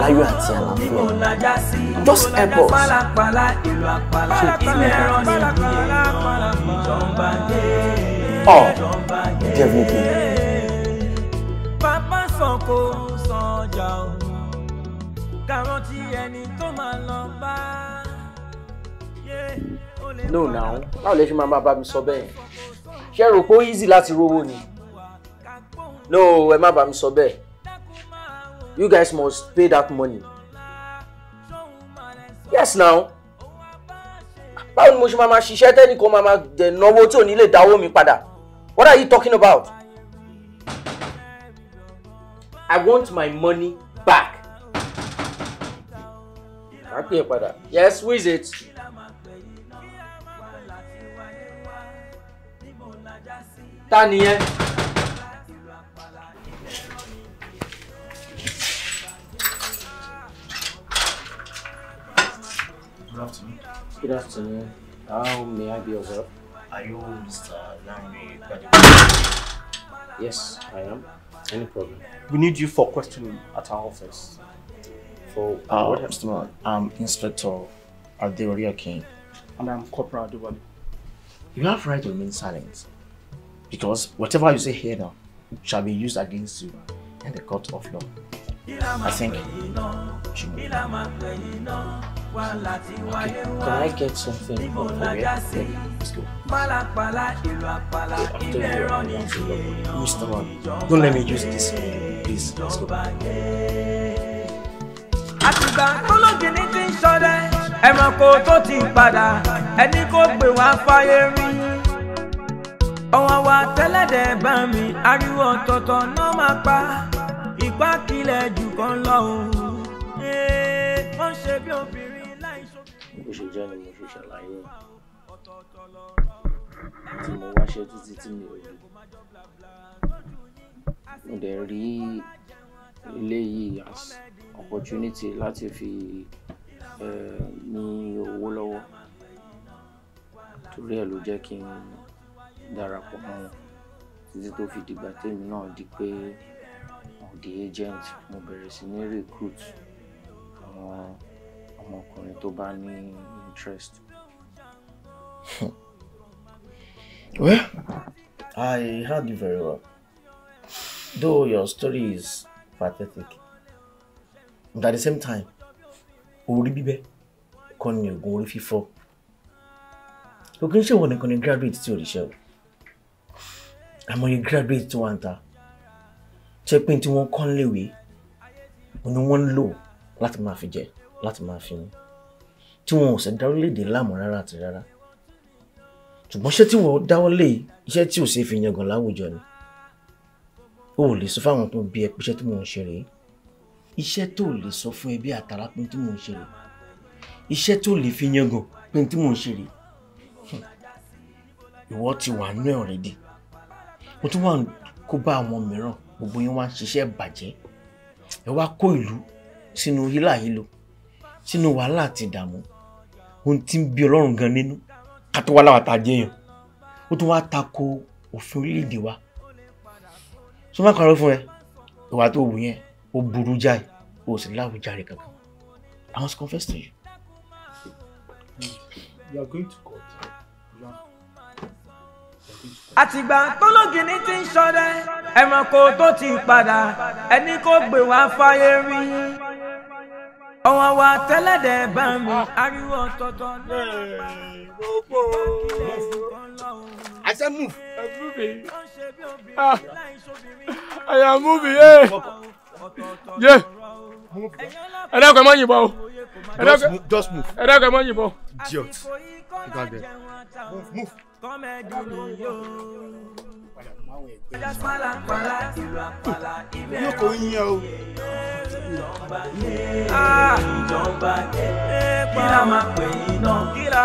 láyọ̀ àti àlàáfíà just help us. oh definitely fọ́n kó sọjà o kàrántí ẹni tó máa lọ bá no now báwo lè ṣe máa bá mi sọ bẹ́ẹ̀ ṣe rò pé ó easy láti rówó ni no ẹ má bá mi sọ bẹ́ẹ̀ you guys must pay that money yes now báwo ni mo ṣe máa ma ṣiṣẹ́ tẹ́nìkan máa ma dẹ̀ náwó tí ò ní lè dáwó mi padà what are you talking about. I want my money back. Happy Pada. Yes, who is it? Taniye. Good afternoon. Good afternoon. How may I be of help? Are you Mr. Lambe Yes, I am. Any problem. We need you for questioning at our office. For uh, what Mr. me? I'm Inspector Adeoria King. And I'm Corporal Adewale. You have right to remain silent. Because whatever you say here now shall be used against you in the court of law. I think you should know. can I get something from Korea? Let's go. Mr. Man, don't let me use this. Please, let's go. àtìgbà tólógì ti ń ṣọdẹ ẹranko tó ti padà ẹni kó pè wá fáyé rí mi ariwo ọ̀tọ̀ọ̀tọ̀ náà máa pa ìpákilẹ̀ jù kan lọ́hùn-ún wọ́n ṣe bí obìnrin jẹ́ ni mo ṣe ṣàlàyé tí mo wáṣẹ́ títí tí mi ò rí mo dẹ̀ rí eléyìí as opportunity láti fi ní owó lọ́wọ́ torí ẹ̀ ló jẹ́ kí n darapọ̀ mọ́ wọn títí tó fi dìgbà tèmi náà di pé mo di agent mo bẹ̀rẹ̀ sí ní recruit àwọn ọmọkùnrin tó bá ní. Ni interest. well, I heard you very well. Though your story is pathetic, but at the same time, orí bíbẹ́ kọ́ ni oògùn orí fífọ́. Ògùn graduate to the lè And when you graduate to wọ́n ń ta. Ṣé pé tí wọ́n kọ́ ń léwèé, òun ni wọ́n ń lò láti máa fi tí wọn ò ṣe dá orílẹ̀-èdè láàmú rárá àti rárá ṣùgbọ́n iṣẹ́ tí wọ́n dáwọ́ lé iṣẹ́ tí ò ṣe fi yangàn láwùjọ ni o ò lè sọ fáwọn tó bí ẹ pé iṣẹ́ tí mò ń ṣe rèé iṣẹ́ tó lè sọ fún ẹbí àtàrà pé tí mò ń ṣe rèé iṣẹ́ tó lè fi yangàn pé tí mò ń ṣe rèé ìwọ ti wà nú ẹ̀ ọ̀rẹ́dì mo tún wà kó bá àwọn mìíràn gbogbo yín wá ń ṣiṣẹ́ bàjẹ́ ẹ wá kó ìlú sínú yíláyílo sínú wàhálà àti ìdààmú ohun tí ń bí ọlọ́run gan nínú ká wá láwa tá a ó tún wá tako òfin orílẹ̀-èdè wa sọ má kàn fún ẹ ìwà tó wù yẹn ó burú jáì ó sì láwùjá rẹ kankan I must confess to you. You are going to court. ti ń ṣọdẹ ẹranko tó ti padà ẹni kò gbé wá fáyé rí ọwọ́ wa tẹ́lẹ̀dẹ̀ bá mi ariwo ọ̀tọ̀ọ̀tọ̀ lọ́pàá gbogbo àṣẹ mú. àyà mú mi yé yé ẹ dákun ẹ má yìnbọn o ẹ dákun ẹ dákun ẹ má yìnbọn. idiot you gats get move. move máwọn ẹgbẹ́ yìí. yóò kò ń yan o. ìjọba ẹ kí la máa pè yín náà kí la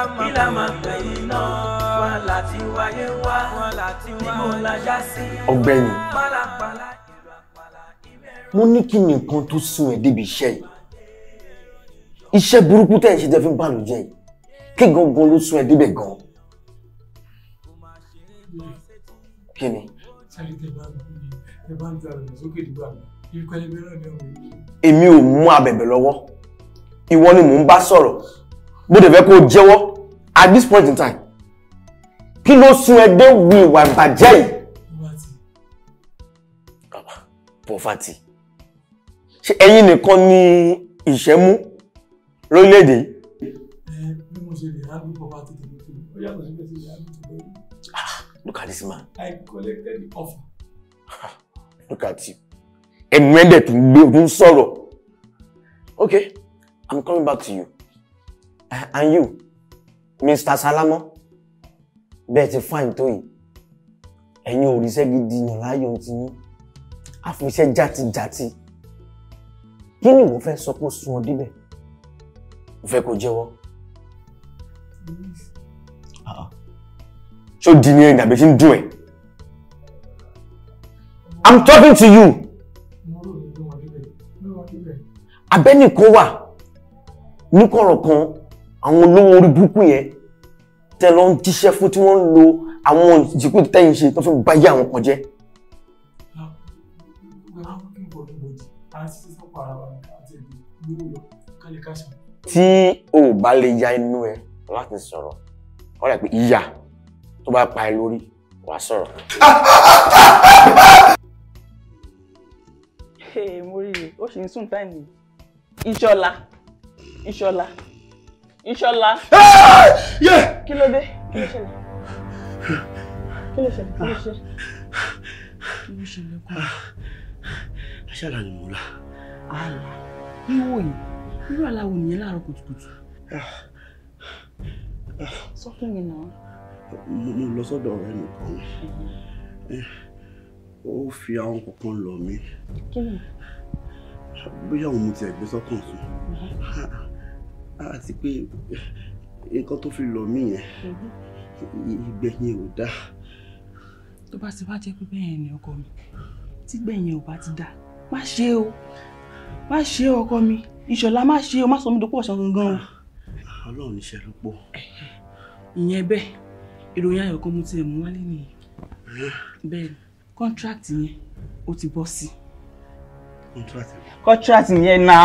mo ní kí ni tó sún ẹ débi iṣẹ́ yìí iṣẹ́ burúkú tẹ́ ẹ̀ ṣe jẹ́ fún bàlùjẹ́ yìí kí gangan ló sún ẹ débẹ̀ gan kí ni sáré tẹ bá tẹ bá ń ju àbẹ̀bẹ̀ sókè dìgbà irúkọ èmi ò mú àbẹ̀bẹ̀ lọ́wọ́ ìwọ ni mò ń bá sọ̀rọ̀ bó dẹ̀ fẹ́ kó jẹ́wọ́ at this point in time kí ló sún ẹ dé wu ìwà ìbàjẹ́ yìí. pọ́fàtì ṣé ẹ̀yin nìkan ni ìṣẹ́mú lórílẹ̀‐èdè yìí. ẹ bí mo ṣe lè rábí pọ́fàtì tó yàtọ̀ sí pé ṣe lè Look at this man. I collected the offer. Look at you. Ẹnu ẹ̀dẹ̀ tó ń gbé Okay, I'm coming back to you. Uh, and you, Mr. Salamo, better fine to yìí. Ẹ̀yin ò ríṣẹ́ gidi yàn láyọ̀ ti yín. Àfiṣẹ́ játijàti. Kí ni mo fẹ́ sọ pé ó sun ọ débẹ̀? Mo fẹ́ kó jẹ́wọ́. Uh-uh. So dinner ní between àbí ṣe ń dùn ẹ̀. I'm talking to you. abẹ́nìkan wà ní kọ̀rọ̀ kan àwọn olówó orí burúkú yẹn tẹ́ lọ ń jíṣẹ́ fún tí wọ́n ń lo àwọn ìjìkú tẹ́yìn ṣe tó fi ń báyé àwọn kan jẹ́. tí o ò bá lè ya inú ẹ láti sọ̀rọ̀ wọ́n rẹ̀ pé ìyá tó bá pa ẹ lórí wà á sọ̀rọ̀. mo rí i ó ṣì ń sùn táìmù ìṣọlá ìṣọlá ìṣọlá. kí ló dé kí ló ṣẹlẹ̀ kí ló ṣẹlẹ̀ kí ló ṣẹlẹ̀ kí ló ṣẹlẹ̀ kú. ni mo la. àlà wíwò yìí irú àlàwò nìyẹn láàárọ̀ kùtùkùtù. Ah. Ah. sọ fún mi náà mo lọ sọ́dọ̀ ọ̀rẹ́ mi kan eh, ó fi àwọn kankan lọ mí bóyá òun mo tiẹ̀ gbé sọ́kàn sùn àti mm-hmm. pé eh, nǹkan tó fi lọ mí yẹn mm-hmm. ìgbẹ̀yìn ò dáa. tó bá ti wá jẹ́ pé bẹ́ẹ̀ ni ọkọ mi tí gbẹ̀yìn ò bá ti dáa má ṣe o má ṣe o ọkọ mi ìṣọ̀lá má ṣe o má sọ mi dókòwò ṣan gangan o. Ah, ọlọ́run níṣẹ́ ló pọ̀. ìyẹn bẹ́ẹ̀ ìròyìn ayọ̀ kan mo ti mú wálé nìyí bẹ́ẹ̀ contract yẹn ó ti bọ́ sí. contract yẹn. contract yẹn náà.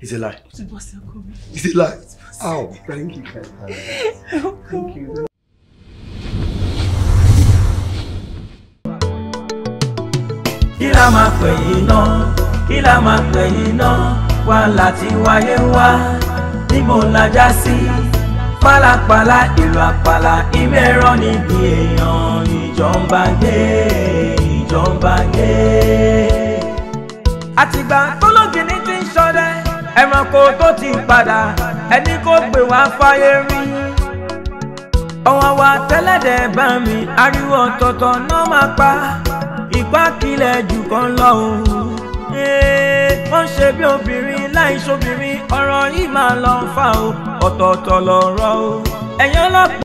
It's a lie. It's a lie. It's a lie. Ow, thank you. thank you. Kí la máa pè yín náà? Kí la máa pè yín náà? Wà láti wáyé wá, níbo la já sí? pálapàla ìlú àpàlà ìmẹ̀rọ níbi èèyàn ìjọba gé ìjọba gé. àtìgbà tólógìní ti ń ṣọdẹ ẹranko tó ti padà ẹni kò pè wá fáyé rí ọwọ́ wa tẹ́lẹ̀dẹ̀ bá mi ariwo ọ̀tọ̀ọ̀tọ̀ náà máa pa ìpá jù kan lọ́hùn-ún ó ń ṣe bí obìnrin láì ṣobìnrin ọ̀rọ̀ yìí máa lọ fà o ọ̀tọ̀ọ̀tọ̀ lọ̀rọ̀ o ẹ̀yin ọlọ́pàá.